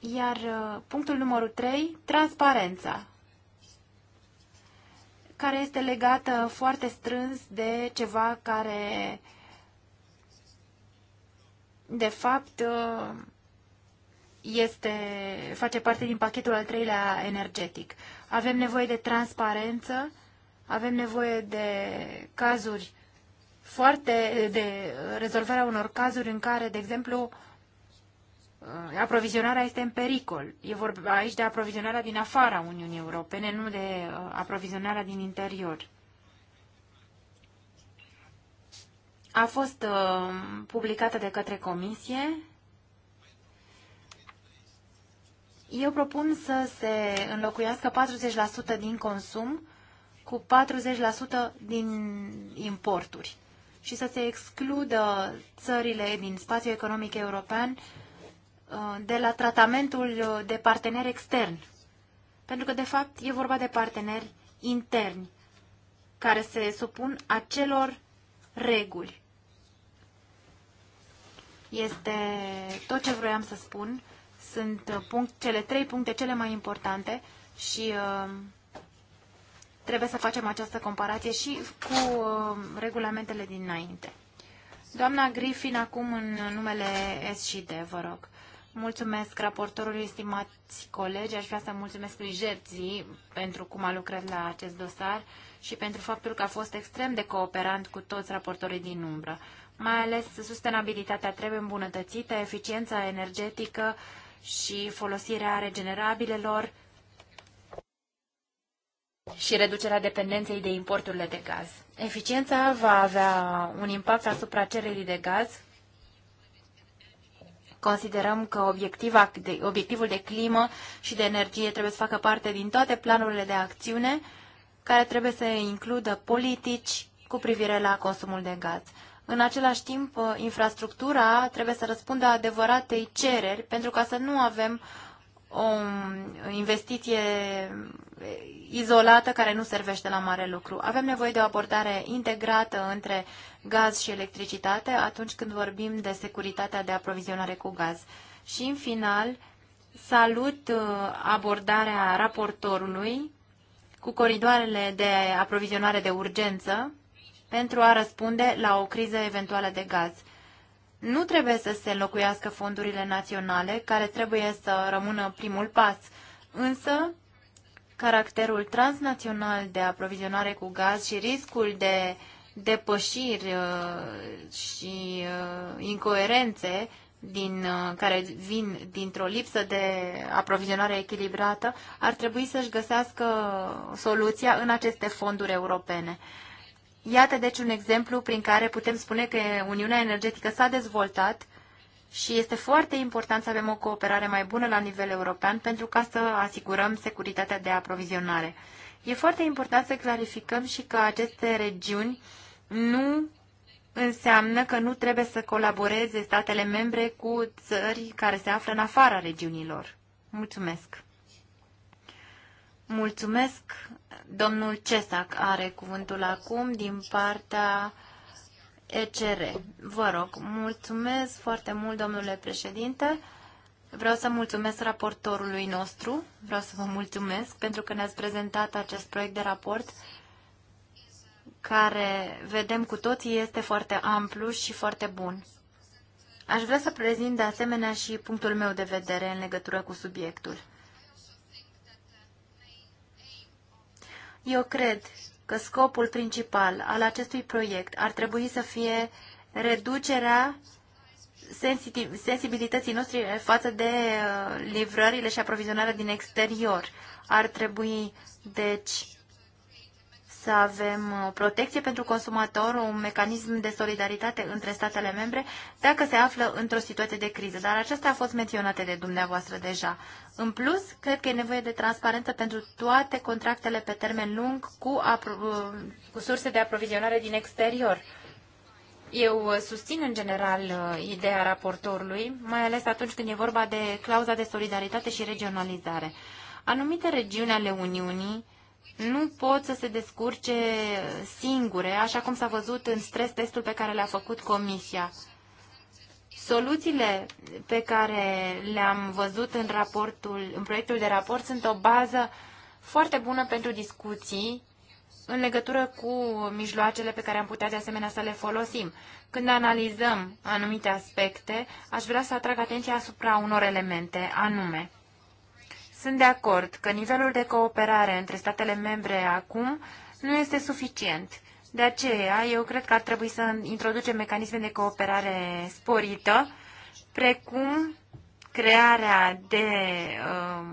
Iar uh, punctul numărul 3, transparența, care este legată foarte strâns de ceva care, de fapt, uh, este, face parte din pachetul al treilea energetic. Avem nevoie de transparență, avem nevoie de cazuri foarte, de rezolvarea unor cazuri în care, de exemplu, uh, aprovizionarea este în pericol. E vorba aici de aprovizionarea din afara Uniunii Europene, nu de uh, aprovizionarea din interior. A fost uh, publicată de către Comisie Eu propun să se înlocuiască 40% din consum cu 40% din importuri și să se excludă țările din spațiul economic european uh, de la tratamentul de parteneri extern, Pentru că, de fapt, e vorba de parteneri interni care se supun acelor reguli. Este tot ce vroiam să spun sunt uh, punct, cele trei puncte cele mai importante și uh, trebuie să facem această comparație și cu uh, regulamentele dinainte. Doamna Griffin, acum în numele S și D, vă rog. Mulțumesc raportorului, estimați colegi. Aș vrea să mulțumesc lui Jerții pentru cum a lucrat la acest dosar și pentru faptul că a fost extrem de cooperant cu toți raportorii din umbră. Mai ales sustenabilitatea trebuie îmbunătățită, eficiența energetică și folosirea regenerabilelor și reducerea dependenței de importurile de gaz. Eficiența va avea un impact asupra cererii de gaz. Considerăm că obiectivul de climă și de energie trebuie să facă parte din toate planurile de acțiune care trebuie să includă politici cu privire la consumul de gaz. În același timp, uh, infrastructura trebuie să răspundă adevăratei cereri pentru ca să nu avem o um, investiție eh, izolată care nu servește la mare lucru. Avem nevoie de o abordare integrată între gaz și electricitate atunci când vorbim de securitatea de aprovizionare cu gaz. Și în final, salut uh, abordarea raportorului cu coridoarele de aprovizionare de urgență pentru a răspunde la o criză eventuală de gaz. Nu trebuie să se înlocuiască fondurile naționale, care trebuie să rămână primul pas, însă caracterul transnațional de aprovizionare cu gaz și riscul de depășiri uh, și uh, incoerențe din, uh, care vin dintr-o lipsă de aprovizionare echilibrată, ar trebui să-și găsească soluția în aceste fonduri europene. Iată deci un exemplu prin care putem spune că Uniunea Energetică s-a dezvoltat și este foarte important să avem o cooperare mai bună la nivel european pentru ca să asigurăm securitatea de aprovizionare. E foarte important să clarificăm și că aceste regiuni nu înseamnă că nu trebuie să colaboreze statele membre cu țări care se află în afara regiunilor. Mulțumesc! Mulțumesc. Domnul Cesac are cuvântul acum din partea ECR. Vă rog, mulțumesc foarte mult, domnule președinte. Vreau să mulțumesc raportorului nostru, vreau să vă mulțumesc pentru că ne-ați prezentat acest proiect de raport care, vedem cu toții, este foarte amplu și foarte bun. Aș vrea să prezint de asemenea și punctul meu de vedere în legătură cu subiectul. Eu cred că scopul principal al acestui proiect ar trebui să fie reducerea sensibilității noastre față de uh, livrările și aprovizionarea din exterior. Ar trebui, deci, să avem uh, protecție pentru consumator, un mecanism de solidaritate între statele membre dacă se află într-o situație de criză. Dar aceasta a fost menționată de dumneavoastră deja. În plus, cred că e nevoie de transparență pentru toate contractele pe termen lung cu, uh, cu surse de aprovizionare din exterior. Eu uh, susțin în general uh, ideea raportorului, mai ales atunci când e vorba de clauza de solidaritate și regionalizare. Anumite regiuni ale Uniunii nu pot să se descurce singure, așa cum s-a văzut în stres testul pe care l-a făcut Comisia. Soluțiile pe care le-am văzut în, raportul, în proiectul de raport sunt o bază foarte bună pentru discuții în legătură cu mijloacele pe care am putea de asemenea să le folosim. Când analizăm anumite aspecte, aș vrea să atrag atenția asupra unor elemente anume. Sunt de acord că nivelul de cooperare între statele membre acum nu este suficient de aceea, eu cred că ar trebui să introducem mecanisme de cooperare sporită, precum crearea de uh,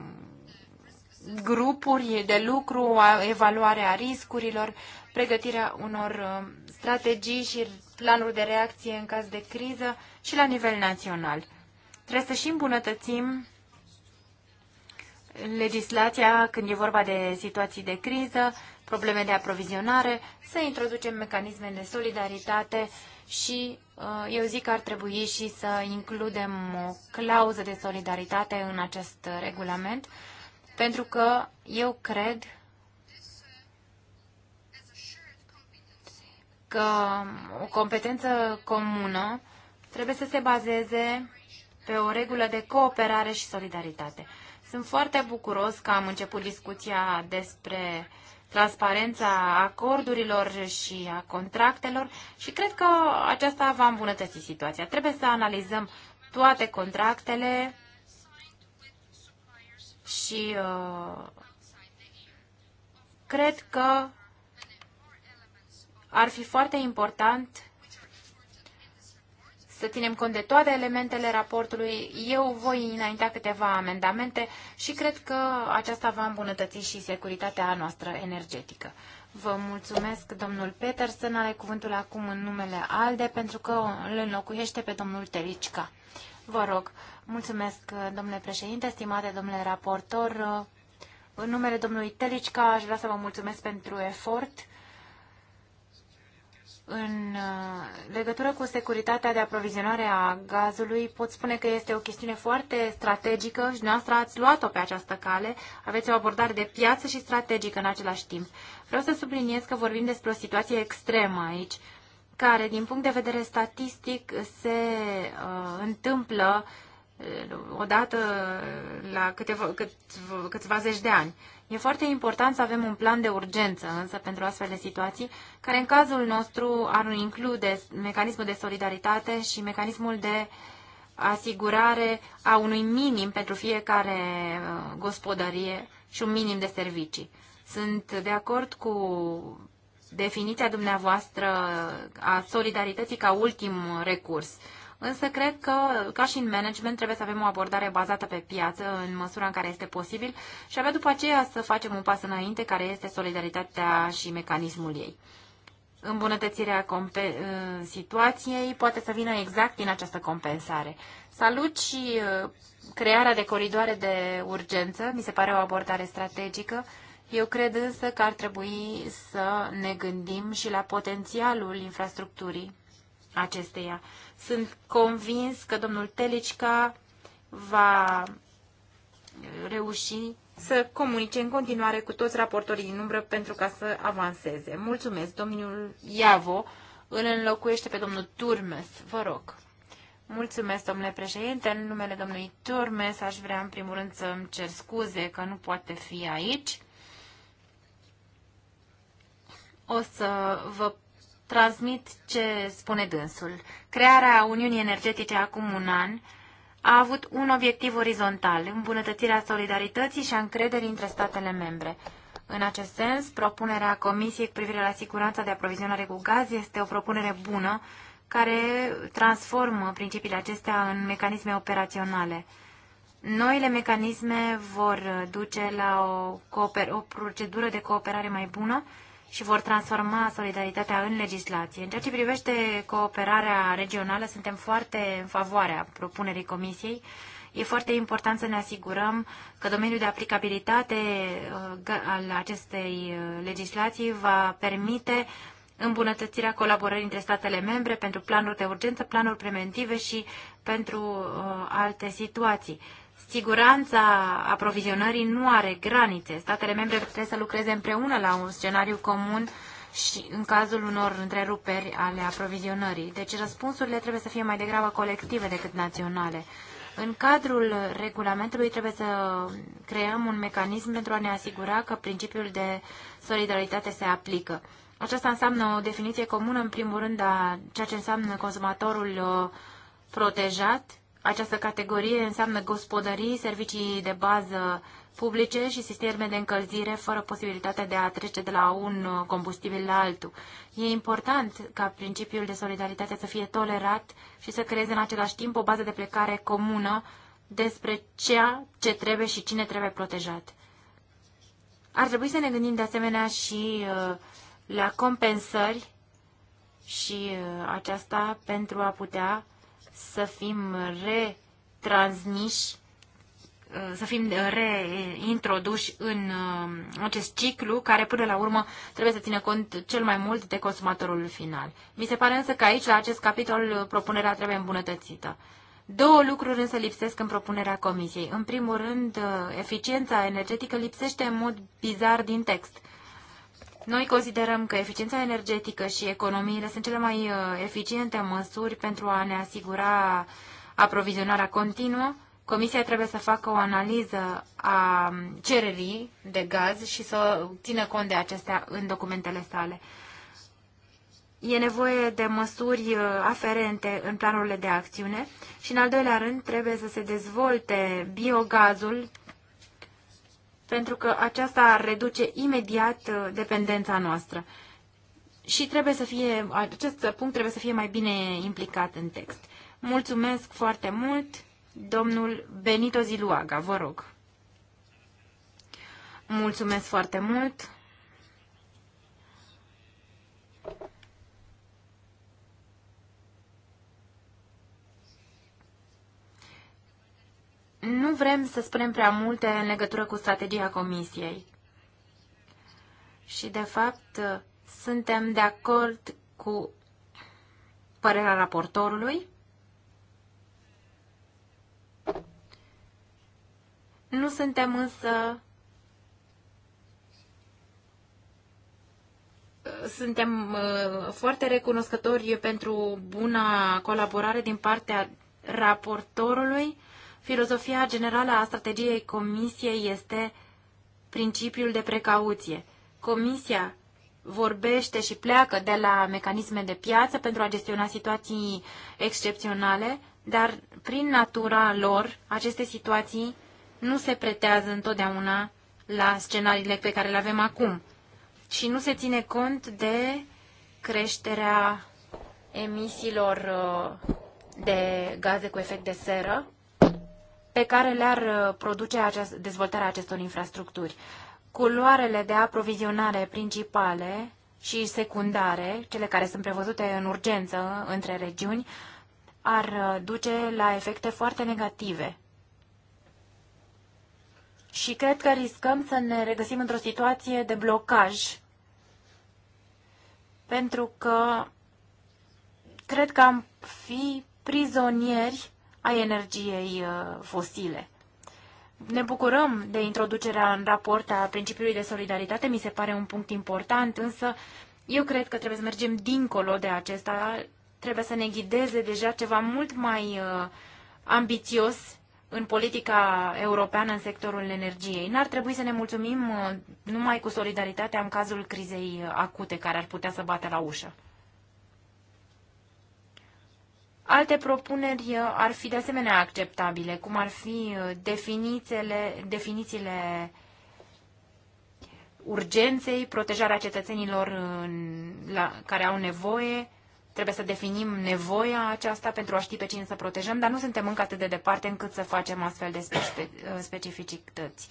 grupuri de lucru, evaluarea riscurilor, pregătirea unor um, strategii și planuri de reacție în caz de criză și la nivel național. Trebuie să și îmbunătățim legislația când e vorba de situații de criză, probleme de aprovizionare, să introducem mecanisme de solidaritate și uh, eu zic că ar trebui și să includem o clauză de solidaritate în acest regulament, pentru că eu cred că o competență comună trebuie să se bazeze pe o regulă de cooperare și solidaritate. Sunt foarte bucuros că am început discuția despre transparența acordurilor și a contractelor și cred că aceasta va îmbunătăți situația. Trebuie să analizăm toate contractele și uh, cred că ar fi foarte important să ținem cont de toate elementele raportului. Eu voi înainta câteva amendamente și cred că aceasta va îmbunătăți și securitatea noastră energetică. Vă mulțumesc, domnul Peterson are cuvântul acum în numele ALDE pentru că îl înlocuiește pe domnul Telicica. Vă rog, mulțumesc, domnule președinte, stimate domnule raportor. În numele domnului Telicica aș vrea să vă mulțumesc pentru efort în uh, legătură cu securitatea de aprovizionare a gazului, pot spune că este o chestiune foarte strategică și dumneavoastră ați luat-o pe această cale. Aveți o abordare de piață și strategică în același timp. Vreau să subliniez că vorbim despre o situație extremă aici, care, din punct de vedere statistic, se uh, întâmplă uh, odată la câteva, cât, câțiva zeci de ani. E foarte important să avem un plan de urgență, însă, pentru astfel de situații, care în cazul nostru ar include mecanismul de solidaritate și mecanismul de asigurare a unui minim pentru fiecare uh, gospodărie și un minim de servicii. Sunt de acord cu definiția dumneavoastră a solidarității ca ultim recurs. Însă cred că, ca și în management, trebuie să avem o abordare bazată pe piață, în măsura în care este posibil, și abia după aceea să facem un pas înainte, care este solidaritatea și mecanismul ei. Îmbunătățirea ă, situației poate să vină exact din această compensare. Salut și ă, crearea de coridoare de urgență, mi se pare o abordare strategică. Eu cred însă că ar trebui să ne gândim și la potențialul infrastructurii acesteia sunt convins că domnul Telecica va reuși să comunice în continuare cu toți raportorii din umbră pentru ca să avanseze. Mulțumesc, domnul Iavo îl înlocuiește pe domnul Turmes. Vă rog. Mulțumesc, domnule președinte. În numele domnului Turmes aș vrea în primul rând să îmi cer scuze că nu poate fi aici. O să vă transmit ce spune dânsul. Crearea Uniunii Energetice acum un an a avut un obiectiv orizontal, îmbunătățirea solidarității și a încrederii între statele membre. În acest sens, propunerea Comisiei cu privire la siguranța de aprovizionare cu gaz este o propunere bună care transformă principiile acestea în mecanisme operaționale. Noile mecanisme vor duce la o, o procedură de cooperare mai bună și vor transforma solidaritatea în legislație. În ceea ce privește cooperarea regională, suntem foarte în favoarea propunerii Comisiei. E foarte important să ne asigurăm că domeniul de aplicabilitate uh, al acestei uh, legislații va permite îmbunătățirea colaborării între statele membre pentru planuri de urgență, planuri preventive și pentru uh, alte situații. Siguranța aprovizionării nu are granițe. Statele membre trebuie să lucreze împreună la un scenariu comun și în cazul unor întreruperi ale aprovizionării. Deci răspunsurile trebuie să fie mai degrabă colective decât naționale. În cadrul regulamentului trebuie să creăm un mecanism pentru a ne asigura că principiul de solidaritate se aplică. Aceasta înseamnă o definiție comună, în primul rând, a ceea ce înseamnă consumatorul uh, protejat, această categorie înseamnă gospodării, servicii de bază publice și sisteme de încălzire fără posibilitatea de a trece de la un combustibil la altul. E important ca principiul de solidaritate să fie tolerat și să creeze în același timp o bază de plecare comună despre ceea ce trebuie și cine trebuie protejat. Ar trebui să ne gândim de asemenea și uh, la compensări și uh, aceasta pentru a putea să fim retransmiși uh, să fim reintroduși în uh, acest ciclu care până la urmă trebuie să țină cont cel mai mult de consumatorul final. Mi se pare însă că aici, la acest capitol, propunerea trebuie îmbunătățită. Două lucruri însă lipsesc în propunerea comisiei. În primul rând, uh, eficiența energetică lipsește în mod bizar din text. Noi considerăm că eficiența energetică și economiile sunt cele mai uh, eficiente măsuri pentru a ne asigura aprovizionarea continuă. Comisia trebuie să facă o analiză a cererii de gaz și să țină cont de acestea în documentele sale. E nevoie de măsuri uh, aferente în planurile de acțiune și, în al doilea rând, trebuie să se dezvolte biogazul pentru că aceasta ar reduce imediat uh, dependența noastră. Și trebuie să fie, acest punct trebuie să fie mai bine implicat în text. Mulțumesc foarte mult, domnul Benito Ziluaga, vă rog. Mulțumesc foarte mult. nu vrem să spunem prea multe în legătură cu strategia Comisiei. Și, de fapt, suntem de acord cu părerea raportorului. Nu suntem însă suntem uh, foarte recunoscători pentru buna colaborare din partea raportorului Filozofia generală a strategiei Comisiei este principiul de precauție. Comisia vorbește și pleacă de la mecanisme de piață pentru a gestiona situații excepționale, dar prin natura lor, aceste situații nu se pretează întotdeauna la scenariile pe care le avem acum și nu se ține cont de creșterea emisiilor uh, de gaze cu efect de seră pe care le-ar uh, produce aceast, dezvoltarea acestor infrastructuri. Culoarele de aprovizionare principale și secundare, cele care sunt prevăzute în urgență între regiuni, ar uh, duce la efecte foarte negative. Și cred că riscăm să ne regăsim într-o situație de blocaj, pentru că cred că am fi prizonieri a energiei uh, fosile. Ne bucurăm de introducerea în raport a principiului de solidaritate, mi se pare un punct important, însă eu cred că trebuie să mergem dincolo de acesta, trebuie să ne ghideze deja ceva mult mai uh, ambițios în politica europeană în sectorul energiei. N-ar trebui să ne mulțumim uh, numai cu solidaritatea în cazul crizei acute care ar putea să bată la ușă. Alte propuneri uh, ar fi de asemenea acceptabile, cum ar fi uh, definițiile, definițiile urgenței, protejarea cetățenilor uh, în, la, care au nevoie. Trebuie să definim nevoia aceasta pentru a ști pe cine să protejăm, dar nu suntem încă atât de departe încât să facem astfel de specificități.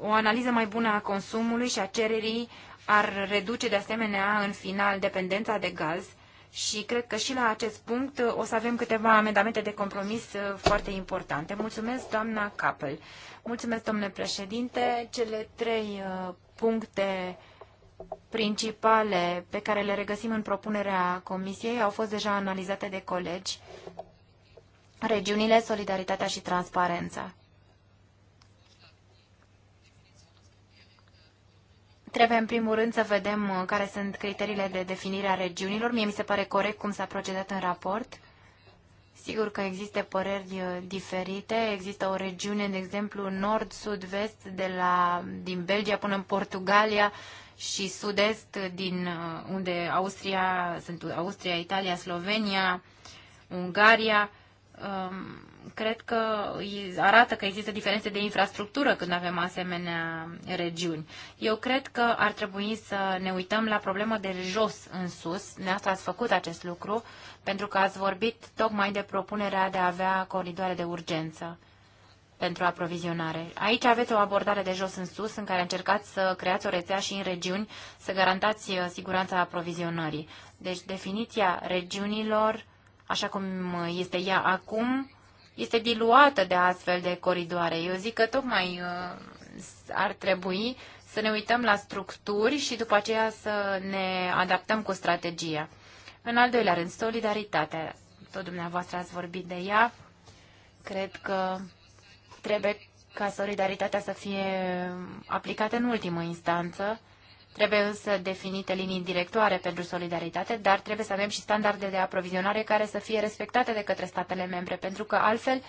O analiză mai bună a consumului și a cererii ar reduce de asemenea în final dependența de gaz și cred că și la acest punct uh, o să avem câteva amendamente de compromis uh, foarte importante. Mulțumesc, doamna Capel. Mulțumesc, domnule președinte. Cele trei uh, puncte principale pe care le regăsim în propunerea Comisiei au fost deja analizate de colegi. Regiunile, solidaritatea și transparența. Trebuie în primul rând să vedem uh, care sunt criteriile de definire a regiunilor. Mie mi se pare corect cum s-a procedat în raport. Sigur că există păreri uh, diferite. Există o regiune, de exemplu, nord-sud-vest, de la, din Belgia până în Portugalia și sud-est, din uh, unde Austria, sunt Austria, Italia, Slovenia, Ungaria. Um, cred că arată că există diferențe de infrastructură când avem asemenea regiuni. Eu cred că ar trebui să ne uităm la problema de jos în sus. Neastră ați făcut acest lucru pentru că ați vorbit tocmai de propunerea de a avea coridoare de urgență pentru aprovizionare. Aici aveți o abordare de jos în sus în care încercați să creați o rețea și în regiuni să garantați uh, siguranța aprovizionării. Deci definiția regiunilor, așa cum uh, este ea acum, este diluată de astfel de coridoare. Eu zic că tocmai uh, ar trebui să ne uităm la structuri și după aceea să ne adaptăm cu strategia. În al doilea rând, solidaritatea. Tot dumneavoastră ați vorbit de ea. Cred că trebuie ca solidaritatea să fie aplicată în ultimă instanță Trebuie însă definite linii directoare pentru solidaritate, dar trebuie să avem și standarde de aprovizionare care să fie respectate de către statele membre, pentru că altfel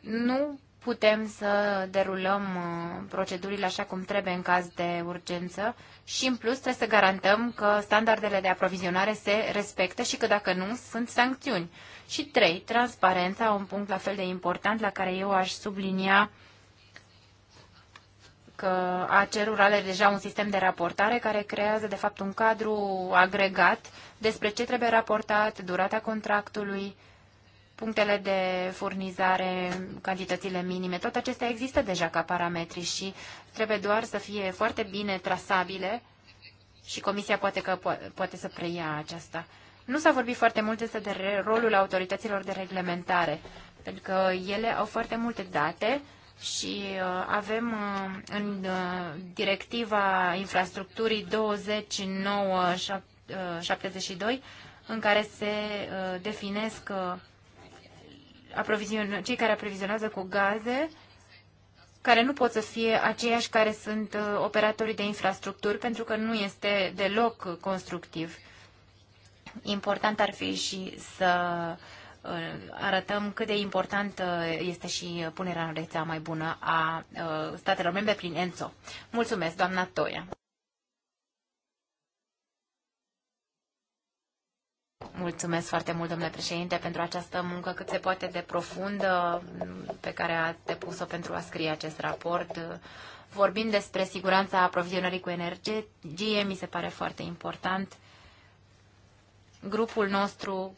nu putem să derulăm uh, procedurile așa cum trebuie în caz de urgență și în plus trebuie să garantăm că standardele de aprovizionare se respectă și că dacă nu, sunt sancțiuni. Și trei, transparența, un punct la fel de important la care eu aș sublinia uh, că acer are deja un sistem de raportare care creează, de fapt, un cadru agregat despre ce trebuie raportat, durata contractului, punctele de furnizare, cantitățile minime, Tot acestea există deja ca parametri și trebuie doar să fie foarte bine trasabile și comisia poate, că poate să preia aceasta. Nu s-a vorbit foarte mult însă de rolul autorităților de reglementare, pentru că ele au foarte multe date și uh, avem uh, în uh, directiva infrastructurii 2972 în care se definesc cei care aprovizionează cu gaze care nu pot să fie aceiași care sunt operatorii de infrastructuri, pentru că nu este deloc constructiv. Important ar fi și să uh, Uh, arătăm cât de important uh, este și punerea în rețea mai bună a uh, statelor membre prin ENSO. Mulțumesc, doamna Toia. Mulțumesc foarte mult, domnule președinte, pentru această muncă cât se poate de profundă mm, pe care a depus-o pentru a scrie acest raport. Vorbind despre siguranța aprovizionării cu energie, mi se pare foarte important. Grupul nostru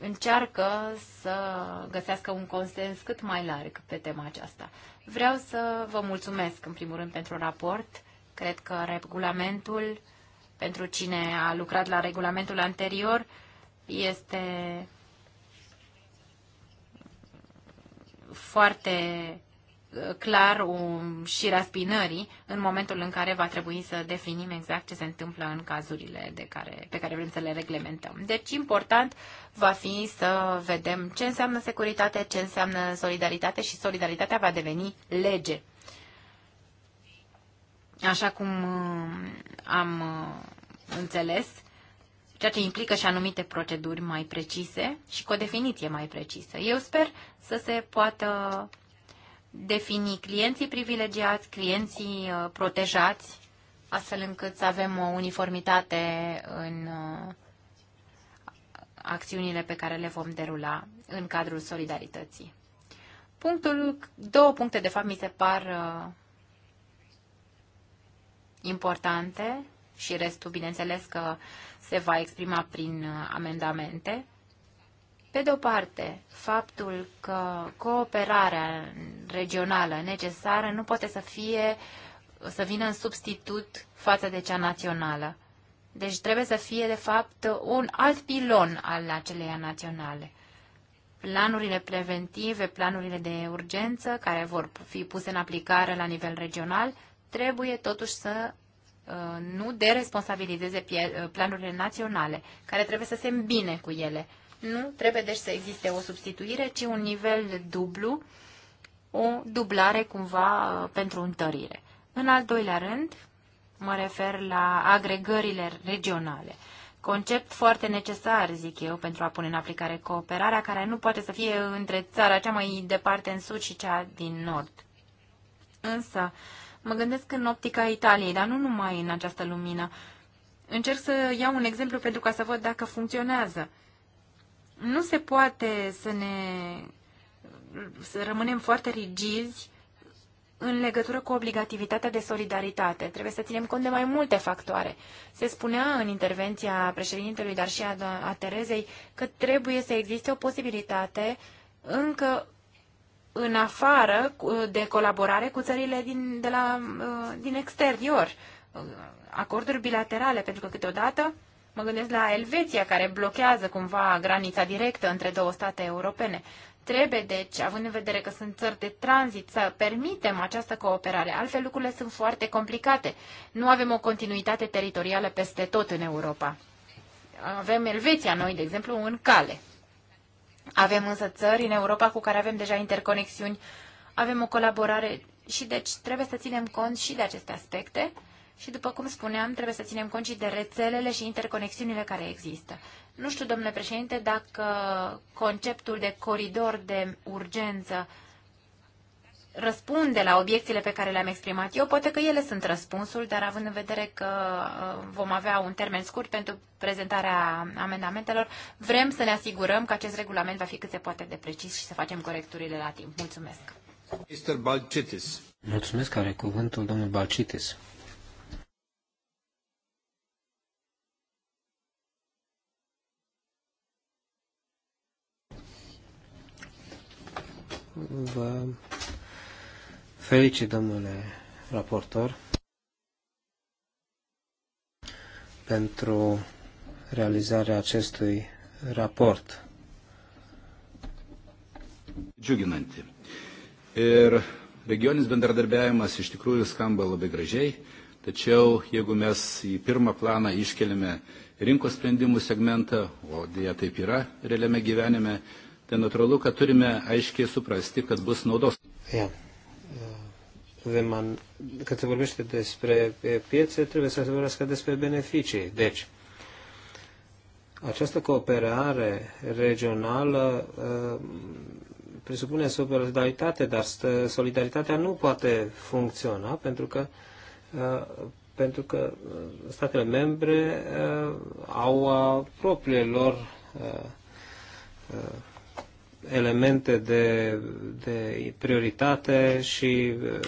încearcă să găsească un consens cât mai larg pe tema aceasta. Vreau să vă mulțumesc, în primul rând, pentru raport. Cred că regulamentul, pentru cine a lucrat la regulamentul anterior, este foarte clar un um, șir raspinării în momentul în care va trebui să definim exact ce se întâmplă în cazurile de care, pe care vrem să le reglementăm. Deci important va fi să vedem ce înseamnă securitate, ce înseamnă solidaritate și solidaritatea va deveni lege. Așa cum uh, am uh, înțeles, ceea ce implică și anumite proceduri mai precise și cu o definiție mai precisă. Eu sper să se poată defini clienții privilegiați, clienții uh, protejați, astfel încât să avem o uh, uniformitate în uh, acțiunile pe care le vom derula în cadrul solidarității. Punctul, două puncte, de fapt, mi se par importante și restul, bineînțeles, că se va exprima prin amendamente. Pe de o parte, faptul că cooperarea regională necesară nu poate să fie să vină în substitut față de cea națională. Deci trebuie să fie, de fapt, un alt pilon al aceleia naționale. Planurile preventive, planurile de urgență, care vor fi puse în aplicare la nivel regional, trebuie totuși să uh, nu deresponsabilizeze uh, planurile naționale, care trebuie să se îmbine cu ele. Nu trebuie deci să existe o substituire, ci un nivel dublu, o dublare cumva uh, pentru întărire. În al doilea rând, mă refer la agregările regionale. Concept foarte necesar, zic eu, pentru a pune în aplicare cooperarea care nu poate să fie între țara cea mai departe în sud și cea din nord. Însă, mă gândesc în optica Italiei, dar nu numai în această lumină. Încerc să iau un exemplu pentru ca să văd dacă funcționează. Nu se poate să ne să rămânem foarte rigizi în legătură cu obligativitatea de solidaritate. Trebuie să ținem cont de mai multe factoare. Se spunea în intervenția președintelui, dar și a, a Terezei, că trebuie să existe o posibilitate încă în afară de colaborare cu țările din, de la, uh, din exterior, acorduri bilaterale, pentru că câteodată Mă gândesc la Elveția, care blochează cumva granița directă între două state europene. Trebuie, deci, având în vedere că sunt țări de tranzit, să permitem această cooperare. Altfel, lucrurile sunt foarte complicate. Nu avem o continuitate teritorială peste tot în Europa. Avem Elveția, noi, de exemplu, în cale. Avem însă țări în Europa cu care avem deja interconexiuni, avem o colaborare și deci trebuie să ținem cont și de aceste aspecte și, după cum spuneam, trebuie să ținem cont și de rețelele și interconexiunile care există. Nu știu, domnule președinte, dacă conceptul de coridor de urgență răspunde la obiecțiile pe care le-am exprimat eu. Poate că ele sunt răspunsul, dar având în vedere că uh, vom avea un termen scurt pentru prezentarea amendamentelor, vrem să ne asigurăm că acest regulament va fi cât se poate de precis și să facem corecturile la timp. Mulțumesc. Mr. Balcitis. Mulțumesc, are cuvântul domnul Balcitis. Vă felicit, domnule raportor, pentru realizarea acestui raport. Džiuginanti. Ir regioninis bendradarbiavimas iš tikrųjų skamba labai gražiai, tačiau jeigu mes į pirmą planą iškelime rinkos sprendimų segmentą, o dėja taip yra realiame gyvenime, tai natūralu, kad turime aiškiai suprasti, kad bus naudos. Ja. Veman, kad se vorbește despre piețe, trebuie să vorbească despre beneficii. Deci, această cooperare regională eh, presupune solidaritate, dar solidaritatea nu poate funcționa pentru că, eh, pentru că eh, statele membre au propriile lor elemente de, de prioritate și uh,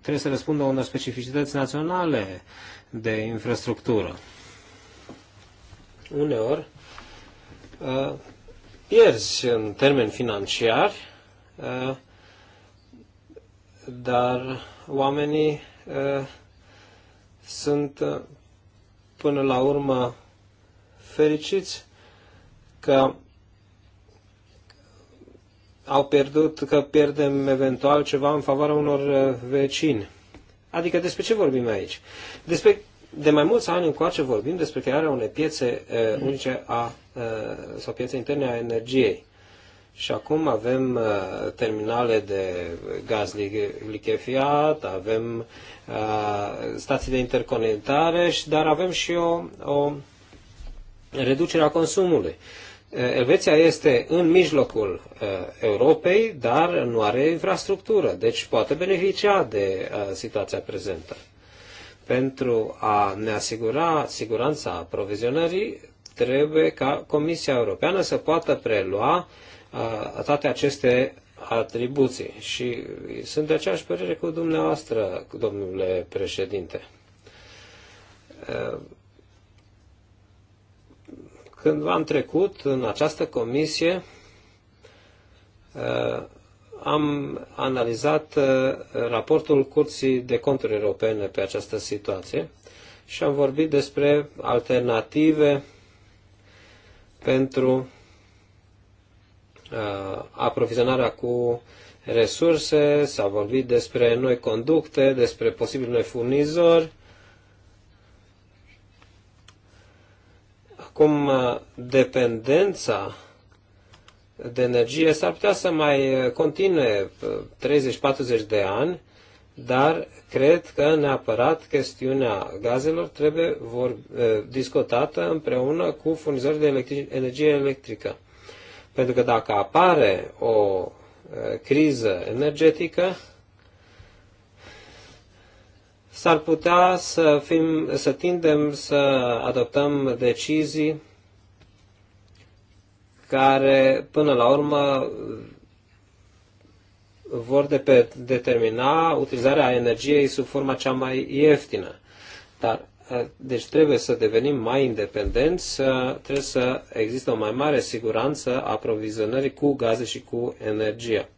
trebuie să răspundă unor specificități naționale de infrastructură. Uneori uh, pierzi în termeni financiari, uh, dar oamenii sunt până la urmă fericiți că au pierdut, că pierdem eventual ceva în favoarea unor uh, vecini. Adică despre ce vorbim aici? Despre, de mai mulți ani încoace vorbim despre crearea unei piețe uh, unice a, uh, sau piețe interne a energiei. Și acum avem uh, terminale de gaz lichefiat, avem uh, stații de interconectare, dar avem și o, o reducere a consumului. Uh, Elveția este în mijlocul Europei, dar nu are infrastructură, deci poate beneficia de situația prezentă. Pentru a ne asigura siguranța aprovizionării, trebuie ca Comisia Europeană să poată prelua toate aceste atribuții. Și sunt de aceeași părere cu dumneavoastră, domnule președinte v am trecut în această comisie, uh, am analizat uh, raportul Curții de Conturi Europene pe această situație și am vorbit despre alternative pentru uh, aprovizionarea cu resurse, s-a vorbit despre noi conducte, despre posibil noi furnizori, cum uh, dependența de energie s-ar putea să mai uh, continue 30-40 uh, de ani, dar cred că neapărat chestiunea gazelor trebuie vor, discutată împreună cu furnizorii de electric, energie electrică. Pentru că dacă apare o criză energetică, s-ar putea să, fim, să tindem să adoptăm decizii care, până la urmă, vor de pe determina utilizarea energiei sub forma cea mai ieftină. Dar, deci trebuie să devenim mai independenți, trebuie să există o mai mare siguranță a aprovizionării cu gaze și cu energie.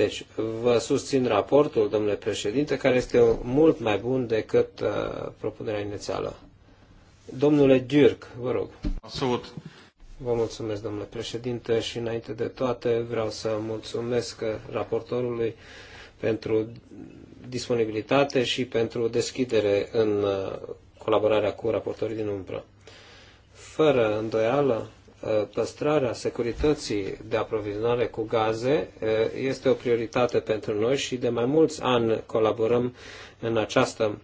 Deci, vă susțin raportul, domnule președinte, care este mult mai bun decât uh, propunerea inițială. Domnule Dürk, vă rog. Salut. Vă mulțumesc, domnule președinte, și înainte de toate vreau să mulțumesc raportorului pentru disponibilitate și pentru deschidere în uh, colaborarea cu raportorii din umbră. Fără îndoială, Uh, păstrarea securității de aprovizionare cu gaze uh, este o prioritate pentru noi și de mai mulți ani colaborăm în această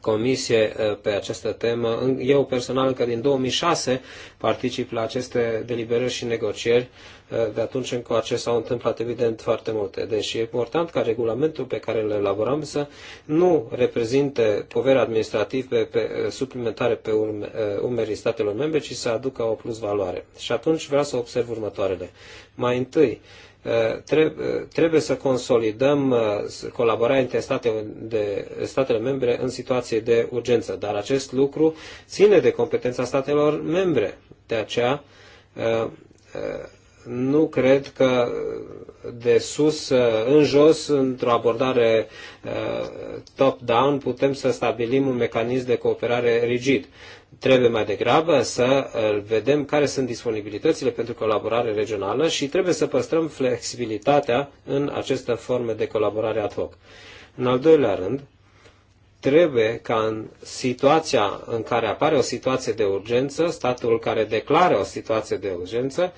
comisie eh, pe această temă. Eu personal încă din 2006 particip la aceste deliberări și negocieri. Eh, de atunci încoace s-au întâmplat evident foarte multe. Deci e important ca regulamentul pe care îl elaborăm să nu reprezinte povere administrative pe, eh, suplimentare pe umerii statelor membre, ci să aducă o plus valoare. Și atunci vreau să observ următoarele. Mai întâi, trebuie să consolidăm uh, colaborarea între state de, statele membre în situație de urgență, dar acest lucru ține de competența statelor membre. De aceea, uh, uh, nu cred că de sus în jos, într-o abordare top-down, putem să stabilim un mecanism de cooperare rigid. Trebuie mai degrabă să uh, vedem care sunt disponibilitățile pentru colaborare regională și trebuie să păstrăm flexibilitatea în aceste forme de colaborare ad hoc. În al doilea rând, trebuie ca în situația în care apare o situație de urgență, statul care declară o situație de urgență,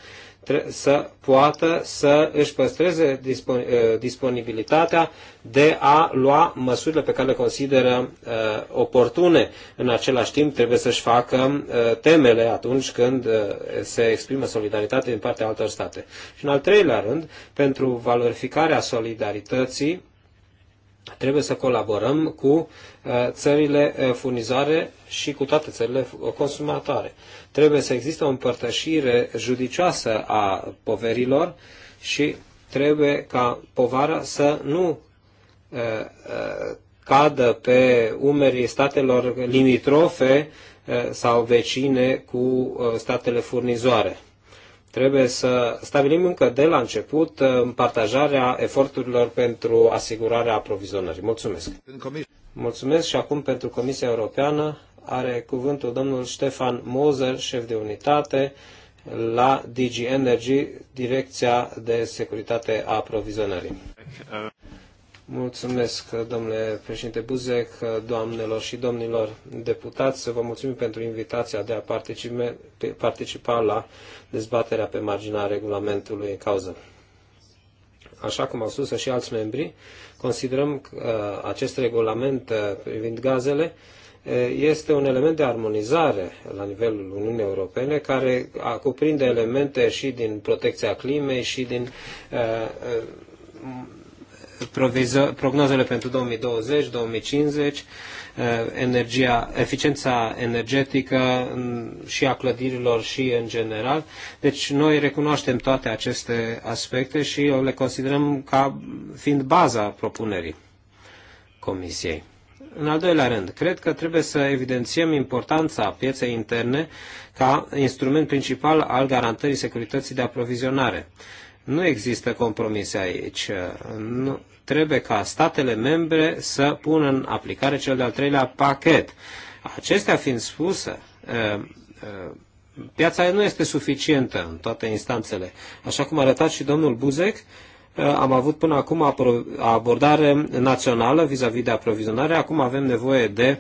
să poată să își păstreze uh, disponibilitatea de a lua măsurile pe care le consideră uh, oportune. În același timp, trebuie să-și facă uh, temele atunci când se exprimă solidaritate din partea altor state. Și în al treilea rând, pentru valorificarea solidarității, Trebuie să colaborăm cu uh, țările uh, furnizoare și cu toate țările uh, consumatoare. Trebuie să existe o împărtășire judicioasă a poverilor și trebuie ca povara să nu cadă pe umerii statelor limitrofe sau vecine cu statele furnizoare. Trebuie să stabilim încă de la început uh, împartajarea eforturilor pentru asigurarea aprovizionării. Mulțumesc! Mulțumesc și acum pentru Comisia Europeană are cuvântul domnul Ștefan Moser, șef de unitate la DG Energy, Direcția de Securitate a Aprovizionării. Mulțumesc, domnule președinte Buzec, doamnelor și domnilor deputați. Vă mulțumim pentru invitația de a participe, participa la dezbaterea pe marginea regulamentului în cauză. Așa cum au spus și alți membri, considerăm că uh, acest regulament uh, privind gazele uh, este un element de armonizare la nivelul Uniunii Europene care cuprinde elemente și din protecția climei și din prognozele pentru 2020, 2050, Uh, energia, eficiența energetică mm, și a clădirilor și în general. Deci noi recunoaștem toate aceste aspecte și le considerăm ca fiind baza propunerii Comisiei. În al doilea rând, cred că trebuie să evidențiem importanța pieței interne ca instrument principal al garantării securității de aprovizionare. Nu există compromise aici. Nu, trebuie ca statele membre să pună în aplicare cel de-al treilea pachet. Acestea fiind spuse, piața nu este suficientă în toate instanțele. Așa cum a arătat și domnul Buzek, am avut până acum abordare națională vis-a-vis -vis de aprovizionare, acum avem nevoie de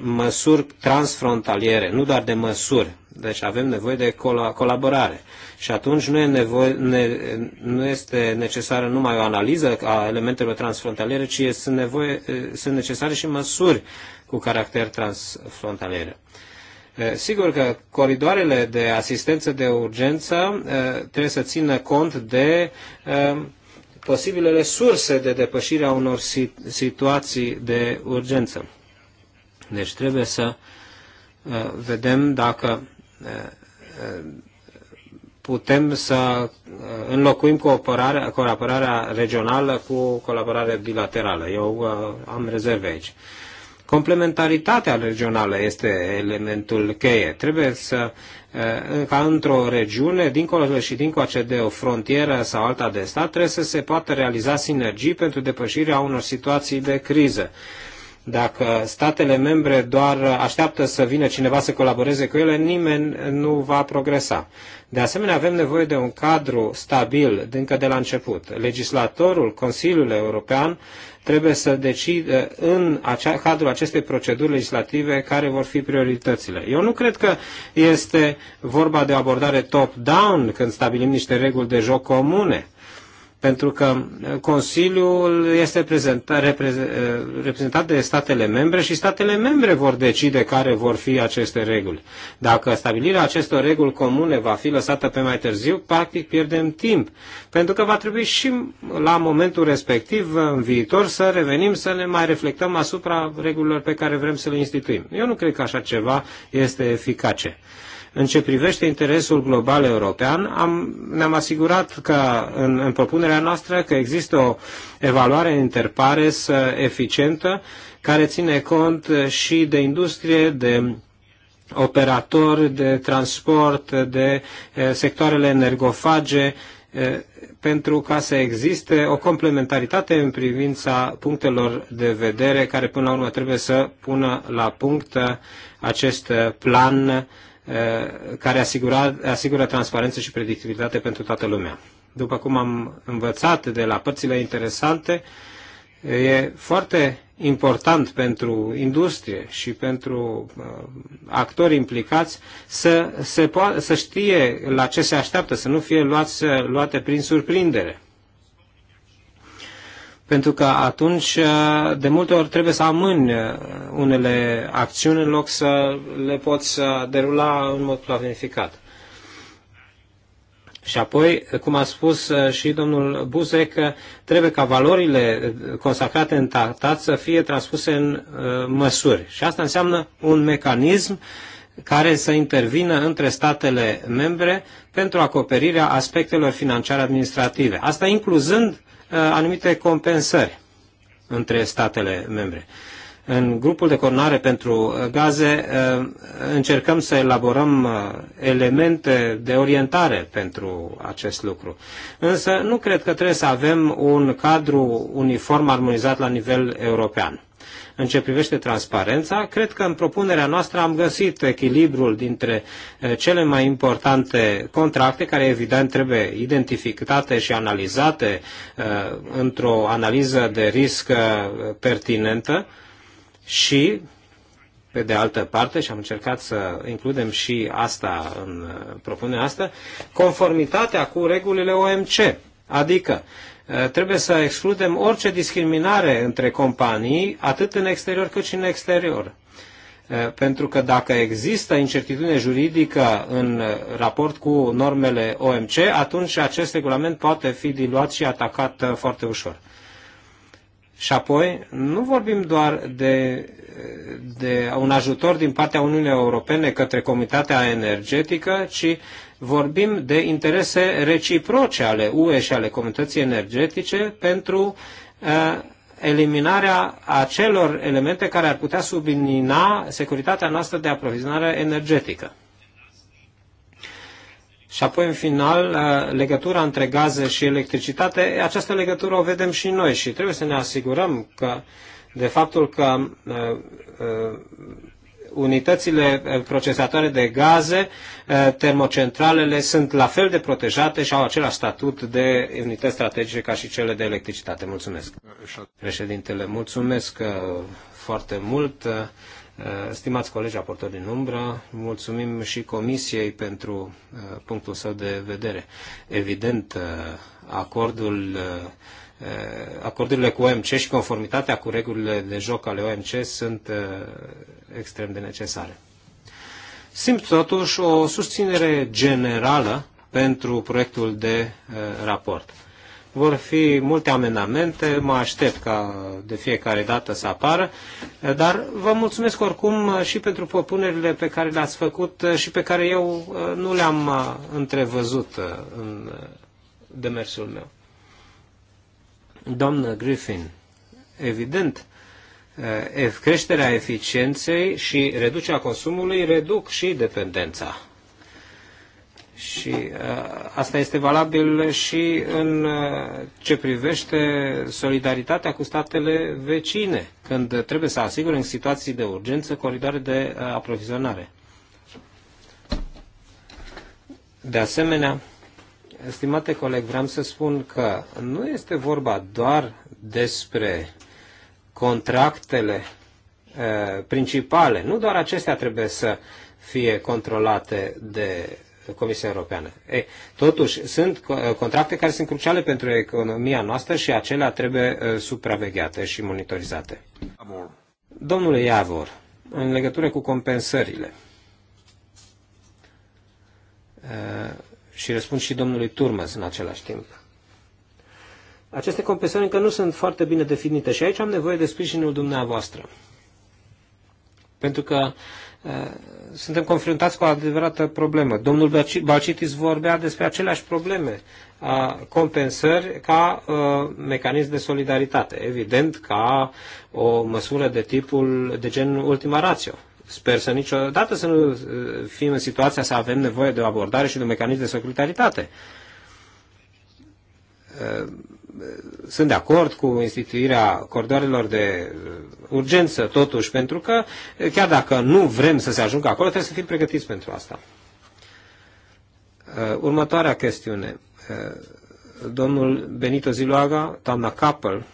măsuri transfrontaliere, nu doar de măsuri deci avem nevoie de colaborare. Și atunci nu, e nevoie, ne, nu este necesară numai o analiză a elementelor transfrontaliere, ci sunt, nevoie, sunt necesare și măsuri cu caracter transfrontalier. Sigur că coridoarele de asistență de urgență trebuie să țină cont de posibilele surse de depășire a unor situații de urgență. Deci trebuie să vedem dacă putem să uh, înlocuim cooperarea, colaborarea regională cu colaborarea bilaterală. Eu uh, am rezerve aici. Complementaritatea regională este elementul cheie. Trebuie să, uh, ca într-o regiune, dincolo și dincoace de o frontieră sau alta de stat, trebuie să se poată realiza sinergii pentru depășirea unor situații de criză. Dacă statele membre doar așteaptă să vină cineva să colaboreze cu ele, nimeni nu va progresa. De asemenea, avem nevoie de un cadru stabil încă de la început. Legislatorul, Consiliul European, trebuie să decidă în acea, cadrul acestei proceduri legislative care vor fi prioritățile. Eu nu cred că este vorba de o abordare top-down când stabilim niște reguli de joc comune pentru că uh, Consiliul este uh, reprezentat de statele membre și statele membre vor decide care vor fi aceste reguli. Dacă stabilirea acestor reguli comune va fi lăsată pe mai târziu, practic pierdem timp, pentru că va trebui și la momentul respectiv, în viitor, să revenim să ne mai reflectăm asupra regulilor pe care vrem să le instituim. Eu nu cred că așa ceva este eficace. În ce privește interesul global european, am, ne-am asigurat că în, în propunerea noastră că există o evaluare interpares eficientă care ține cont și de industrie, de operatori, de transport, de eh, sectoarele energofage, eh, pentru ca să existe o complementaritate în privința punctelor de vedere care până la urmă trebuie să pună la punct eh, acest plan Eh, care asigura, asigură transparență și predictibilitate pentru toată lumea. După cum am învățat de la părțile interesante, eh, e foarte important pentru industrie și pentru uh, actori implicați să, se să știe la ce se așteaptă, să nu fie luați, luate prin surprindere pentru că atunci uh, de multe ori trebuie să amâni uh, unele acțiuni în loc să le poți uh, derula în mod planificat. Și apoi, cum a spus și domnul Buzek, trebuie ca valorile consacrate în tratat să fie transpuse în măsuri. Și asta înseamnă un mecanism care să intervină între statele membre pentru acoperirea aspectelor financiare administrative. Asta incluzând Uh, anumite compensări între statele membre. În grupul de coordonare pentru uh, gaze uh, încercăm să elaborăm elemente de orientare pentru acest lucru. Însă nu cred că trebuie să avem un cadru uniform armonizat la nivel european. În ce privește transparența, cred că în propunerea noastră am găsit echilibrul dintre eh, cele mai importante contracte, care evident trebuie identificate și analizate eh, într-o analiză de risc eh, pertinentă și pe de altă parte, și am încercat să includem și asta în propunerea asta, conformitatea cu regulile OMC. Adică, Eh, trebuie să excludem orice discriminare între companii, atât în exterior cât și în exterior. Eh, pentru că dacă există incertitudine juridică în eh, raport cu normele OMC, atunci acest regulament poate fi diluat și atacat foarte ușor. Și apoi, nu vorbim doar de, de un ajutor din partea Uniunii Europene către Comitatea Energetică, ci vorbim de interese reciproce ale UE și ale comunității energetice pentru uh, eliminarea acelor elemente care ar putea submina securitatea noastră de aprovizionare energetică. Și apoi, în final, uh, legătura între gaze și electricitate, această legătură o vedem și noi și trebuie să ne asigurăm că de faptul că uh, unitățile eh, procesatoare de gaze, eh, termocentralele sunt la fel de protejate și au același statut de unități strategice ca și cele de electricitate. Mulțumesc. Președintele, mulțumesc eh, foarte mult. Stimați colegi aportori din umbră, mulțumim și Comisiei pentru punctul său de vedere. Evident, acordul Eh, acordurile cu OMC și conformitatea cu regulile de joc ale OMC sunt eh, extrem de necesare. Simt totuși o susținere generală pentru proiectul de eh, raport. Vor fi multe amendamente, mă aștept ca de fiecare dată să apară, dar vă mulțumesc oricum și pentru propunerile pe care le-ați făcut și pe care eu nu le-am întrevăzut în demersul meu. Doamnă Griffin, evident, eh, creșterea eficienței și reducerea consumului reduc și dependența. Și eh, asta este valabil și în eh, ce privește solidaritatea cu statele vecine, când trebuie să asigure în situații de urgență coridoare de aprovizionare. De asemenea, stimate coleg, vreau să spun că nu este vorba doar despre contractele principale, nu doar acestea trebuie să fie controlate de Comisia Europeană. E totuși, sunt contracte care sunt cruciale pentru economia noastră și acelea trebuie supravegheate și monitorizate. Amor. Domnule Iavor, în legătură cu compensările, și răspund și domnului Turmes în același timp. Aceste compensări încă nu sunt foarte bine definite și aici am nevoie de sprijinul dumneavoastră. Pentru că uh, suntem confruntați cu o adevărată problemă. Domnul Balcitis vorbea despre aceleași probleme a compensări ca uh, mecanism de solidaritate, evident ca o măsură de tipul de gen ultima rațio. Sper să niciodată să nu uh, fim în situația să avem nevoie de o abordare și de un mecanism de securitate. Uh, sunt de acord cu instituirea cordoarelor de uh, urgență, totuși, pentru că chiar dacă nu vrem să se ajungă acolo, trebuie să fim pregătiți pentru asta. Următoarea chestiune. Domnul Benito Ziloaga, doamna Kappel,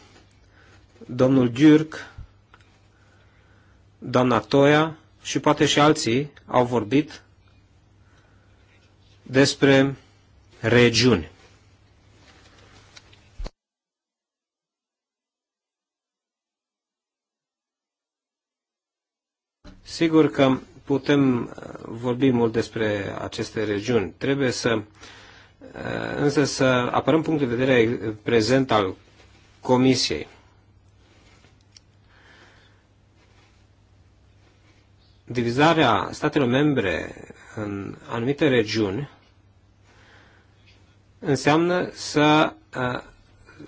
domnul Giurc, doamna Toia, și poate și alții au vorbit despre regiuni. Sigur că putem uh, vorbi mult despre aceste regiuni. Trebuie să uh, însă să apărăm punctul de vedere prezent al Comisiei. divizarea statelor membre în anumite regiuni înseamnă să, uh,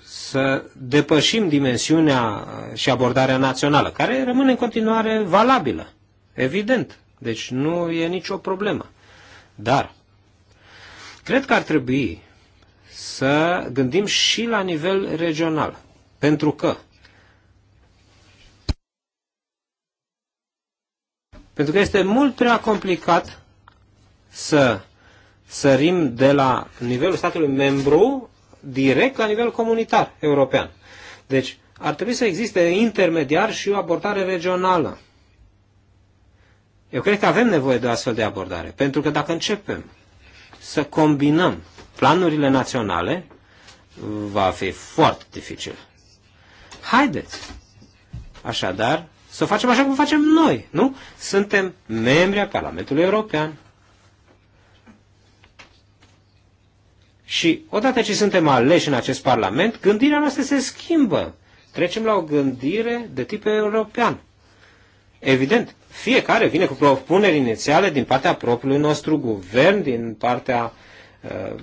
să depășim dimensiunea și abordarea națională, care rămâne în continuare valabilă, evident. Deci nu e nicio problemă. Dar cred că ar trebui să gândim și la nivel regional. Pentru că Pentru că este mult prea complicat să sărim de la nivelul statului membru direct la nivel comunitar european. Deci ar trebui să existe intermediar și o abordare regională. Eu cred că avem nevoie de o astfel de abordare, pentru că dacă începem să combinăm planurile naționale, va fi foarte dificil. Haideți, așadar, să facem așa cum facem noi, nu? Suntem membri al Parlamentului European. Și odată ce suntem aleși în acest Parlament, gândirea noastră se schimbă. Trecem la o gândire de tip european. Evident, fiecare vine cu propuneri inițiale din partea propriului nostru guvern, din partea, uh,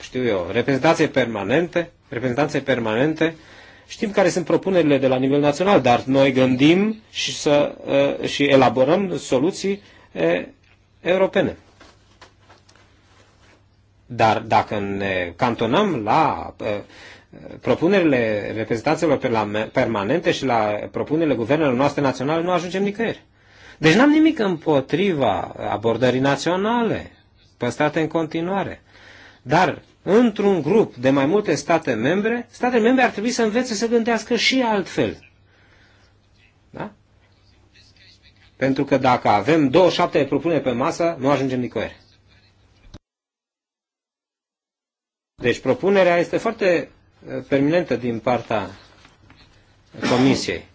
știu eu, reprezentanței permanente, reprezentanței permanente Știm care sunt propunerile de la nivel național, dar noi gândim și, să, și elaborăm soluții europene. Dar dacă ne cantonăm la propunerile reprezentanțelor permanente și la propunerile guvernelor noastre naționale, nu ajungem nicăieri. Deci n-am nimic împotriva abordării naționale, păstrate în continuare. Dar într-un grup de mai multe state membre, statele membre ar trebui să învețe să gândească și altfel. Da? Pentru că dacă avem 27 propuneri pe masă, nu ajungem nicăieri. Deci propunerea este foarte eh, permanentă din partea Comisiei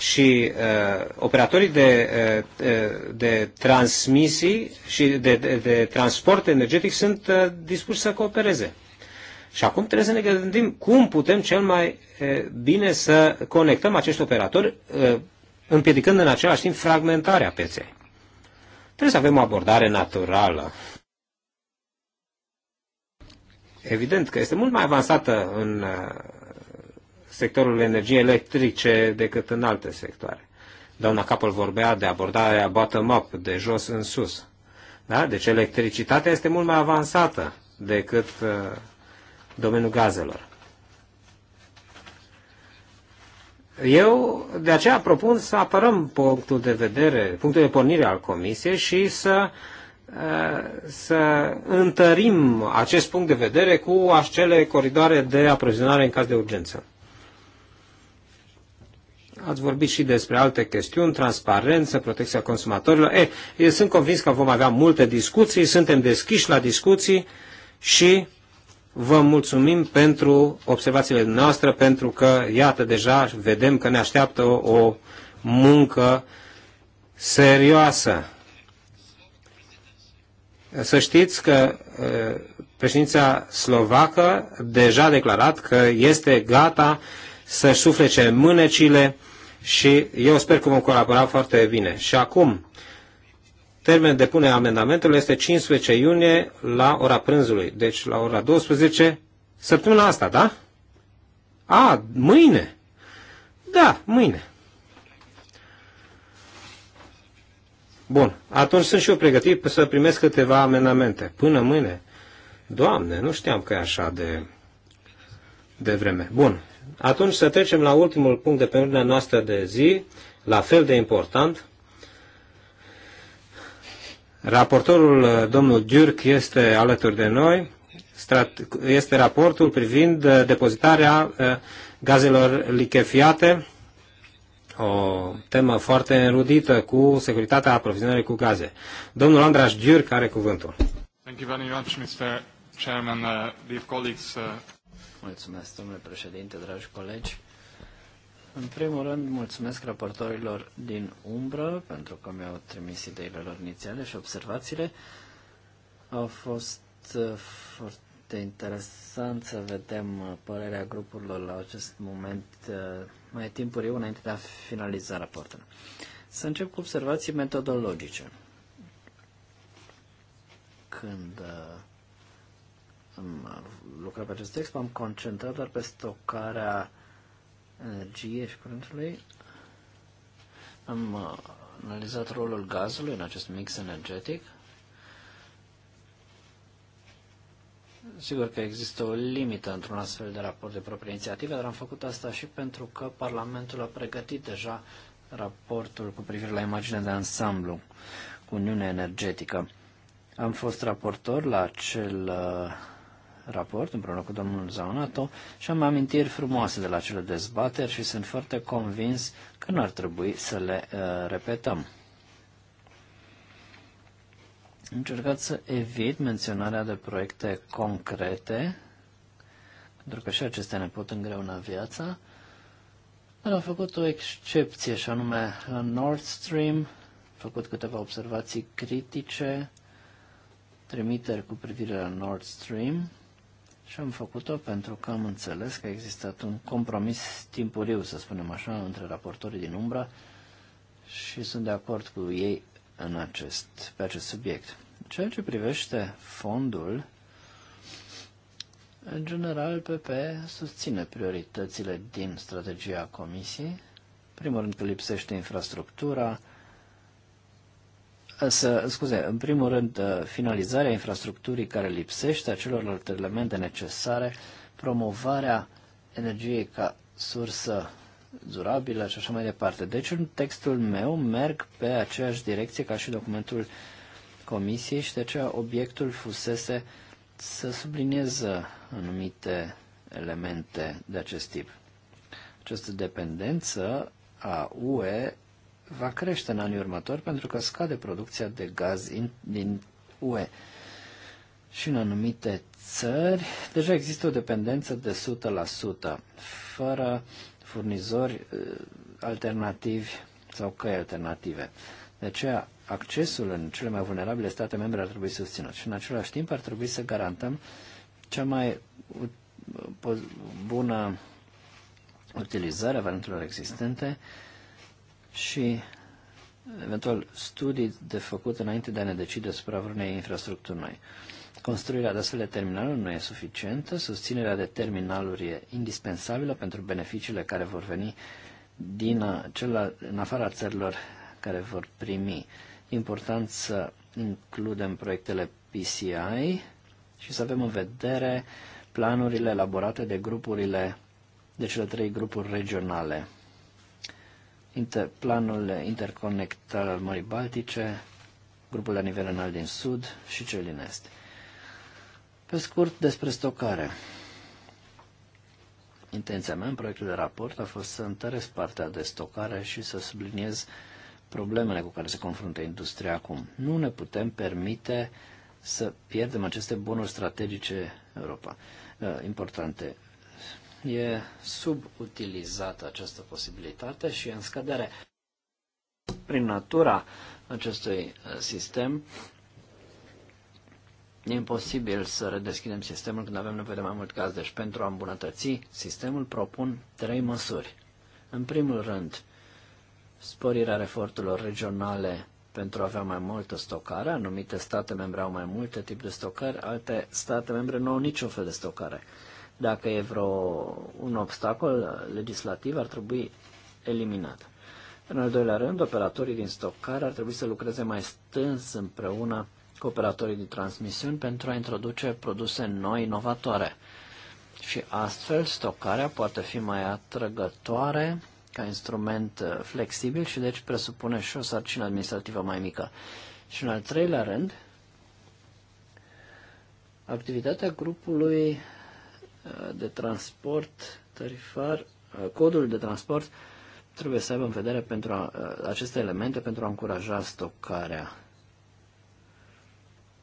și uh, operatorii de, uh, uh, de transmisii și de, de, de transport energetic sunt uh, dispuși să coopereze. Și acum trebuie să ne gândim cum putem cel mai uh, bine să conectăm acești operatori, uh, împiedicând în același timp fragmentarea pieței. Trebuie să avem o abordare naturală. Evident că este mult mai avansată în uh, sectorul energiei electrice decât în alte sectoare. Doamna Capăl vorbea de abordarea bottom-up, de jos în sus. Da? Deci electricitatea este mult mai avansată decât uh, domeniul gazelor. Eu de aceea propun să apărăm punctul de vedere, punctul de pornire al Comisiei și să, uh, să întărim acest punct de vedere cu acele coridoare de aprovizionare în caz de urgență. Ați vorbit și despre alte chestiuni, transparență, protecția consumatorilor. E, eu sunt convins că vom avea multe discuții, suntem deschiși la discuții și vă mulțumim pentru observațiile noastre, pentru că, iată, deja vedem că ne așteaptă o, o muncă serioasă. Să știți că președința slovacă deja a declarat că este gata să-și suflece mânecile și eu sper că vom colabora foarte bine. Și acum, termenul de punere a amendamentelor este 15 iunie la ora prânzului, deci la ora 12, săptămâna asta, da? A, mâine? Da, mâine. Bun, atunci sunt și eu pregătit să primesc câteva amendamente. Până mâine. Doamne, nu știam că e așa de, de vreme. Bun, atunci să trecem la ultimul punct de pe ordinea noastră de zi, la fel de important. Raportorul uh, domnul Diurc este alături de noi. Este raportul privind uh, depozitarea uh, gazelor lichefiate, o temă foarte înrudită cu securitatea aprovizionării cu gaze. Domnul Andraș Diurc are cuvântul. Thank you very much, Mr. Chairman, uh, dear colleagues. Uh... Mulțumesc, domnule președinte, dragi colegi. În primul rând, mulțumesc raportorilor din umbră pentru că mi-au trimis ideile lor inițiale și observațiile. Au fost uh, foarte interesant să vedem uh, părerea grupurilor la acest moment uh, mai timpuriu înainte de a finaliza raportul. Să încep cu observații metodologice. Când am lucrat pe acest text, m-am concentrat doar pe stocarea energiei și curentului. Am uh, analizat rolul gazului în acest mix energetic. Sigur că există o limită într-un astfel de raport de proprie inițiativă, dar am făcut asta și pentru că Parlamentul a pregătit deja raportul cu privire la imaginea de ansamblu cu Uniunea Energetică. Am fost raportor la acel uh, raport împreună cu domnul Zaunato și am amintiri frumoase de la cele dezbateri și sunt foarte convins că nu ar trebui să le uh, repetăm. încercați încercat să evit menționarea de proiecte concrete, pentru că și acestea ne pot îngreuna viața, dar am făcut o excepție, și anume la Nord Stream, am făcut câteva observații critice, trimiteri cu privire la Nord Stream. Și am făcut-o pentru că am înțeles că a existat un compromis timpuriu, să spunem așa, între raportorii din umbra și sunt de acord cu ei în acest, pe acest subiect. Ceea ce privește fondul, în general, PP susține prioritățile din strategia Comisiei. primul rând că lipsește infrastructura, Uh, să, scuze, în primul rând, uh, finalizarea infrastructurii care lipsește a celorlalte elemente necesare, promovarea energiei ca sursă durabilă și așa mai departe. Deci în textul meu merg pe aceeași direcție ca și documentul comisiei și de aceea obiectul fusese să subliniez uh, anumite elemente de acest tip. Această dependență a UE va crește în anii următori pentru că scade producția de gaz in, din UE. Și în anumite țări deja există o dependență de 100%, fără furnizori eh, alternativi sau căi alternative. De aceea, accesul în cele mai vulnerabile state membre ar trebui susținut și în același timp ar trebui să garantăm cea mai bună utilizare a valentelor existente și eventual studii de făcut înainte de a ne decide asupra vreunei infrastructuri noi. Construirea de astfel de terminaluri nu e suficientă, susținerea de terminaluri e indispensabilă pentru beneficiile care vor veni din acela, în afara țărilor care vor primi. E important să includem proiectele PCI și să avem în vedere planurile elaborate de grupurile de cele trei grupuri regionale inter, planul interconectat al Mării Baltice, grupul la nivel înalt din sud și cel din est. Pe scurt, despre stocare. Intenția mea în proiectul de raport a fost să întăresc partea de stocare și să subliniez problemele cu care se confruntă industria acum. Nu ne putem permite să pierdem aceste bunuri strategice Europa, eh, importante. E subutilizată această posibilitate și în scădere. Prin natura acestui uh, sistem, E imposibil să redeschidem sistemul când avem nevoie de mai mult gaz. Deci, pentru a îmbunătăți sistemul, propun trei măsuri. În primul rând, sporirea eforturilor regionale pentru a avea mai multă stocare. Anumite state membre au mai multe tipuri de stocare, alte state membre nu au niciun fel de stocare. Dacă e vreo un obstacol legislativ, ar trebui eliminat. În al doilea rând, operatorii din stocare ar trebui să lucreze mai stâns împreună cu operatorii de transmisiuni pentru a introduce produse noi, inovatoare. Și astfel, stocarea poate fi mai atrăgătoare ca instrument uh, flexibil și deci presupune și o sarcină administrativă mai mică. Și în al treilea rând, activitatea grupului de transport tarifar, uh, codul de transport trebuie să aibă în vedere pentru a, uh, aceste elemente pentru a încuraja stocarea.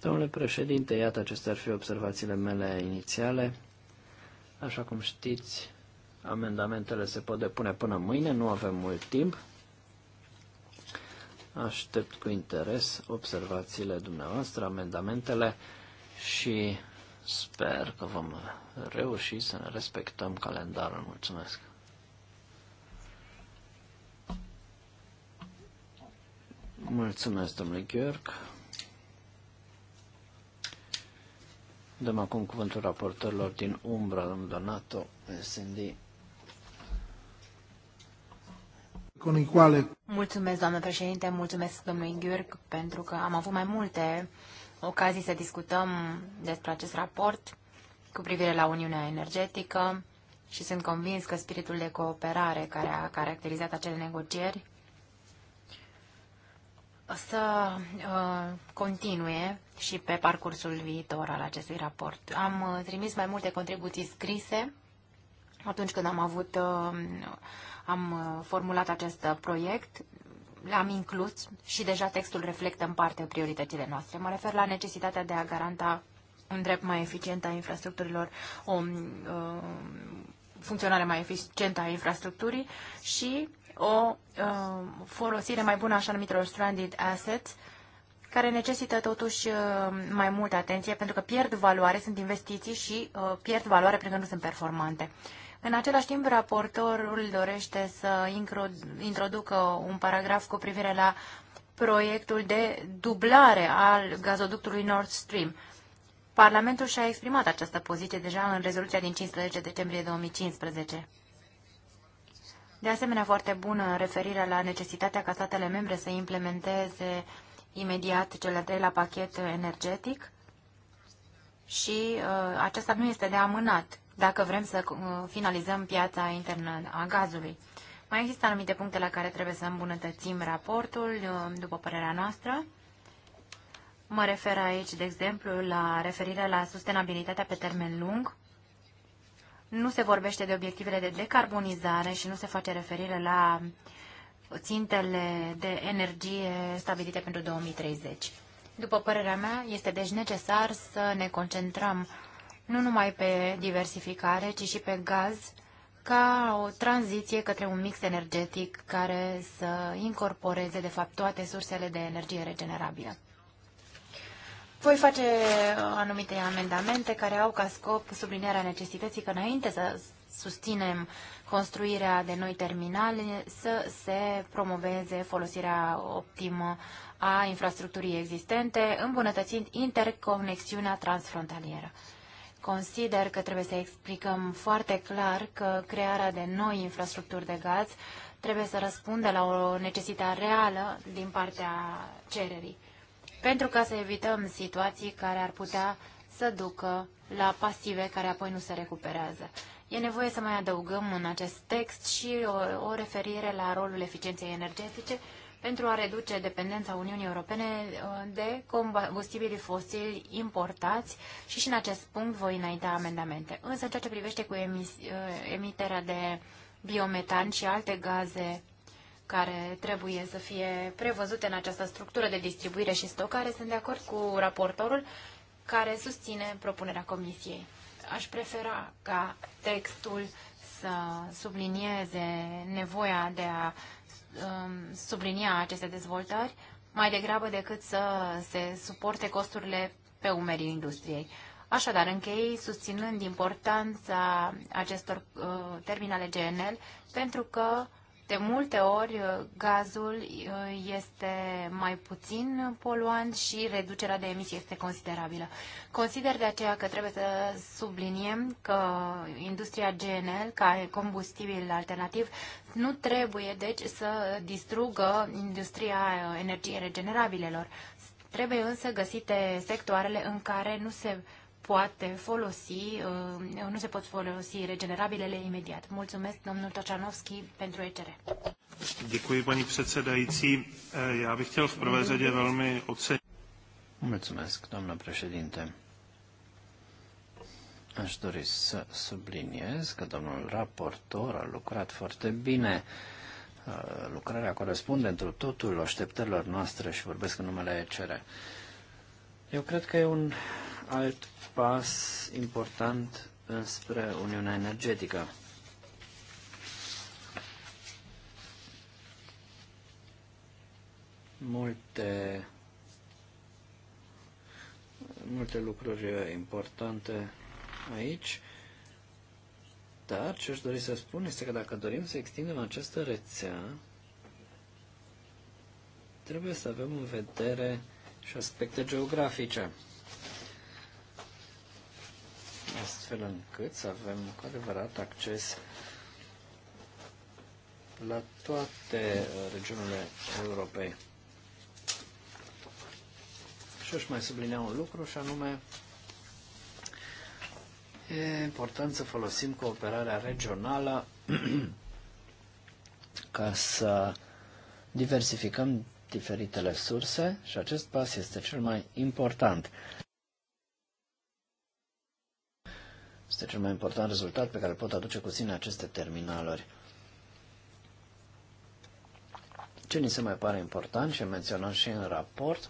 Domnule președinte, iată, acestea ar fi observațiile mele inițiale. Așa cum știți, amendamentele se pot depune până mâine, nu avem mult timp. Aștept cu interes observațiile dumneavoastră, amendamentele și Sper că vom reuși să ne respectăm calendarul. Mulțumesc! Mulțumesc, domnule Gheorg. Dăm acum cuvântul raportorilor din Umbra, domnul Donato, SND. Mulțumesc, doamnă președinte, mulțumesc domnului Gheorg pentru că am avut mai multe ocazii să discutăm despre acest raport cu privire la Uniunea Energetică și sunt convins că spiritul de cooperare care a caracterizat acele negocieri să uh, continue și pe parcursul viitor al acestui raport. Am uh, trimis mai multe contribuții scrise atunci când am avut, uh, am uh, formulat acest proiect l-am inclus și deja textul reflectă în parte prioritățile noastre. Mă refer la necesitatea de a garanta un drept mai eficient a infrastructurilor, o uh, funcționare mai eficientă a infrastructurii și o uh, folosire mai bună a așa numitelor stranded assets, care necesită totuși uh, mai multă atenție, pentru că pierd valoare, sunt investiții și uh, pierd valoare pentru că nu sunt performante. Uh, în același timp, raportorul dorește să introducă un paragraf cu privire la proiectul de dublare al gazoductului Nord Stream. Parlamentul și-a exprimat această poziție deja în rezoluția din 15 decembrie 2015. De asemenea, foarte bună referirea la necesitatea ca statele membre să implementeze imediat cel de-al treilea pachet energetic și uh, acesta nu este de amânat dacă vrem să uh, finalizăm piața internă a gazului. Mai există anumite puncte la care trebuie să îmbunătățim raportul, uh, după părerea noastră. Mă refer aici, de exemplu, la referire la sustenabilitatea pe termen lung. Nu se vorbește de obiectivele de decarbonizare și nu se face referire la țintele de energie stabilite pentru 2030. După părerea mea, este deci necesar să ne concentrăm nu numai pe diversificare, ci și pe gaz, ca o tranziție către un mix energetic care să incorporeze, de fapt, toate sursele de energie regenerabilă. Voi face uh, anumite amendamente care au ca scop sublinierea necesității că înainte să susținem construirea de noi terminale, să se promoveze folosirea optimă a infrastructurii existente, îmbunătățind interconexiunea transfrontalieră. Consider că trebuie să explicăm foarte clar că crearea de noi infrastructuri de gaz trebuie să răspundă la o necesitate reală din partea cererii, pentru ca să evităm situații care ar putea să ducă la pasive care apoi nu se recuperează. E nevoie să mai adăugăm în acest text și o, o referire la rolul eficienței energetice pentru a reduce dependența Uniunii Europene uh, de combustibilii fosili importați și și în acest punct voi înainta amendamente. Însă în ceea ce privește cu uh, emiterea de biometan și alte gaze care trebuie să fie prevăzute în această structură de distribuire și stocare, sunt de acord cu raportorul care susține propunerea Comisiei. Aș prefera ca textul să sublinieze nevoia de a Um, sublinia aceste dezvoltări mai degrabă decât să se suporte costurile pe umerii industriei. Așadar, închei susținând importanța acestor uh, terminale GNL pentru că de multe ori, uh, gazul uh, este mai puțin poluant și reducerea de emisii este considerabilă. Consider de aceea că trebuie să subliniem că industria GNL, ca combustibil alternativ, nu trebuie, deci, să distrugă industria uh, energiei regenerabilelor. Trebuie însă găsite sectoarele în care nu se poate folosi, uh, nu se pot folosi regenerabilele imediat. Mulțumesc, domnul Tocianovski, pentru ECR. Děkuji, paní předsedající. Eh, já bych chtěl v prvé řadě velmi ocenit. Mulțumesc, doamnă președinte. Aș dori să subliniez că domnul raportor a lucrat foarte bine. Eh, lucrarea corespunde într totul așteptărilor noastre și vorbesc în numele ECR. Eu cred că e un alt pas important înspre Uniunea Energetică. Multe, multe lucruri importante aici, dar ce aș dori să spun este că dacă dorim să extindem această rețea, trebuie să avem în vedere și aspecte geografice astfel încât să avem cu adevărat acces la toate uh, regiunile Europei. Și aș mai sublinea un lucru și anume e important să folosim cooperarea regională ca să diversificăm diferitele surse și acest pas este cel mai important. Este cel mai important rezultat pe care pot aduce cu sine aceste terminaluri. Ce ni se mai pare important și menționăm și în raport,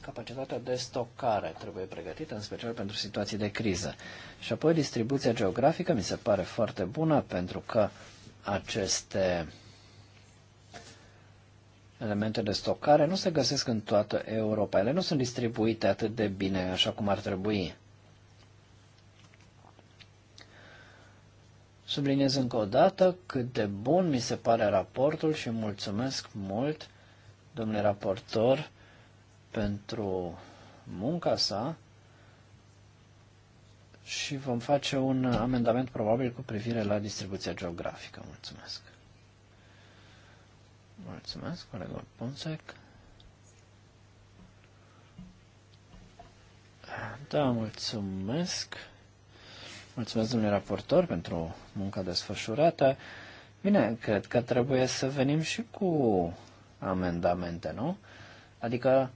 capacitatea de stocare trebuie pregătită, în special pentru situații de criză. Și apoi distribuția geografică mi se pare foarte bună pentru că aceste elemente de stocare nu se găsesc în toată Europa. Ele nu sunt distribuite atât de bine așa cum ar trebui. Subliniez încă o dată cât de bun mi se pare raportul și mulțumesc mult, domnule raportor, pentru munca sa și vom face un amendament probabil cu privire la distribuția geografică. Mulțumesc. Mulțumesc, colegul Ponsec. Da, mulțumesc. Mulțumesc, domnule raportor, pentru munca desfășurată. Bine, cred că trebuie să venim și cu amendamente, nu? Adică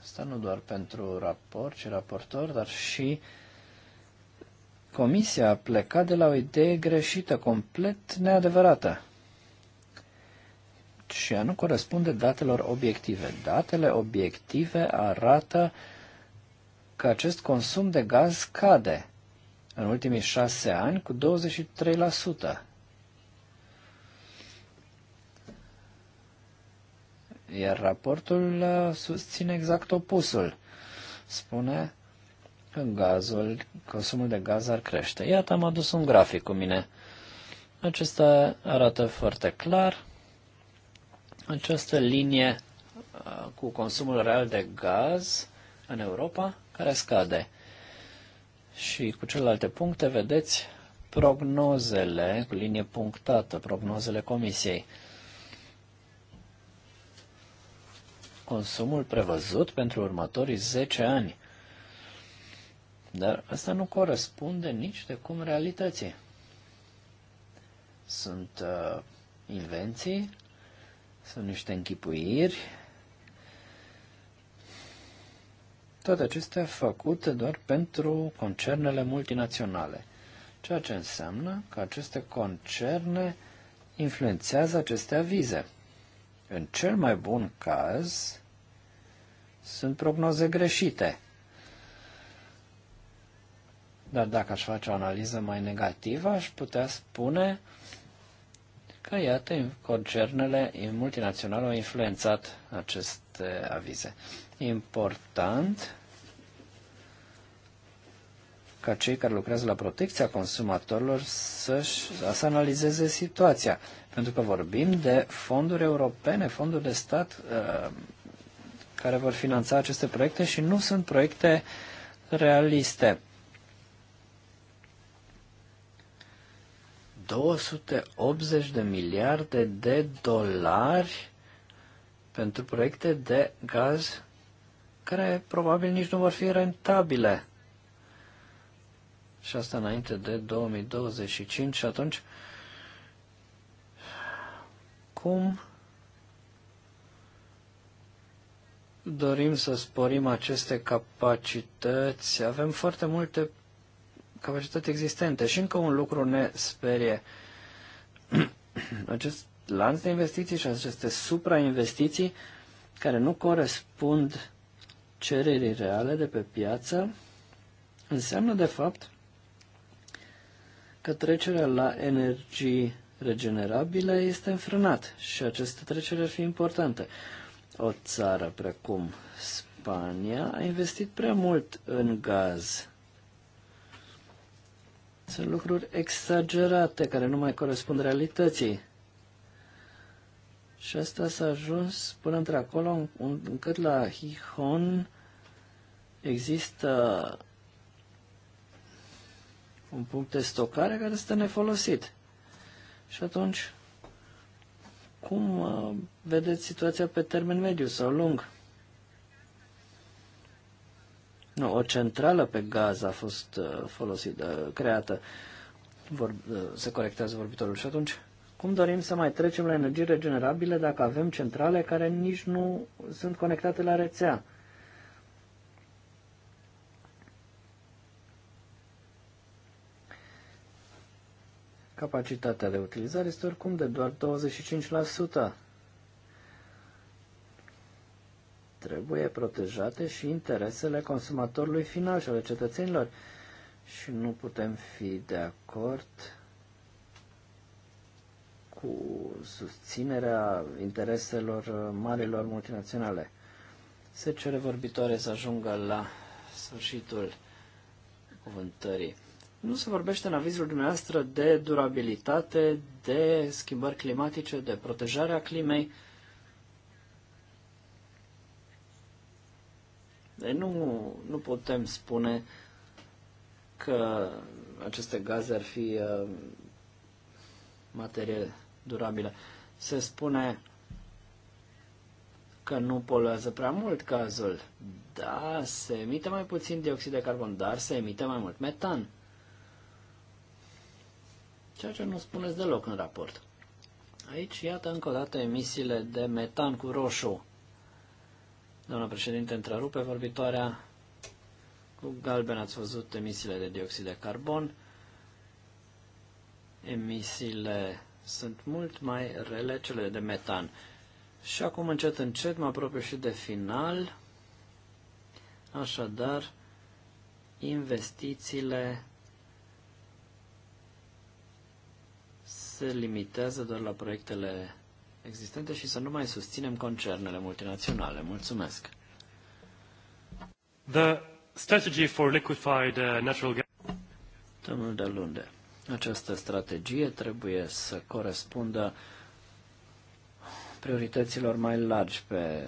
asta nu doar pentru raport și raportor, dar și comisia a plecat de la o idee greșită, complet neadevărată. Și ea nu corespunde datelor obiective. Datele obiective arată uh, că acest consum de gaz cade în ultimii șase ani cu 23%. Iar raportul uh, susține exact opusul. Spune că gazul, consumul de gaz ar crește. Iată, am adus un grafic cu mine. Acesta arată foarte clar această linie uh, cu consumul real de gaz în Europa care scade. Și cu celelalte puncte vedeți prognozele, cu linie punctată, prognozele comisiei. Consumul prevăzut pentru următorii 10 ani. Dar asta nu corespunde nici de cum realității. Sunt uh, invenții, sunt niște închipuiri, Toate acestea făcute doar pentru concernele multinaționale, ceea ce înseamnă că aceste concerne influențează aceste avize. În cel mai bun caz, sunt prognoze greșite. Dar dacă aș face o analiză mai negativă, aș putea spune că, iată, concernele multinaționale au influențat aceste avize. Important ca cei care lucrează la protecția consumatorilor să-și să analizeze situația. Pentru că vorbim de fonduri europene, fonduri de stat uh, care vor finanța aceste proiecte și nu sunt proiecte realiste. 280 de miliarde de dolari pentru proiecte de gaz care probabil nici nu vor fi rentabile. Și asta înainte de 2025 și atunci cum dorim să sporim aceste capacități? Avem foarte multe capacități existente. Și încă un lucru ne sperie. Acest lanț de investiții și aceste suprainvestiții care nu corespund cererii reale de pe piață înseamnă de fapt că trecerea la energii regenerabile este înfrânat și aceste treceri ar fi importante. O țară precum Spania a investit prea mult în gaz sunt lucruri exagerate care nu mai corespund realității. Și asta s-a ajuns până într-acolo încât la Hihon există un punct de stocare care este nefolosit. Și atunci, cum uh, vedeți situația pe termen mediu sau lung? Nu, o centrală pe gaz a fost uh, folosită, creată, vor, uh, se corectează vorbitorul și atunci cum dorim să mai trecem la energii regenerabile dacă avem centrale care nici nu sunt conectate la rețea? Capacitatea de utilizare este oricum de doar 25%. trebuie protejate și interesele consumatorului final și ale cetățenilor. Și nu putem fi de acord cu susținerea intereselor marilor multinaționale. Se cere vorbitoare să ajungă la sfârșitul cuvântării. Nu se vorbește în avizul dumneavoastră de durabilitate, de schimbări climatice, de protejarea climei, Deci nu, nu putem spune că aceste gaze ar fi uh, materie durabilă. Se spune că nu poluează prea mult gazul. Da, se emite mai puțin dioxid de carbon, dar se emite mai mult metan. Ceea ce nu spuneți deloc în raport. Aici, iată încă o dată emisiile de metan cu roșu. Doamna președinte, întrerupe vorbitoarea. Cu galben ați văzut emisiile de dioxid de carbon. Emisiile sunt mult mai rele cele de metan. Și acum încet încet mă apropiu și de final. Așadar, investițiile se limitează doar la proiectele existente și să nu mai susținem concernele multinaționale. Mulțumesc. The strategy for liquefied uh, natural gas. Domnul de Lunde, această strategie trebuie să corespundă priorităților mai largi pe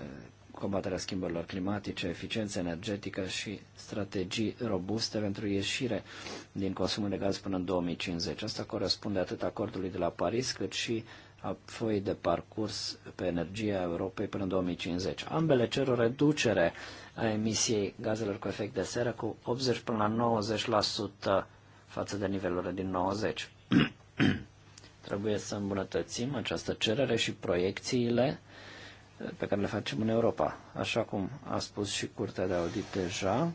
combaterea schimbărilor climatice, eficiență energetică și strategii robuste pentru ieșire din consumul de gaz până în 2050. Asta corespunde atât acordului de la Paris, cât și apoi de parcurs pe energia Europei până în 2050. Ambele cer o reducere a emisiei gazelor cu efect de seră cu 80 până la 90% față de nivelurile din 90. Trebuie să îmbunătățim această cerere și proiecțiile pe care le facem în Europa. Așa cum a spus și Curtea de Audit deja,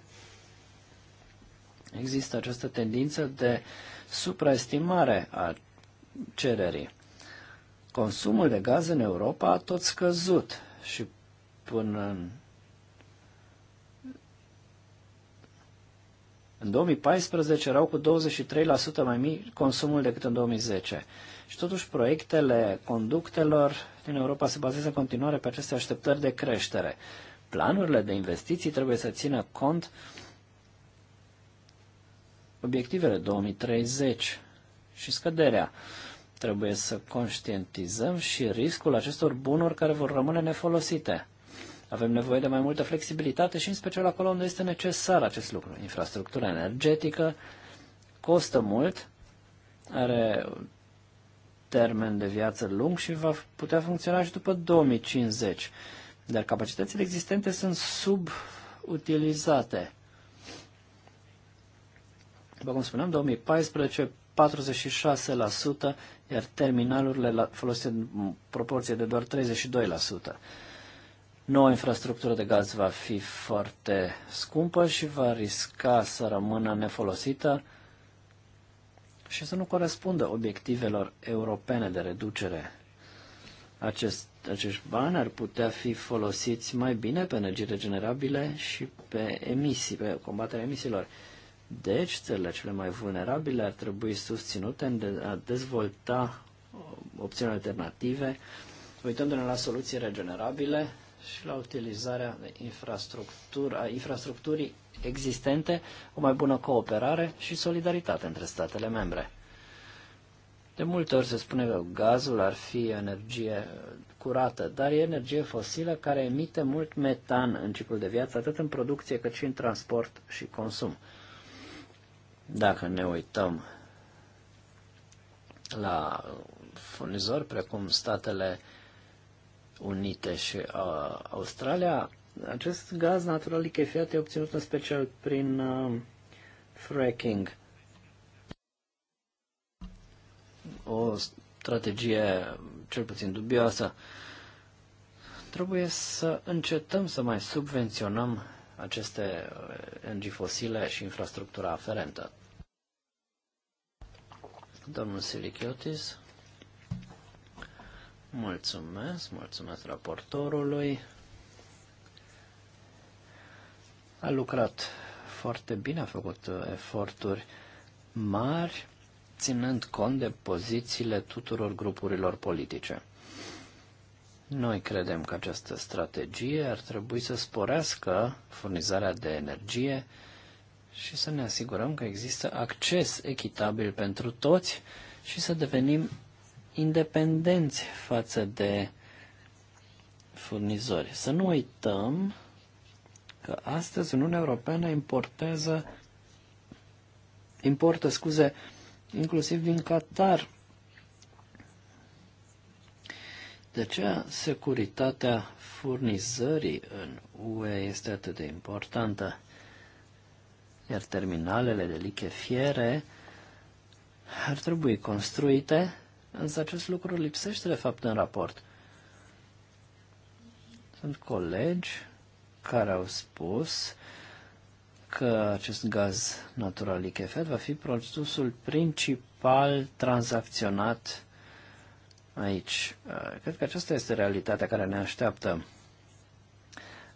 există această tendință de supraestimare a cererii consumul de gaz în Europa a tot scăzut și până în, în 2014 erau cu 23% mai mic consumul decât în 2010. Și totuși proiectele conductelor din Europa se bazează în continuare pe aceste așteptări de creștere. Planurile de investiții trebuie să țină cont obiectivele 2030 și scăderea Trebuie să conștientizăm și riscul acestor bunuri care vor rămâne nefolosite. Avem nevoie de mai multă flexibilitate și în special acolo unde este necesar acest lucru. Infrastructura energetică costă mult, are termen de viață lung și va putea funcționa și după 2050. Dar capacitățile existente sunt subutilizate. După cum spuneam, 2014, 46% iar terminalurile folosite în proporție de doar 32%. Noua infrastructură de gaz va fi foarte scumpă și va risca să rămână nefolosită și să nu corespundă obiectivelor europene de reducere. Acest, acești bani ar putea fi folosiți mai bine pe energii regenerabile și pe emisii, pe combaterea emisiilor. Deci, țările cele mai vulnerabile ar trebui susținute în a dezvolta uh, opțiuni alternative, uitându-ne la soluții regenerabile și la utilizarea infrastructură, a infrastructurii existente, o mai bună cooperare și solidaritate între statele membre. De multe ori se spune că gazul ar fi energie uh, curată, dar e energie fosilă care emite mult metan în ciclul de viață, atât în producție cât și în transport și consum. Dacă ne uităm la furnizori precum Statele Unite și uh, Australia, acest gaz natural lichefiat e obținut în special prin uh, fracking. O strategie cel puțin dubioasă. Trebuie să încetăm să mai subvenționăm aceste energii uh, fosile și infrastructura aferentă. Domnul Silichiotis, mulțumesc, mulțumesc raportorului. A lucrat foarte bine, a făcut uh, eforturi mari, ținând cont de pozițiile tuturor grupurilor politice. Noi credem că această strategie ar trebui să sporească furnizarea de energie și să ne asigurăm că există acces echitabil pentru toți și să devenim independenți față de furnizori. Să nu uităm că astăzi Uniunea Europeană importează importă, scuze, inclusiv din Qatar De ce securitatea furnizării în UE este atât de importantă. Iar terminalele de lichefiere ar trebui construite, însă acest lucru lipsește de fapt în raport. Sunt colegi care au spus că acest gaz natural lichefiat va fi produsul principal tranzacționat aici. Uh, cred că aceasta este realitatea care ne așteaptă.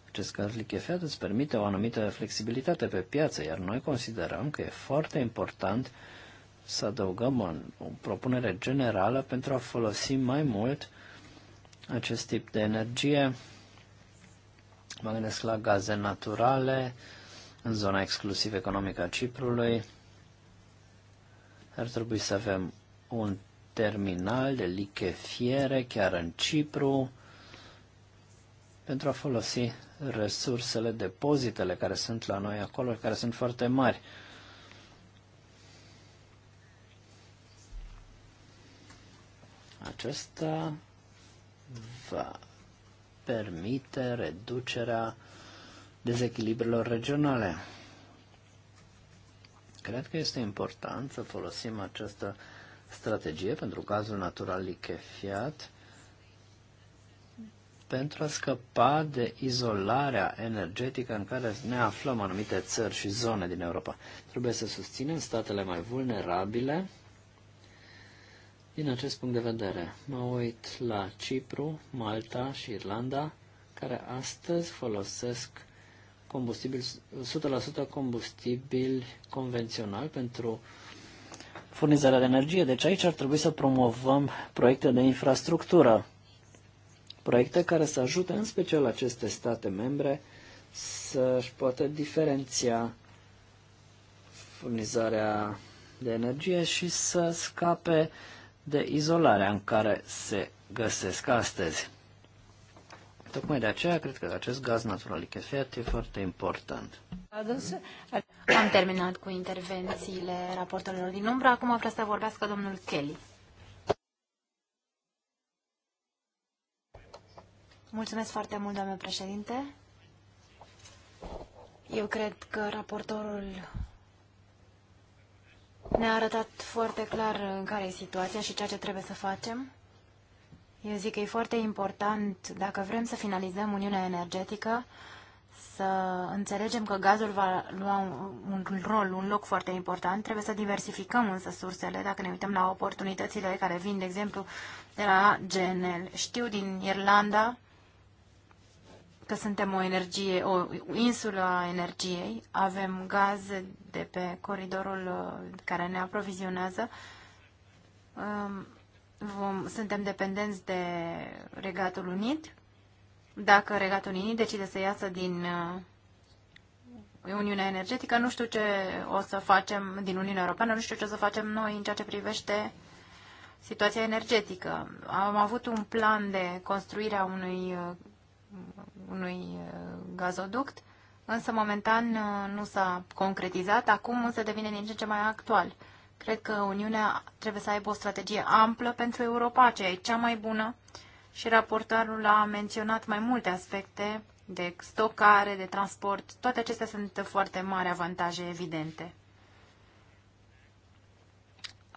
Acest caz lichefiat îți permite o anumită flexibilitate pe piață, iar noi considerăm că e foarte important să adăugăm o, o propunere generală pentru a folosi mai mult acest tip de energie. Mă gândesc la gaze naturale în zona exclusiv economică a Ciprului. Ar trebui să avem un terminal de lichefiere chiar în Cipru pentru a folosi resursele, depozitele care sunt la noi acolo, care sunt foarte mari. Acesta va permite reducerea dezechilibrelor regionale. Cred că este important să folosim această strategie pentru gazul natural lichefiat pentru a scăpa de izolarea energetică în care ne aflăm anumite țări și zone din Europa. Trebuie să susținem statele mai vulnerabile din acest punct de vedere. Mă uit la Cipru, Malta și Irlanda, care astăzi folosesc combustibil, 100% combustibil convențional pentru furnizarea de energie. Deci aici ar trebui să promovăm proiecte de infrastructură, proiecte care să ajute în special aceste state membre să-și poată diferenția furnizarea de energie și să scape de izolarea în care se găsesc astăzi. Tocmai de aceea cred că acest gaz natural lichefiat e foarte important. Am terminat cu intervențiile raportorilor din umbră. Acum vreau să vorbească domnul Kelly. Mulțumesc foarte mult, doamnă președinte. Eu cred că raportorul ne-a arătat foarte clar în care e situația și ceea ce trebuie să facem. Eu zic că e foarte important, dacă vrem să finalizăm Uniunea Energetică, să înțelegem că gazul va lua un, un rol, un loc foarte important. Trebuie să diversificăm însă sursele, dacă ne uităm la oportunitățile care vin, de exemplu, de la GNL. Știu din Irlanda că suntem o energie, o insulă a energiei, avem gaz de pe coridorul uh, care ne aprovizionează. Um, vom, suntem dependenți de Regatul Unit. Dacă Regatul Unit decide să iasă din uh, Uniunea Energetică, nu știu ce o să facem din Uniunea Europeană, nu știu ce o să facem noi în ceea ce privește situația energetică. Am avut un plan de construire a unui, uh, unui uh, gazoduct, însă momentan nu s-a concretizat, acum însă devine din ce ce mai actual. Cred că Uniunea trebuie să aibă o strategie amplă pentru Europa, aceea e cea mai bună și raportarul a menționat mai multe aspecte de stocare, de transport. Toate acestea sunt foarte mari avantaje evidente.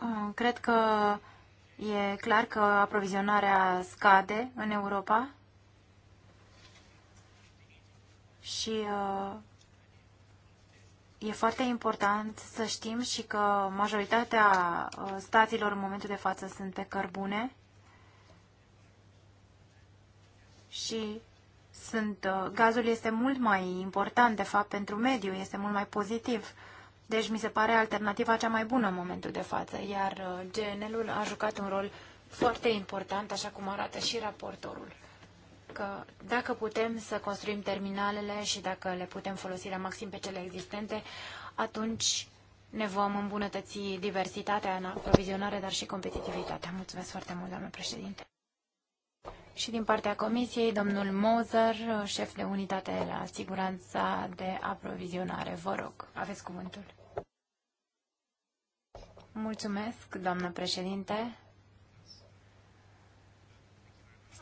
Uh, cred că e clar că aprovizionarea scade în Europa și uh, E foarte important să știm și că majoritatea uh, stațiilor în momentul de față sunt pe cărbune și sunt, uh, gazul este mult mai important, de fapt, pentru mediu, este mult mai pozitiv. Deci mi se pare alternativa cea mai bună în momentul de față, iar uh, GNL-ul a jucat un rol foarte important, așa cum arată și raportorul că dacă putem să construim terminalele și dacă le putem folosi la maxim pe cele existente, atunci ne vom îmbunătăți diversitatea în aprovizionare, dar și competitivitatea. Mulțumesc foarte mult, doamnă președinte. Și din partea Comisiei, domnul Moser, șef de unitate la siguranța de aprovizionare. Vă rog, aveți cuvântul. Mulțumesc, doamnă președinte.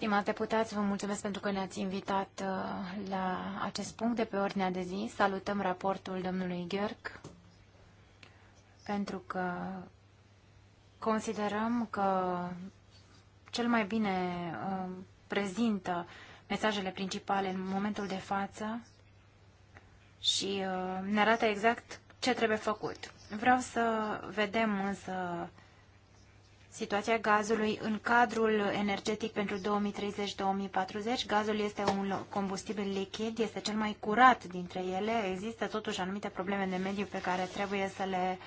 Stimați deputați, vă mulțumesc pentru că ne-ați invitat uh, la acest punct de pe ordinea de zi. Salutăm raportul domnului Gheorg pentru că considerăm că cel mai bine uh, prezintă mesajele principale în momentul de față și uh, ne arată exact ce trebuie făcut. Vreau să vedem însă situația gazului în cadrul energetic pentru 2030-2040. Gazul este un combustibil lichid, este cel mai curat dintre ele. Există totuși anumite probleme de mediu pe care trebuie să le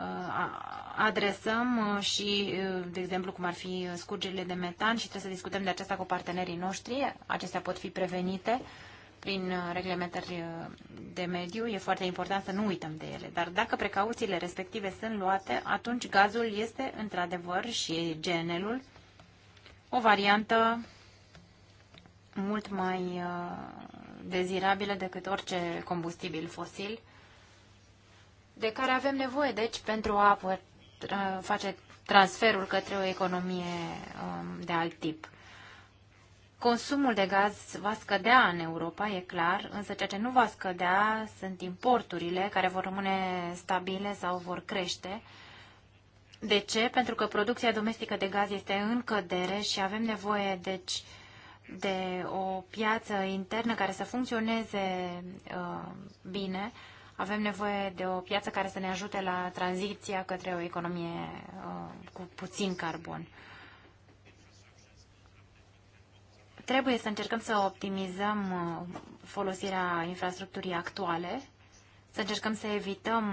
uh, adresăm uh, și, uh, de exemplu, cum ar fi scurgerile de metan și trebuie să discutăm de aceasta cu partenerii noștri. Acestea pot fi prevenite prin uh, reglementări uh, de mediu, e foarte important să nu uităm de ele. Dar dacă precauțiile respective sunt luate, atunci gazul este într-adevăr și genelul o variantă mult mai uh, dezirabilă decât orice combustibil fosil de care avem nevoie, deci, pentru a face transferul către o economie um, de alt tip. Consumul de gaz va scădea în Europa, e clar, însă ceea ce nu va scădea sunt importurile care vor rămâne stabile sau vor crește. De ce? Pentru că producția domestică de gaz este în cădere și avem nevoie, deci, de o piață internă care să funcționeze uh, bine. Avem nevoie de o piață care să ne ajute la tranziția către o economie uh, cu puțin carbon. Uh, Trebuie să încercăm să optimizăm uh, folosirea infrastructurii actuale, să încercăm să evităm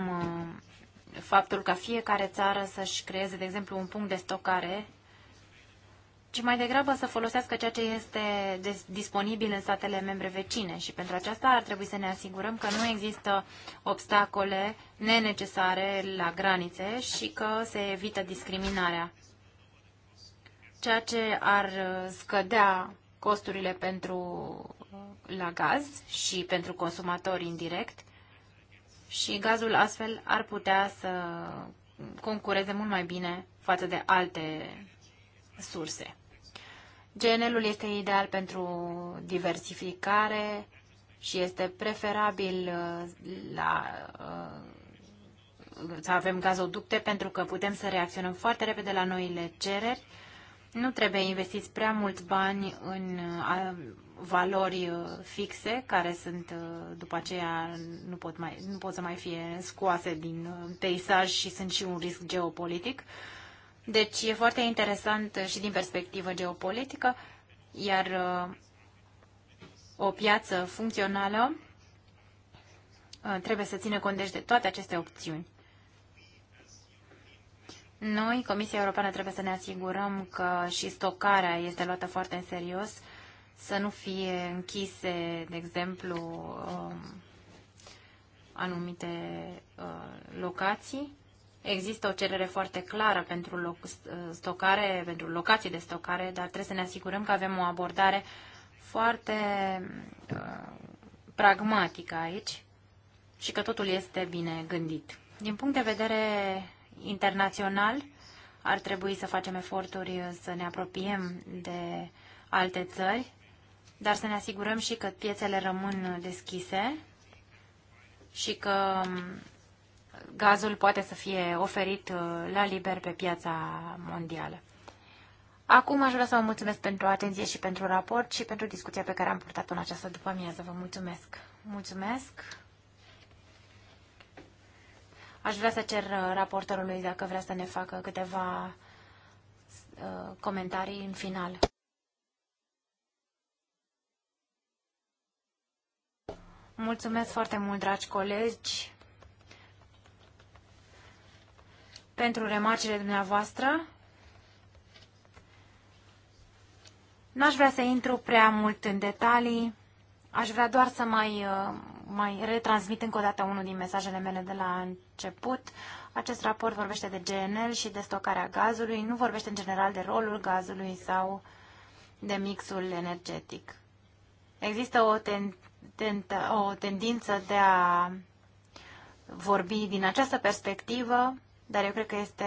uh, faptul ca fiecare țară să-și creeze, de exemplu, un punct de stocare, ci mai degrabă să folosească ceea ce este disponibil în statele membre vecine. Și pentru aceasta ar trebui să ne asigurăm că nu există obstacole nenecesare la granițe și că se evită discriminarea ceea ce ar uh, scădea costurile pentru la gaz și pentru consumatori indirect și gazul astfel ar putea să concureze mult mai bine față de alte surse. GNL-ul este ideal pentru diversificare și este preferabil uh, la, uh, să avem gazoducte pentru că putem să reacționăm foarte repede la noile cereri nu trebuie investiți prea mulți bani în valori uh, fixe, care sunt uh, după aceea nu pot, mai, nu pot să mai fie scoase din uh, peisaj și sunt și un risc geopolitic. Deci e foarte interesant și din perspectivă geopolitică, iar o piață funcțională trebuie să țină cont deci, de toate aceste opțiuni. Noi, Comisia Europeană, trebuie să ne asigurăm că și stocarea este luată foarte în serios, să nu fie închise, de exemplu, um, anumite uh, locații. Există o cerere foarte clară pentru uh, stocare, pentru locații de stocare, dar trebuie să ne asigurăm că avem o abordare foarte uh, pragmatică aici și că totul este bine gândit. Din punct de vedere internațional. Ar trebui să facem eforturi să ne apropiem de alte țări, dar să ne asigurăm și că piețele rămân deschise și că mm, gazul poate să fie oferit uh, la liber pe piața mondială. Acum aș vrea să vă mulțumesc pentru atenție și pentru raport și pentru discuția pe care am purtat-o în această după-amiază. Vă mulțumesc! Mulțumesc! Aș vrea să cer uh, raportorului dacă vrea să ne facă câteva uh, comentarii în final. Mulțumesc foarte mult, dragi colegi, pentru remarcile dumneavoastră. N-aș vrea să intru prea mult în detalii. Aș vrea doar să mai, uh, mai retransmit încă o dată unul din mesajele mele de la început. Acest raport vorbește de GNL și de stocarea gazului, nu vorbește în general de rolul gazului sau de mixul energetic. Există o, ten, ten, o tendință de a vorbi din această perspectivă, dar eu cred că este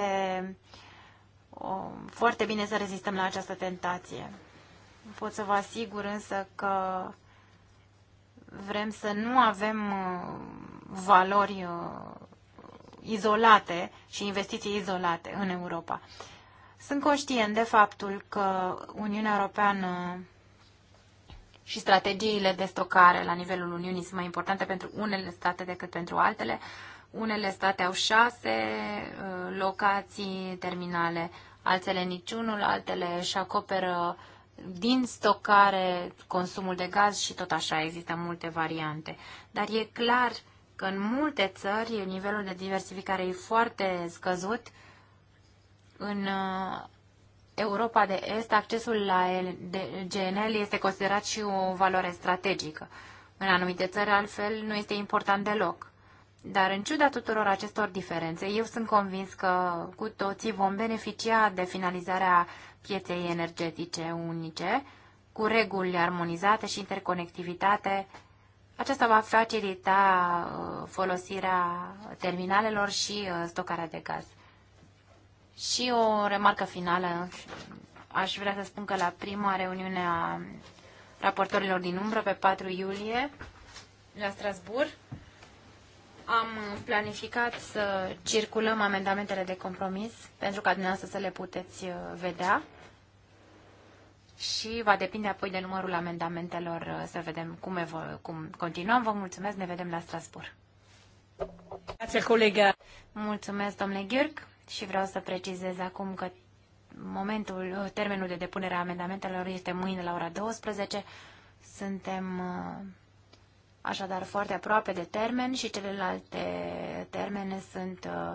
o, um, foarte bine să rezistăm la această tentație. Pot să vă asigur însă că vrem să nu avem uh, valori uh, izolate și investiții izolate în Europa. Sunt conștient de faptul că Uniunea Europeană și strategiile de stocare la nivelul Uniunii sunt mai importante pentru unele state decât pentru altele. Unele state au șase uh, locații terminale, altele niciunul, altele își acoperă uh, din stocare consumul de gaz și tot așa există multe variante. Dar e clar că în multe țări nivelul de diversificare e foarte scăzut. În uh, Europa de Est, accesul la GNL este considerat și o valoare strategică. În anumite țări, altfel, nu este important deloc. Dar în ciuda tuturor acestor diferențe, eu sunt convins că cu toții vom beneficia de finalizarea pieței energetice unice, cu reguli armonizate și interconectivitate. Aceasta va facilita uh, folosirea terminalelor și uh, stocarea de gaz. Și o remarcă finală. Aș vrea să spun că la prima reuniune a raportorilor din umbră, pe 4 iulie, la Strasbourg, am planificat să circulăm amendamentele de compromis pentru ca dumneavoastră să le puteți uh, vedea și va depinde apoi de numărul amendamentelor uh, să vedem cum, evo- cum continuăm. Vă mulțumesc, ne vedem la Strasbourg. Grazie, colega. Mulțumesc, domnule Ghiurc, și vreau să precizez acum că momentul, uh, termenul de depunere a amendamentelor este mâine la ora 12. Suntem uh, așadar foarte aproape de termen și celelalte termene sunt uh,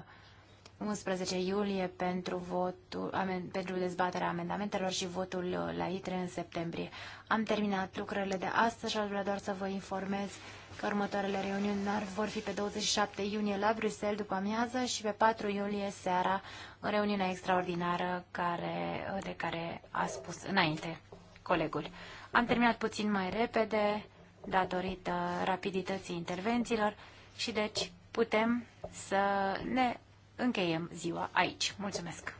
11 iulie pentru, votul, pentru dezbaterea amendamentelor și votul uh, la ITRE în septembrie. Am terminat lucrările de astăzi și aș vrea doar să vă informez că următoarele reuniuni vor fi pe 27 iunie la Bruxelles după amiază și pe 4 iulie seara în reuniunea extraordinară care, uh, de care a spus înainte colegul. Am terminat puțin mai repede datorită rapidității intervențiilor și deci putem să ne încheiem ziua aici. Mulțumesc!